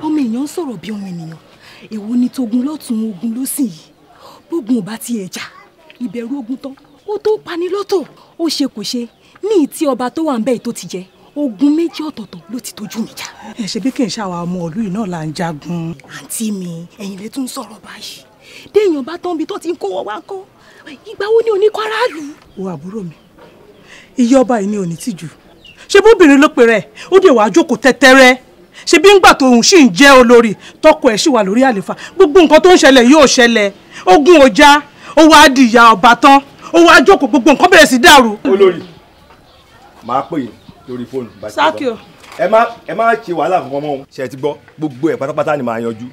ọmọ èèyàn ń sọ̀rọ̀ bí ọmọ ènìyàn èwo ni togun lọ́tún ogun ló sì yìí bógun ò bá tiẹ̀ jà ìbẹ̀rù ogun tán ó tó pani lọ́tọ̀ ó ṣe kò ṣe ní ìtí ọba tó wà ń bẹ́ẹ̀ tó ti jẹ ogun méjì ọ̀tọ̀ọ̀tọ̀ ló ti tójú mi jà. ẹ ṣe bí kì í ṣàwọn ọmọ ìlú yìí náà là ń jagun. àǹtí mi ẹ̀yin lè tún sọ̀rọ̀ báyìí déèyàn bá tán bí tó ti ń kówó wá kọ́ ìgbà wo ni òní kọ́ aráàlú. wo àbúrò mi iye ọba yìí ni òní tìjú ṣe bóbìnrin ló pe rẹ ó dé wàá jókòó tẹ́tẹ́rẹ́ ṣebí ńgbà tóun sì ń jẹ́ olórí tọkọ ẹ̀ sì wà lórí àlefa gbogbo nǹkan tó ń ṣẹlẹ̀ yóò ṣẹlẹ̀ ogun ò já ó wá di ìyá ọba tán ó wá jókòó gbogbo nǹkan bẹ̀rẹ̀ sí dàrú. olórí màá pè yín lórí fóònù bá ti bọ́ ẹ má ẹ má ṣe wàhálà kankan mọ́ òun. ṣe ti gbọ́ gbogbo ẹ̀ pátápátá ni màá yanjú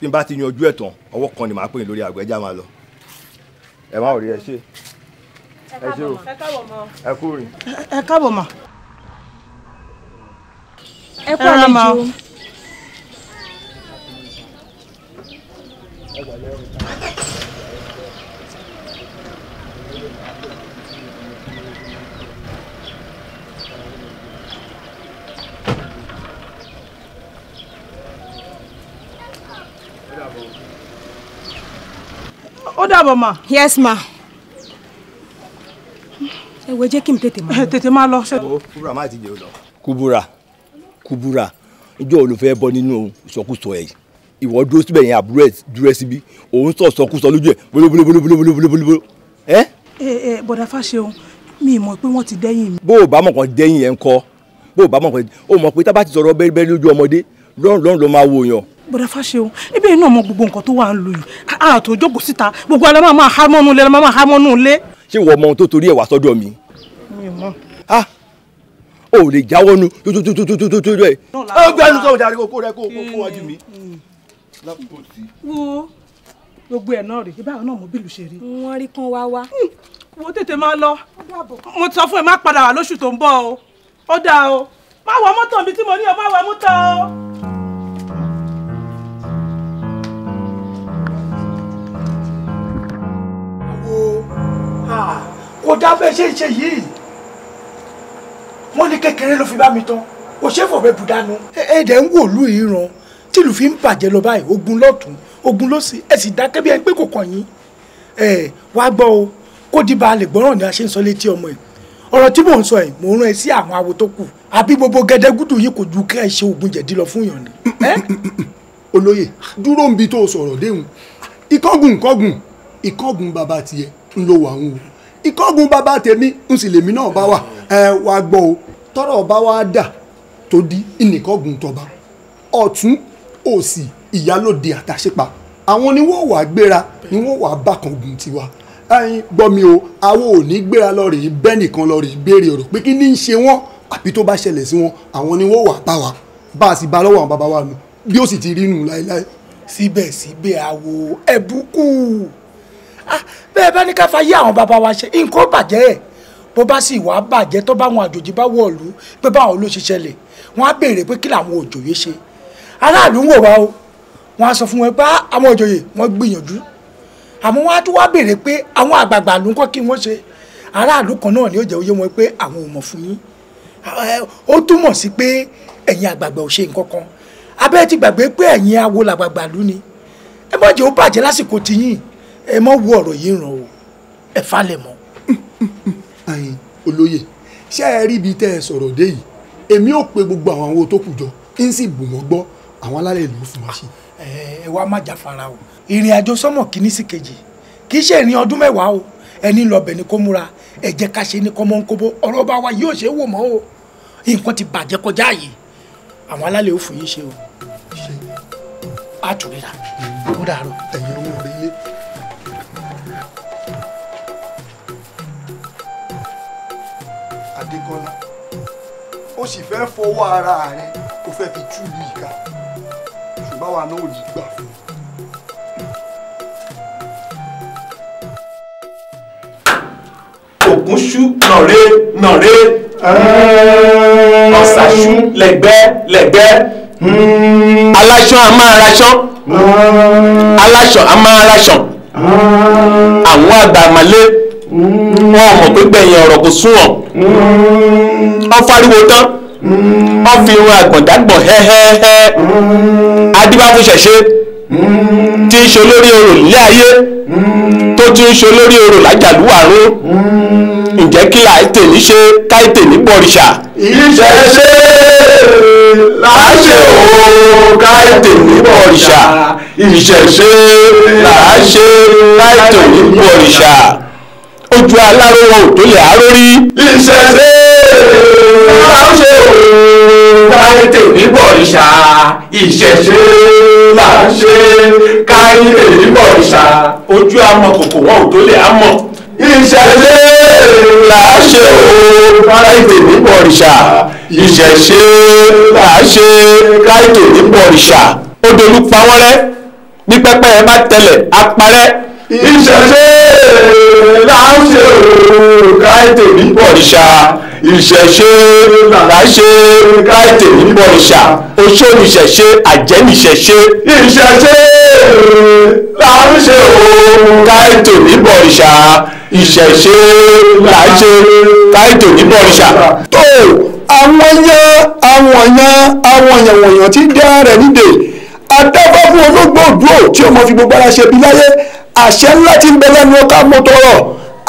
bí n bá ti yanjú ẹ̀ tán ọwọ́ kan ni màá pè yín lórí àgọ́ ẹja máa lọ ẹ má ò rí ẹ ṣe ẹ ṣe o ẹ kú rí. ẹ káàbọ̀ mà ẹ kú àlejò. ó dàbọ̀ mà. yes ma. ẹ wo jẹ́ kí n tètè máa lọ. tètè máa lọ. kúbúrà má ti jẹ́ o lọ. kúbúrà kúbúrà níjọ́ ló fẹ́ bọ́ nínú ìsọkúsọ ẹ̀ ìwọ dúró síbẹ̀ yẹn àbúrò ẹ̀ dúró síbi òun sọ sọkúsọ lójú ẹ̀ bólóbólóbólóbólóbólóbóló ẹ́. ẹ ẹ bọ̀dà fáṣeun mi mọ̀ pé wọ́n ti dẹ́yìn mi. bó o bá mọ̀ kàn dẹ́yìn ẹ̀ ń kọ́ bó o bá mọ̀ kàn o mọ̀ pé tábà ti sọ̀rọ̀ bẹ́ẹ̀ bẹ́ẹ̀ lójú ọmọdé lọ́rùn lọ́rùn ló máa wo yàn. bọ̀dà fáṣeun ibi iná mọ gbogbo nǹkan tó wà ń lu yìí àtò jókòó síta gbogbo alẹ́ máa máa há mọ́nú lé máa máa há mọ́nú lé. ṣé ìwọ ọmọ ohun tó torí ẹ̀ wá sọ́dọ̀ mi. mi mọ̀. ah ò lè jáwọ́ nu tótótótótótótó ẹ̀. ó gbé ẹnu sọ̀rọ̀ darí kókó rẹ kó kó wájú mi. Hmm. wo gbogbo ẹ̀ náà rè é báyọ̀ náà mo bílù ṣe rí. wọ́n rí kán wá wá. Hmm. wo tètè máa lọ mo sọ fún ẹ má padà wá lóṣù tó ń bọ̀ o ó dáa o má wọ mọ́tò mi tí mo ní o má wọ mọ́tò o. Ah, kò dá bẹ́ẹ̀ ṣe é ṣe yìí wọ́n ní kékeré ló fi bá mi tán kò ṣe é fọ̀bẹ bù dànù. ẹ ẹ dẹ̀ ń wò lú ìran tìlù fi ń bàjẹ́ lọ báyìí ogun lọ́tún ogun lọ́sì ẹ sì dákẹ́ bí ẹni pé kò kàn yín ẹ wá gbọ́ o kó di ba lè gbọ́ràn ni a ṣe ń sọ létí ọmọ ẹ ọ̀rọ̀ tí mò ń sọ ẹ mò ń rán ẹ sí àwọn awo tó kù àbí gbogbo gẹdẹgúdù yìí kò ju kẹ́ ẹ ṣe oògùn jẹ̀dí lọ fún yàn ni. olóyè dúró ń bi tó o sọ̀rọ̀ déhùn ìkọ́gùn ìkọ́gùn ìkọ́gùn bàbá tiẹ̀ ń lo àwọn o ìkọ́gùn bàbá tèmi ń sì lèmi náà bá wà ẹ wá gbọ́ o tọrọ ọba wa dà tó di ìnìkọ́gùn tọba ọ̀tún òsì ìyálòde àtàṣepa àwọn ni wọ́n wàá gbéra ni wọ́n wàá bákan ogun tiwa ẹyin gbọ́ mi o àwọn ò ní gbéra lọ rèé bẹ́ẹ̀ nìkan lọ rèé béèrè ọ̀rọ̀ pé kí ní í ṣe wọ́n àbí tó bá ṣẹlẹ̀ sí wọn àwọn ni wọ́n wàá bá wa bá a sì bá lọ́wọ́ àwọn bàbá wa nù bí ó sì ti rí nù láéláé. síbẹ̀síbẹ̀ àwo ẹ̀bùkù ah, bẹ́ẹ̀ bá ní ká fa yé àwọn bàbá wa ṣe nǹkan bàjẹ́ ẹ̀ bó bá sì wá bàjẹ́ tó báwọn àjòjì bá wọ̀lú pé báwọn ló ṣe ṣẹlẹ̀ wọ́n á béèrè pé kí làwọn òjòyè ṣe aráàlú ń wò wá o wọ́n á sọ fún wọn pé ah, àwọn òjòyè wọ́n gbìyànjú àmọ́ wọ́n á tún wá béèrè pé àwọn àgbààgbà ló ń kọ́ kí wọ́n ṣe aráàlú kan náà ni ó jẹ́ oyé wọn pé àwọn ò mọ̀ fún yín ó túmọ̀ sí pé ẹ̀yin àgbààgbà ò ṣe nǹkan kan abẹ́ ti gbàgbé pé ẹ̀yin awo làgbààgbà lú ni ẹ má jẹ́ ó bàjẹ́ lásìkò tiyín ẹ má wo ọ̀rọ̀ yìí ràn o ẹ falẹ̀ mọ́ ẹ̀yin olóyè ṣé ẹ rí ibi tẹ́ ẹ sọ̀rọ̀ dé yìí èmi ò pe gbogbo àwọn owó tó kù jọ ń sì bù wọ́n gbọ́ àwọn alálẹ̀ ìlú fún wa ṣe. ẹ wá má jàfara o ìrìn àjò sọmọ kìíní sí kejì kì í ṣe ìrìn ọdún mẹ́wàá o ẹni lọbẹ ni kó múra ẹ jẹ́ ká ṣe ní kọmọkóbó ọ̀rọ̀ bá wa yóò ṣe é wò mọ́ o nǹkan ti bàjẹ́ kọjá yìí àwọn alálẹ̀ ò fún yín ṣe o àtúrẹ́ra ó dàrú. ẹ̀yin Adékọ́lá ó sì fẹ́ fọwọ́ ara rẹ ó fẹ́ fi tú ìlú ìka ṣùgbọ́n wa náà ò ní gbà fún un. ògúnṣú nàré nàré ọ̀sàṣú lẹ́gbẹ́ lẹ́gbẹ́ aláṣọ a máa raṣọ aláṣọ a máa raṣọ àwọn àgbà àmàlẹ́ wọn mọ̀ pé gbẹ̀yìn ọ̀rọ̀ kò súnwọ̀n wọ́n fariwo tán wọ́n fi irun àgbọ̀ndá gbọ̀n hẹ́hẹ́hẹ́ adébáfúnṣẹ̀ṣe tí ń ṣe lórí orò nílé ayé tó ti ń ṣe lórí orò lájàlúwàrún ǹjẹ́ kí láì tèmi ṣe káì tèmi bọ̀rìṣà. ìṣẹ̀ṣe láṣẹ òun káì tèmi bọ̀rìṣà ìṣẹ̀ṣe láṣẹ káì tèmi bọ̀rìṣà ojú aláró wọn ò tó lè aró rí. ìṣẹ̀ṣe làwọn ṣe káyọ̀tẹ̀ níbọ̀ ìṣá ìṣẹ̀ṣe là ń ṣe káyọ̀tẹ̀ níbọ̀ ìṣá. ojú amọ̀kòkò wọn ò tó lè amọ̀. ìṣẹ̀ṣe là ń ṣe káyọ̀tẹ̀ níbọ̀ ìṣá ìṣẹ̀ṣe là ń ṣe káyọ̀tẹ̀ níbọ̀ ìṣá. odò ló pa wọ́n rẹ́ ní pẹ́pẹ́ ẹ bá tẹ̀lẹ̀ apalẹ́ ìṣẹ̀ṣe là ń ṣe káìtè níbọ̀ ìṣà ìṣẹ̀ṣe là ń ṣe káìtè níbọ̀ ìṣà oṣó nìṣẹ̀ṣe àjẹ́ nìṣẹ̀ṣe. ìṣẹ̀ṣe là ń ṣe káìtè níbọ̀ ìṣà ìṣẹ̀ṣe là ń ṣe káìtè níbọ̀ ìṣà. tó àwọn yan àwọn yan àwọn yan wọ̀nyàn ti dá rẹ̀ nídè adáfáfún olóògbé òdúró tí ọmọ fi gbogbo ara ṣe bí láyé àṣẹ ńlá tí ń bẹ lẹ́nu ọkà mọ́tọ́rọ̀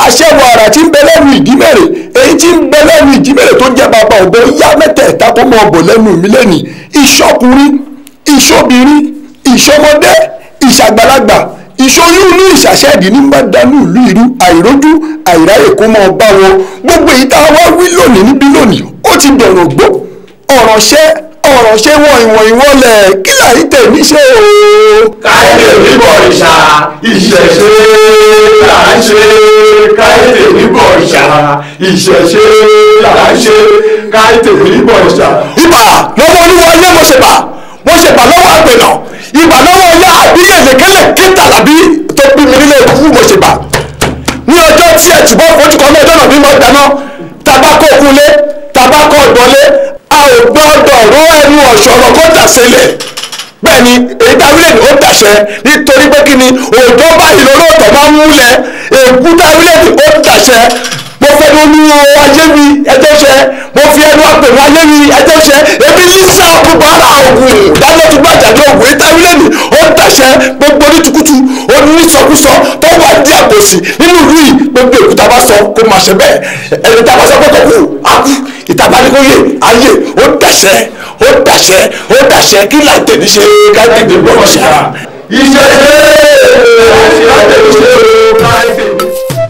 àṣẹ wàrà tí ń bẹ lẹ́nu ìdímẹ̀rẹ̀ èyí tí ń bẹ lẹ́nu ìdímẹ̀rẹ̀ tó ń jẹ́ bàbá ògbó yá mẹ́tẹ̀ẹ̀ta kó mọ ọ̀bọ̀ lẹ́nu mi lẹ́ni ìṣọkùnrin ìṣobìnrin ìṣọmọdé ìṣàgbàlagbà ìṣoyún ní ìṣàṣẹ́ẹ̀dì ní bá dánú ìlú ìlú àìrójú àìráyè kó mọ ọba wọn gbogbo èyí wá wí lónìí níbí lónìí ó ti dọ̀rọ̀ gbó ọ̀rọ̀ ṣẹ́ ọ̀rọ̀ ṣe wọ ìwọ̀n ìwọlẹ̀ kí lẹ́yìn tèmi ṣe o. káyọ̀dé oníbọ̀ ìṣà ìṣẹ̀ṣe là ń ṣe káyọ̀dé oníbọ̀ ìṣà ìṣẹ̀ṣe là ń ṣe káyọ̀dé oníbọ̀ ìṣà. ibà lọ́wọ́ oníwọ̀ ilé mo ṣe bà mo ṣe bà lọ́wọ́ àgbẹ̀nà ibà lọ́wọ́ ilé àbílẹ̀ ìlẹ̀kẹ́lẹ̀ kíta làbí tó bí mi nílé ìkú mo ṣe bà ní ọjọ́ tí ẹ̀ tùbọ̀ fojú kan náà dọ́nà mímọ́ dáná tabakọ̀ òkunlé a ò gbọ́dọ̀ ró ẹnu ọ̀ṣọ́rọ̀ kó dàsílẹ̀ bẹ́ẹ̀ ni èyí dáwílẹ̀ ni ó dàṣẹ nítorí pé kí ni òjò báyìí lọ́lọ́tọ̀ máa ń múlẹ̀ èkú dáwílẹ̀ ni ó dàṣẹ ẹnu olúwo ayé mi ẹjọ́ ṣẹ mo fi ẹnu apẹ̀lú ayé mi ẹjọ́ ṣẹ èmi ní sáàpù bàárà ògùn ìdánilójúgbà àjàdé ògùn ìtàwílẹ̀mì ó ń dàṣẹ gbogbo onítùkùtù onísọkúsọ tó wà di àbòsí nínú ìlú yìí gbogbo èkúta bá sọ kó máa ṣe bẹ́ẹ̀ ẹni tá a bá sọ pé kò kú á kú ìtàbánikóyè ayé ó dàṣẹ ó dàṣẹ ó dàṣẹ kí láti ní ṣe ká tètè gbọ́ ọ̀ṣà. ìṣẹ̀lẹ̀ àṣìṣe ò máa ń bèèrè.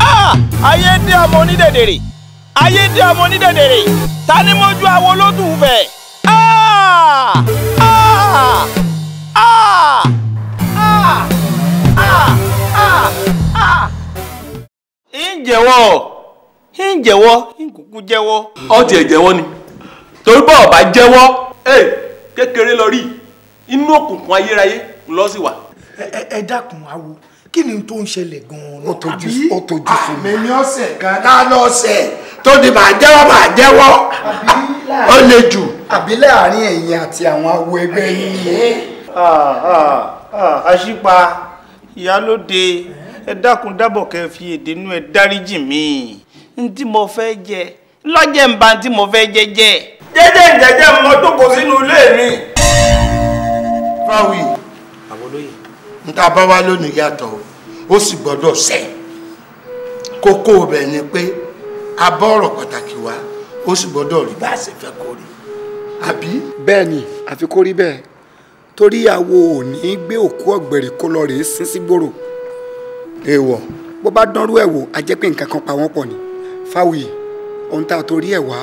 Ah, ayé dé ọmọ onídèdèrè ayé dé ọmọ onídèdèrè ta ni mo ju àwọn olódùn fẹ. ń jẹ́wọ́ ń jẹ́wọ́ ń kúkú jẹ́wọ́. ó tiẹ̀ jẹ́wọ́ ni torí bá ọba jẹ́wọ́ kékeré lọ rí inú òkùnkùn ayérayé lọ sí wa. ẹ ẹ dákun awo kí ni tó ń ṣẹlẹ̀ gan-an náà tàbí ó tójú fún ọ̀sẹ̀ kan náà lọ́sẹ̀ tó di bàá jẹ́wọ́ bàá jẹ́wọ́ ó le jù. àbí láàrin ẹ̀yin àti àwọn awo ẹgbẹ́ yín. Eh, eh. ah, ah, ah, àṣìpa ìyálóde ẹ dákun dábọ̀ kẹ́ fi èdè inú ẹ dáríjì mi n tí mo fẹ́ jẹ lọ́jẹ̀ ń ba tí mo fẹ́ jẹ jẹ. jẹ́jẹ́ jẹ́jẹ́ mo tó kó sínú ilé mi. fáwí níta bá wá lónìí yàtọ̀ ó sì gbọ́dọ̀ ṣẹ kókó ibẹ̀ ni pé a bọ́ ọ̀rọ̀ pàtàkì wá ó sì gbọ́dọ̀ rí bá a ṣe fẹ́ kó rí àbí. bẹ́ẹ̀ ni àfi kó rí bẹ́ẹ̀ torí àwo ò ní gbé òkú ọ̀gbẹ̀rì kó lọ rèé sín sígboro. èèwọ̀. bó bá dánrú ẹ̀ wò á jẹ́ pé nǹkan kan pa wọ́n pọ̀ ni fáwì ohun tá a torí ẹ̀ wá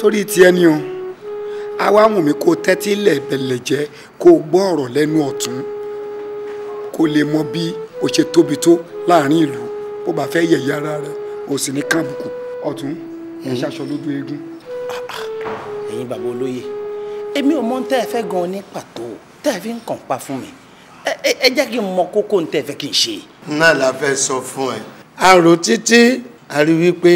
torí tiẹ̀ ni o àwa wùn mí kó tẹ́tí lẹ̀bẹ̀lẹ̀ jẹ́ kó gbọ́ ọ̀rọ̀ lẹ́nu ọ̀tún kó lè mọ bí o ṣe tóbi tó láàrin ìlú bó bá fẹ́ yẹ̀yẹ́ ara rẹ o sì ní kábùkù ọ̀tún ẹ̀ mhm. ṣaṣọ lójú eégún. Ah, ah, ẹ̀yin bàbá olóye èmi ò mọ tẹ́ ẹ fẹ́ gan-an ní pàtó tẹ́ ẹ fi ń kàn pa fún mi ẹ jẹ́ kí n mọ kókó tẹ́ ẹ fẹ́ kí n ṣe. náà la fẹ́ sọ fún ẹ àrò títí a rí wípé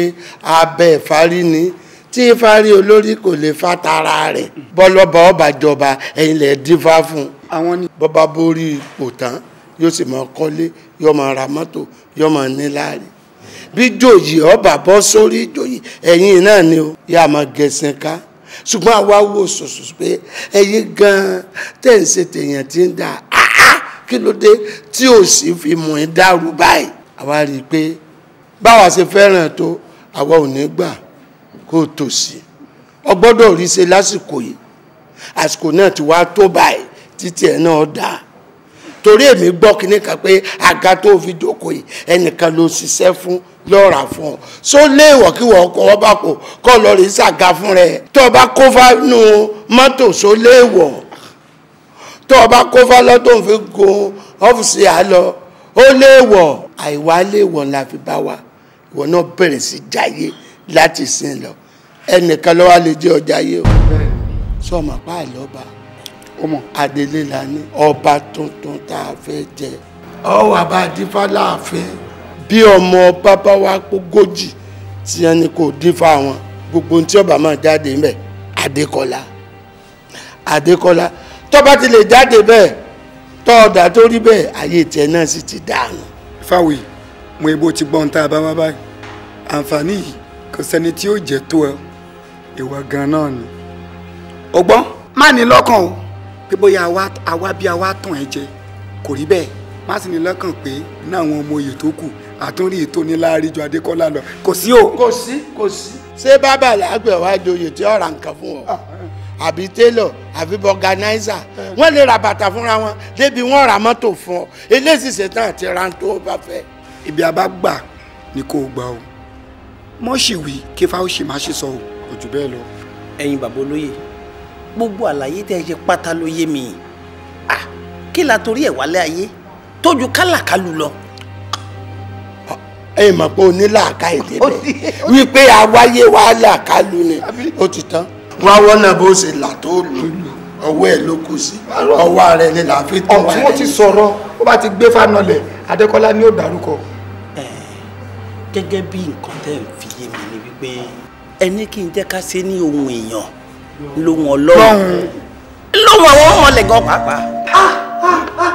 abẹ́ ìfarí ni tí ìfarí olórí kò lè fa tara rẹ̀ bọ́lọ́ba ọba jọba ẹ̀yin lè dífá fún àwọn ni. bọ́ba borí ipò yóò sì máa kọ́lé yóò máa ra mọ́tò yóò máa ní láàrí bí jòyè ọba bọ́ sórí jòyè ẹ̀yìn náà ni o yá máa gẹ̀sìn ká ṣùgbọ́n àwa wò sòsò pé ẹ̀yin gan-an tẹ̀ ń ṣe tèèyàn ti ń dà áá kí ló dé tí ò sì fi mọ̀ ẹ́ dàrú báyìí àwa rí i pé báwa ṣe fẹ́ràn tó àwa ò ní gbà kó o tòsí ọ gbọ́dọ̀ rí i ṣe lásìkò yìí àsìkò náà ti wá tó báyìí títí ẹ̀ náà dáa torí èmi gbọ́ kíní kan pé àga tó fi jókòó yìí ẹnìkan ló ṣiṣẹ́ fún lọ́ra fún ọ só léèwọ̀ kí wọ́n kọ́ ọba kò kọ́ lọ rí ṣàga fún rẹ tó o bá kó mọ́tò só léèwọ̀ tó o bá kó fánú tó ń fi gun ọ́fíìsì àlọ́ ó léèwọ̀ àìwá léèwọ̀ la fi bá wa ìwọ náà bẹ̀rẹ̀ sí jayé láti sin lọ ẹnìkan ló wá lè jẹ́ ọjà yé o sọ ma pa àlọ́ bá ọmọ adelé la ní ọba tuntun tá a fẹ́ jẹ ọwọ́ àbádífá láàfin bí ọmọ ọba bá wá gbógójì tí ẹni kò dífá wọn gbogbo tí ọba máa jáde ńbẹ adékọlá adékọlá tọba ti lè jáde bẹ́ẹ̀ tọ ọdà tó rí bẹ́ẹ̀ ayé tiẹ̀ náà sì ti dànù. fáwì mo ibo ti gbọ́n tá a bá wá báyìí àǹfààní yìí kò sẹ́ni tí yóò jẹ́ tó ẹ ìwà gan náà ni. ọgbọ́n má ní lọ́kàn o pé bóyá àwa bí àwa tàn ẹ́ jẹ kò rí bẹ́ẹ̀ má sì ní lọ́kàn pé ní àwọn ọmọ oyè tó kù àtúnrí ìtóniláàrí ju adékọ́lá lọ kò sí o. kò sí kò sí. ṣé bábà lágbè wá joyè tí ọ̀rà nǹkan fún ọ àbí tailor àbí bọ́gánáísà eh. wọ́n lè ra bàtà fúnra wọn débi wọ́n ra mọ́tò fún ọ eléyìí ṣetán àti ran tó o bá fẹ́. ibi a bá gbà ni kò gbà o mọ́ṣíwì kífà ó ṣì ṣe sọ o kò jù bẹ́ẹ̀ lọ. ẹ̀yin bàbá olóyè gbogbo àlàyé tẹ́ ẹ ṣe pátá ló yé mi ah kí la torí ẹ̀ wálé ayé tójú kálàkálù lọ. ẹ mọ̀ pé onílàáká èdè bẹ́ẹ̀ wípé àwáyé wa làkálù ni ó ti tán wọn àwọn náà bó ṣe là tó lù ọwọ́ ẹ̀ ló kù sí ọwọ́ rẹ̀ ni là á fi tọ́ wa rẹ̀. ọ̀tún ó ti sọ̀rọ̀ ó bá ti gbé fanọlẹ̀ Adékọ́lá ni ó dárúkọ. gẹ́gẹ́ bí nǹkan tẹ́ ń fi yé mi ni wípé ẹni kí n jẹ́ ká ṣe ní ohun èèyàn lóhùn ọlọ́run lóhùn àwọn ọmọlẹ̀ gan pàápàá. Ah, ah, ah.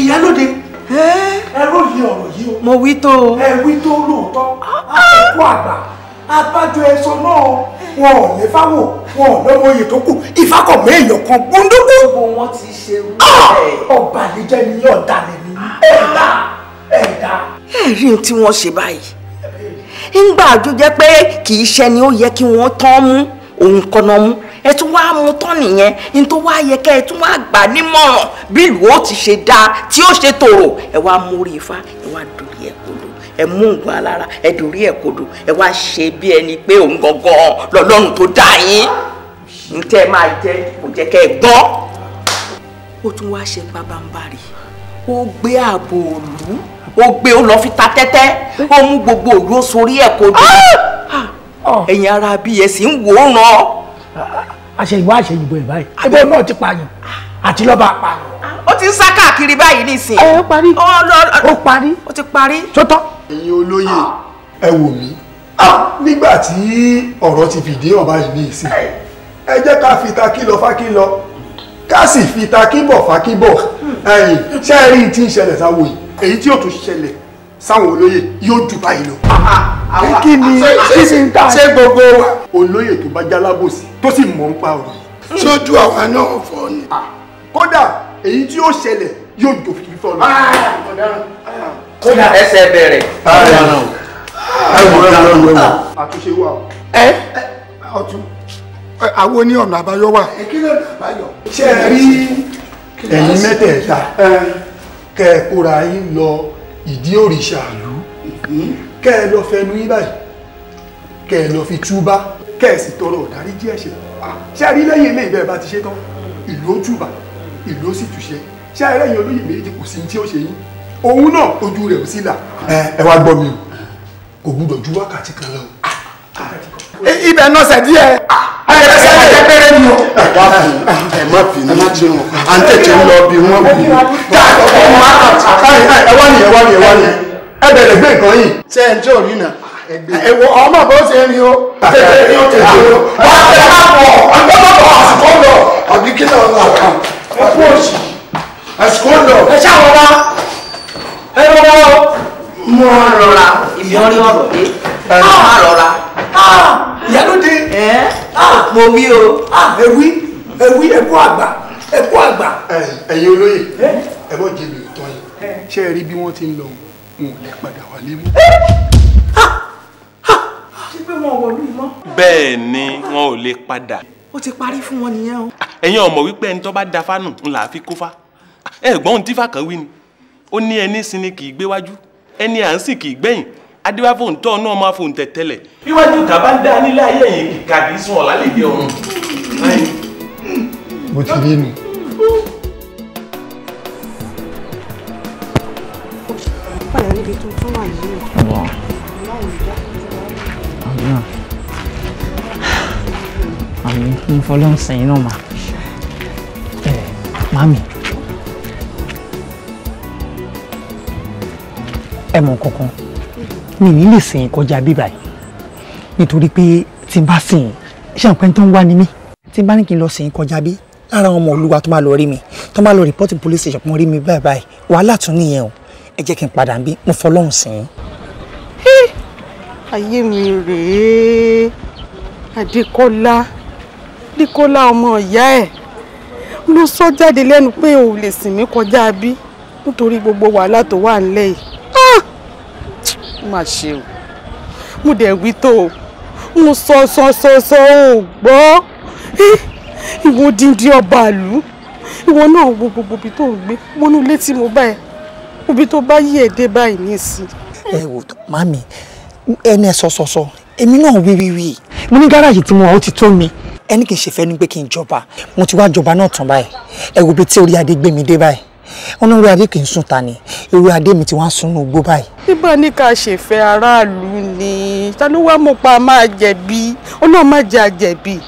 ìyálóde ẹrú yìí ọ̀rọ̀ yìí o. mo wí tó o. ẹ wí tó lóòótọ́ àkókò àgbà abájọ ẹsọ náà wọn ò lè fáwọ wọn ò lọ́wọ́ oyè tó kù ìfakọ̀mọ́ èèyàn kan gbóndógbó. gbogbo wọn ti ṣe wú. ọba àlejò ẹni ọ̀dàlẹ̀ ni ẹ̀dá ẹ̀dá. ẹ̀rí tí wọ́n ṣe báyìí ńgbà àjò jẹ́ pé kì ṣe ni ó yẹ kí wọ́n tán mú òun kọ́nà mú ẹ tún wá mú tán nìyẹn ní tó wá yẹ kẹ́ ẹ tún wá gbà nímọ̀ràn bí ìlú ó ti ṣe dáa tí ó ṣe tòrò ẹ wá mórí ifá ẹ wá dòrí ẹ kodò ẹ mú nǹkan alára ẹ dòrí ẹ kodò ẹ wá ṣe bí ẹni pé òun gangan lọ́lọ́run tó dá yín ní tẹ́ máa jẹ kò jẹ́ kẹ́ ẹ gbọ́ ó tún wá ṣe pabambarì ó gbé ààbò òlú ó gbé ó lọ fi ta tẹ́tẹ́ ó mú gbogbo òlú ó sorí ẹ̀ kó dùn ah! ah! ẹ̀yin ara bí ẹ sì ń wò ó ràn. Ah! àṣeyìnbó àṣeyìnbó ẹ̀ báyìí ẹgbẹ́ náà ti pààyàn àti lọ́ba pààyàn. ó ti ń sá káàkiri báyìí nísìnyí. ẹ ó parí ó parí ó ti parí. sọ́tọ̀. ẹ̀yin olóye ẹ wò mí nígbà tí ọ̀rọ̀ ti fìdí ọ̀bá yìí ní ìsìn ẹ jẹ́ ká fi ta kìlọ̀ fákìlọ̀ ká sì fi ta kíbọ̀ fa kíbọ̀ hmm. ẹ̀yìn ṣé ẹ rí tí ń ṣẹlẹ̀ sáwọn yìí èyí tí yóò tún ṣẹlẹ̀ sáwọn olóyè yóò jù báyìí lọ. Ah, ah, kí ni kí ni ń ta ṣé gbogbo olóyè tó bá jálábòsí tó sì mọ̀ ń pa ọ̀rọ̀ yìí. Hmm. sójú àwa náà fọ́ ni. Ah, kódà èyí tí yóò ṣẹlẹ̀ yóò jò fi fọ́ lọ. kódà ẹsẹ̀ bẹ̀rẹ̀. àtúnṣe wà. ẹ eh? eh, ọtún àwo ní ọ̀nà àbáyọ wà. kí ló dà báyọ. ṣe é rí ẹ̀yin mẹ́tẹ̀ẹ̀ta kẹ́ ẹ kóra yín lọ ìdí òrìṣà ìlú kẹ́ ẹ lọ fẹnu yín báyìí kẹ́ ẹ lọ fi túbá kẹ́ ẹ sì tọrọ ìdáríjì ẹ̀ṣẹ̀ ṣe é rí lẹ́yìn ilé ìbẹ̀rẹ̀ bá ti ṣe tán ìlú ó túbà ìlú ó sì túṣe ṣe é rẹ́yìn olóyè méjì kò sí ní tí ó ṣe yín òun náà ojú rẹ̀ ò sí là. ẹ wá gbọ́ mi o kò gbúdọ̀ ju wákàtí kan lọ. ibẹ̀ náà ṣẹ̀ ẹ má bínú à ń tètè ń lọ bí wọ́n wù mí. ẹ wá ní ẹ wá ní ẹ wá ní ẹ bẹ̀rẹ̀ gbé nǹkan yìí. ṣé ẹ ń tí ò rí nà ẹ wọ ọmọ bó ṣe rí o. tètè rí o tètè rí o. wà á tẹ̀ á bọ̀ àgbẹ̀bọ̀ bọ̀ àsìkò lọ àbí kí náà lọ kàn ẹ kú òsì àsìkò lọ. ẹ ṣàwọn wa ẹ lọ́wọ́ mú ọ rọra ìmí ọrí ọ̀rọ̀ dé. ọ̀ máa rọra. ìyálò dé mo wí o. Ah, ẹ wí ẹ wí ẹ kú àgbà ẹ kú àgbà. ẹ̀yin olóyè ẹ bọ́ jẹ́ mi ìtọ́ yìí ṣé ẹ rí bí wọ́n ti ń lọ wọn ò lè padà wálé mọ́. ṣé pé wọn ò wọlé mọ́. bẹ́ẹ̀ ni wọn ò lè padà. ó ti parí fún wọn nìyẹn o. Ah, ẹ̀yin ọmọ wípé ẹni tó bá da fánù ńlá fi kó fa ah, ẹ̀gbọ́n tífà kan wí ni ó ní ẹni sinmi kì í gbéwájú ẹni à ń sìn kì í gbẹ̀yìn adébáfò ń tọ́ náà máa fò ń tẹ̀tẹ́lẹ̀. iwájú ìta bá ń dá nílé ayé yìí kàkì sùn ọ̀la lè dé ọ̀run. mo ti rí inú. pàdé níbi tuntun wà yìí. àmì ń fọlọ́ sẹ́yìn náà mà mami ẹ mọ kankan mi ní lè sìn kọjá bíbà yìí nítorí pé tí n bá sìn ṣàǹpẹ́ tó ń wá ní mí tí n bá ní kí n lọ sìn kọjá bí lára àwọn ọmọ olúwa tó máa lọ rí mi tó máa lọ rìpọ́tì police station pọ́n rí mi báyìí báyìí wàhálà tún nìyẹn o ẹ jẹ́ kí n padà bí mo fọlọ́hún sìn. ayé mi rèé adékọ́lá adékọ́lá ọmọ ìyá ẹ̀ ló sọ jáde lẹ́nu pé òun lè sìn mí kọjá bí nítorí gbogbo wàhálà tó wà nílẹ̀ yìí má ṣe o mo dẹ̀ wí tó o mo sọ sọ sọ sọ ò gbọ́ ìwọ díndí ọba ìlú ìwọ náà wo gbogbo ibi tó ń gbé wọnú ilé tí mo bá ẹ ibi tó bá yí èdè báyìí nísìnyí. ẹ wò mami ẹni ẹ sọ sọ sọ èmi náà wíwíwí mo ní gáràjì tí mo wà ó ti tó mi ẹni kì í ṣe fẹ́ ni pé kí n jọba mo ti wá jọba náà tán báyìí ẹ wo bí tí orí adé gbé mi dé báyìí wọn ní orí adé kì í sùn ta ni orí adé mi ti wá ń sunú igbó báyìí. nígbà ní ká ṣèfẹ́ aráàlú ni ta ló wá mọ̀ pa máa jẹ̀bi ọlọ́run má jẹ́ àjẹ̀bi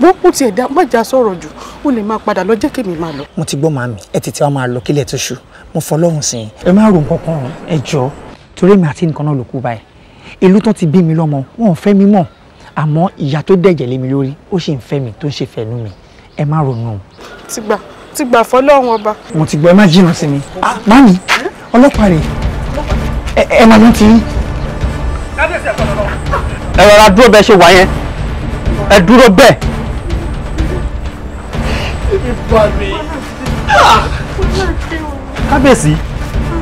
wọ́n kú tiẹ̀ dá má jà sọ̀rọ̀ jù ó lè máa padà lọ jẹ́ kémi máa lọ. mo ti gbọ́ màmí ẹ tètè wá máa lọ kílẹ̀ tó ṣú mo fọlọ́run sí i. ẹ má ro nǹkan kan ẹ jọ torí èmi àti nǹkan náà ló kú báyìí ìlú tán ti bí mi lọ́mọ wọn ò fẹ́ mi mọ̀ àmọ́ ìyá tó dẹ̀jẹ̀ lé mi lórí ó sì ń fẹ́ mi tó ń ṣe fẹ́nu mi ẹ má ronú. ti gbà ti gbà fọlọ́run ọba. mo ti gbọ́ ẹ má jìnnà sí mi. Ah, mami ọlọ́pàá rè ẹ máa lọ́n ti rí. ẹ rọra dúró bẹ́ẹ̀ ṣe wà yẹn ẹ dúró bẹ́ẹ̀. kábíyèsí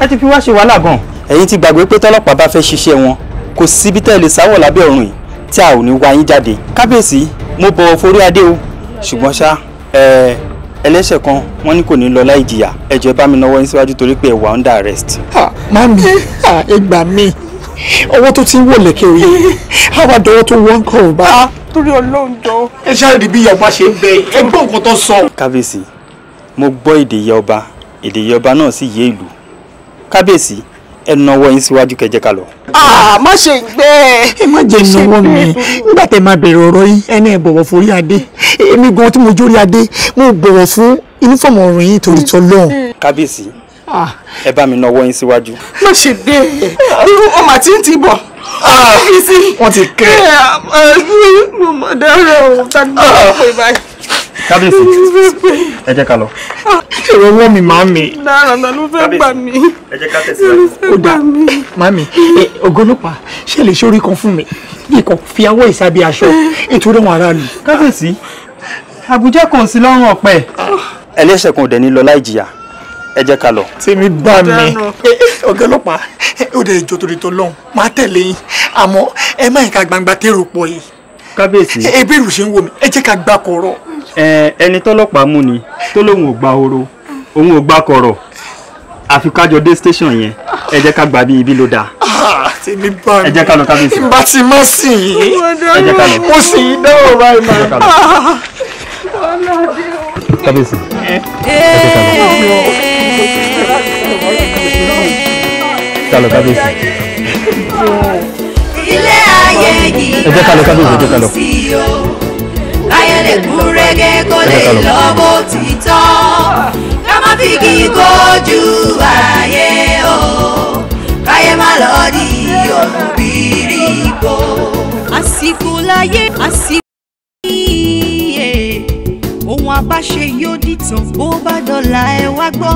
ẹ ti fi wá ṣe wàhálà gan. ẹ̀yin ti gbàgbé pé tọ́lọ́pàá bá fẹ́ ṣiṣẹ́ wọn kò síbi tẹ́ ẹ lè sáwọ̀ lábẹ́ ọ̀run yìí tí a ò ní wá yín jáde kábíyèsí mo bọ̀wọ̀ forí adé o ṣùgbọ́n ṣá ẹ̀ẹ́ ẹlẹ́ṣẹ̀ kan wọ́n ní kò ní lọ láì jìyà ẹ̀jọ̀ ẹ bá mi náwó síwájú torí pé wà under arrest. mami ẹgbà mi ọwọ́ tó ti ń wò lẹ́kẹ̀ òye àwọn àdọ́wọ́ tó wọ́n kọ̀ ọ́ bá. torí ọlọ́run jọ. ẹ ṣáàrì bí ìyá ọba ṣe ń bẹ ẹ gbọ́ nǹkan tó sọ. kábíyèsí mo gbọ́ èdè ìyá ọba èdè ìyá ọba náà sì yé ìlú kábíyèsí ẹ nawọ́ yín síwájú kẹjẹ ká lọ. Ah, má ṣe gbẹ. ẹ má jẹ ìnáwó mi nígbà tẹ máa bẹ̀rẹ̀ ọ̀rọ̀ yín ẹni ẹ bọ̀wọ̀ fún orí adé èmi gan tí mo jórí adé mo bọ̀wọ̀ fún uniform ọ̀rìn yín torí tọ́ lọ́hùn. kábíyèsí ah. ẹ bá mi nawọ́ yín síwájú. má ṣe gbẹ irú ọmọ àti ń ti bọ̀ ah. kábíyèsí. wọ́n ti kẹ́. Eh, mo mọ̀ dára o tá a gbọ́ pé báyìí. kábíyèsí ẹ jẹ́ ká lọ ẹ̀rọ wọ́n mi máa mi. dáadáa ló fẹ́ gbà mí. ẹ jẹ́ ká tẹ̀síwájú. ó dà mami ọgọ́lọ́pàá ṣe lè ṣorí kan fún mi nìkan fi awọ́ ìsábẹ́ aṣọ nítorí àwọn aráàlú. kábíyèsí àbújá kan sí lọ́rùn ọ̀pẹ. ẹlẹ́ṣẹ̀ kan ò dẹ̀ ní lọ láì jìyà ẹ jẹ́ ká lọ. tèmi bá mi ọ̀gá ọlọ́pàá ó dẹ̀ ìjọ torí tó lọ́hùn máa tẹ̀lé yín àmọ́ ẹ má ìka gbangba tẹ́rù pọ̀ yìí. kábíyèsí. ebí ìrù ṣe ń wò mí ẹ jẹ́ ká gbà kọ̀rọ̀. ẹni tọ́lọ́pàá mú ni tó lóun ò gba oró òun ò gbà kọ̀rọ̀ àfi kájọ dé station yẹn ẹ jẹ́ ká gbà bí ibi ló dáa. Ah, tèmi bá mi ẹ jẹ́ ká lọ kábíyèsí. ìbá ti má sí i ẹ jẹ́ ká lọ. mo sì í dáwọ̀ báyìí máa. kábíyèsí ah. ẹ jẹ́ ká lọ. ká lọ kábíyèsí. ilé ayé yìí ẹ jẹ́ ká lọ kábíyèsí ẹ jẹ́ ká lọ. káyọ̀ lè kún rẹ́gẹ́ kó lè lọ́ bó ti tọ́. Tráfíkì kojú ayé o káyé má lọ di ọ̀rùn bíríkò. àsìkò láyé àsìkò yíyẹ ohun àbáṣe yóò dìtàn bó bá dọ̀là ẹ wá gbọ́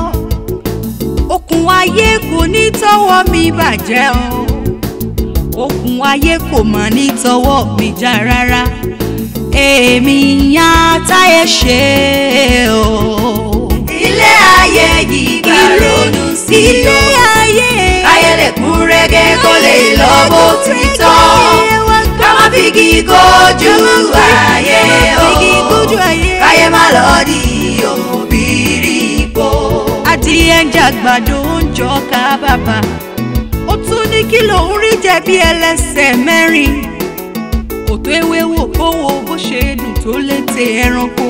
okùn ayé kò ní tọwọ́ mi bàjẹ́ o okùn ayé kò mà ní tọwọ́ mi já rárá èmi yá táyé ṣe o ilé ayé yìí bá ronú sí i ilé ayé káyé lè kún rẹ́gẹ́ kó lè lọ bó ti tọ́ ká má kojú ayé o káyé má lọ di òbírí po. adìyẹ ń jàgbàdo ń jọ ká bàbà ó tún ní kí lòun rí jẹ bí ẹlẹ́sẹ̀ mẹ́rin òtó ewé kówó bó ṣe dùn tó létè ẹranko.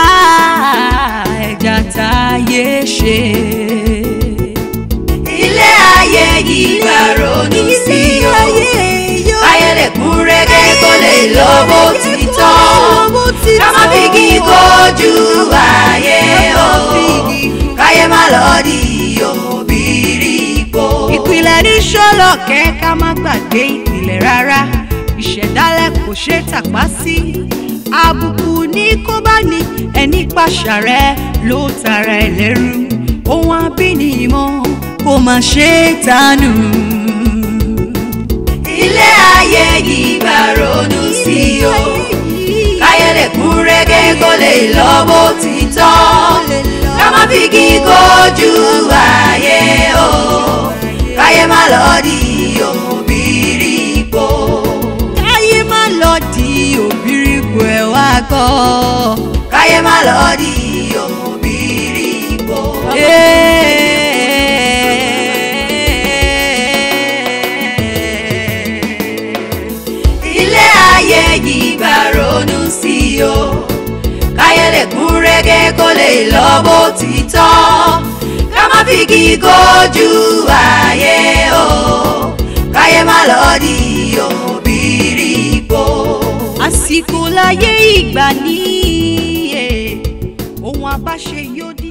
Ah, ah, ah ajá táyé ṣe. ilé ayé yìí gbà ronú sí o ayẹlẹ̀ kún rẹ́gẹ́ kó lè lọ bó ti tọ́ ká má fi kí kojú ayé o káyé má lọ di òbírípo. ìpìlẹ̀ ní ṣọlọ́kẹ́ ká má gbàgbé ìpìlẹ̀ rárá ìṣẹ̀dálẹ̀ kò ṣeé tàpá sí àbùkù ní kó bá ní ẹni pàṣà rẹ ló tara ẹ lẹ́rú ohun abínimọ̀ kò má ṣe é tanù. ilé ayé yìí bá ronú sí o káyọ̀lẹ̀ kún rẹ́gẹ́ kó lè lọ bó ti tọ́ ká má fi kí kojú ayé o káyé má lọ di òbí rí po. káyé má lọ di o. káyé má lọ di òbírí ipò. ilé ayé yìí bá ronú sí o káyé lè kún rẹ́gẹ́ kó lè lọ bó ti tọ́ ká má fi kíkójú ayé o káyé má lọ di òbírí ipò àsìkò láyé ìgbà ní ohun abáṣe yóò dé.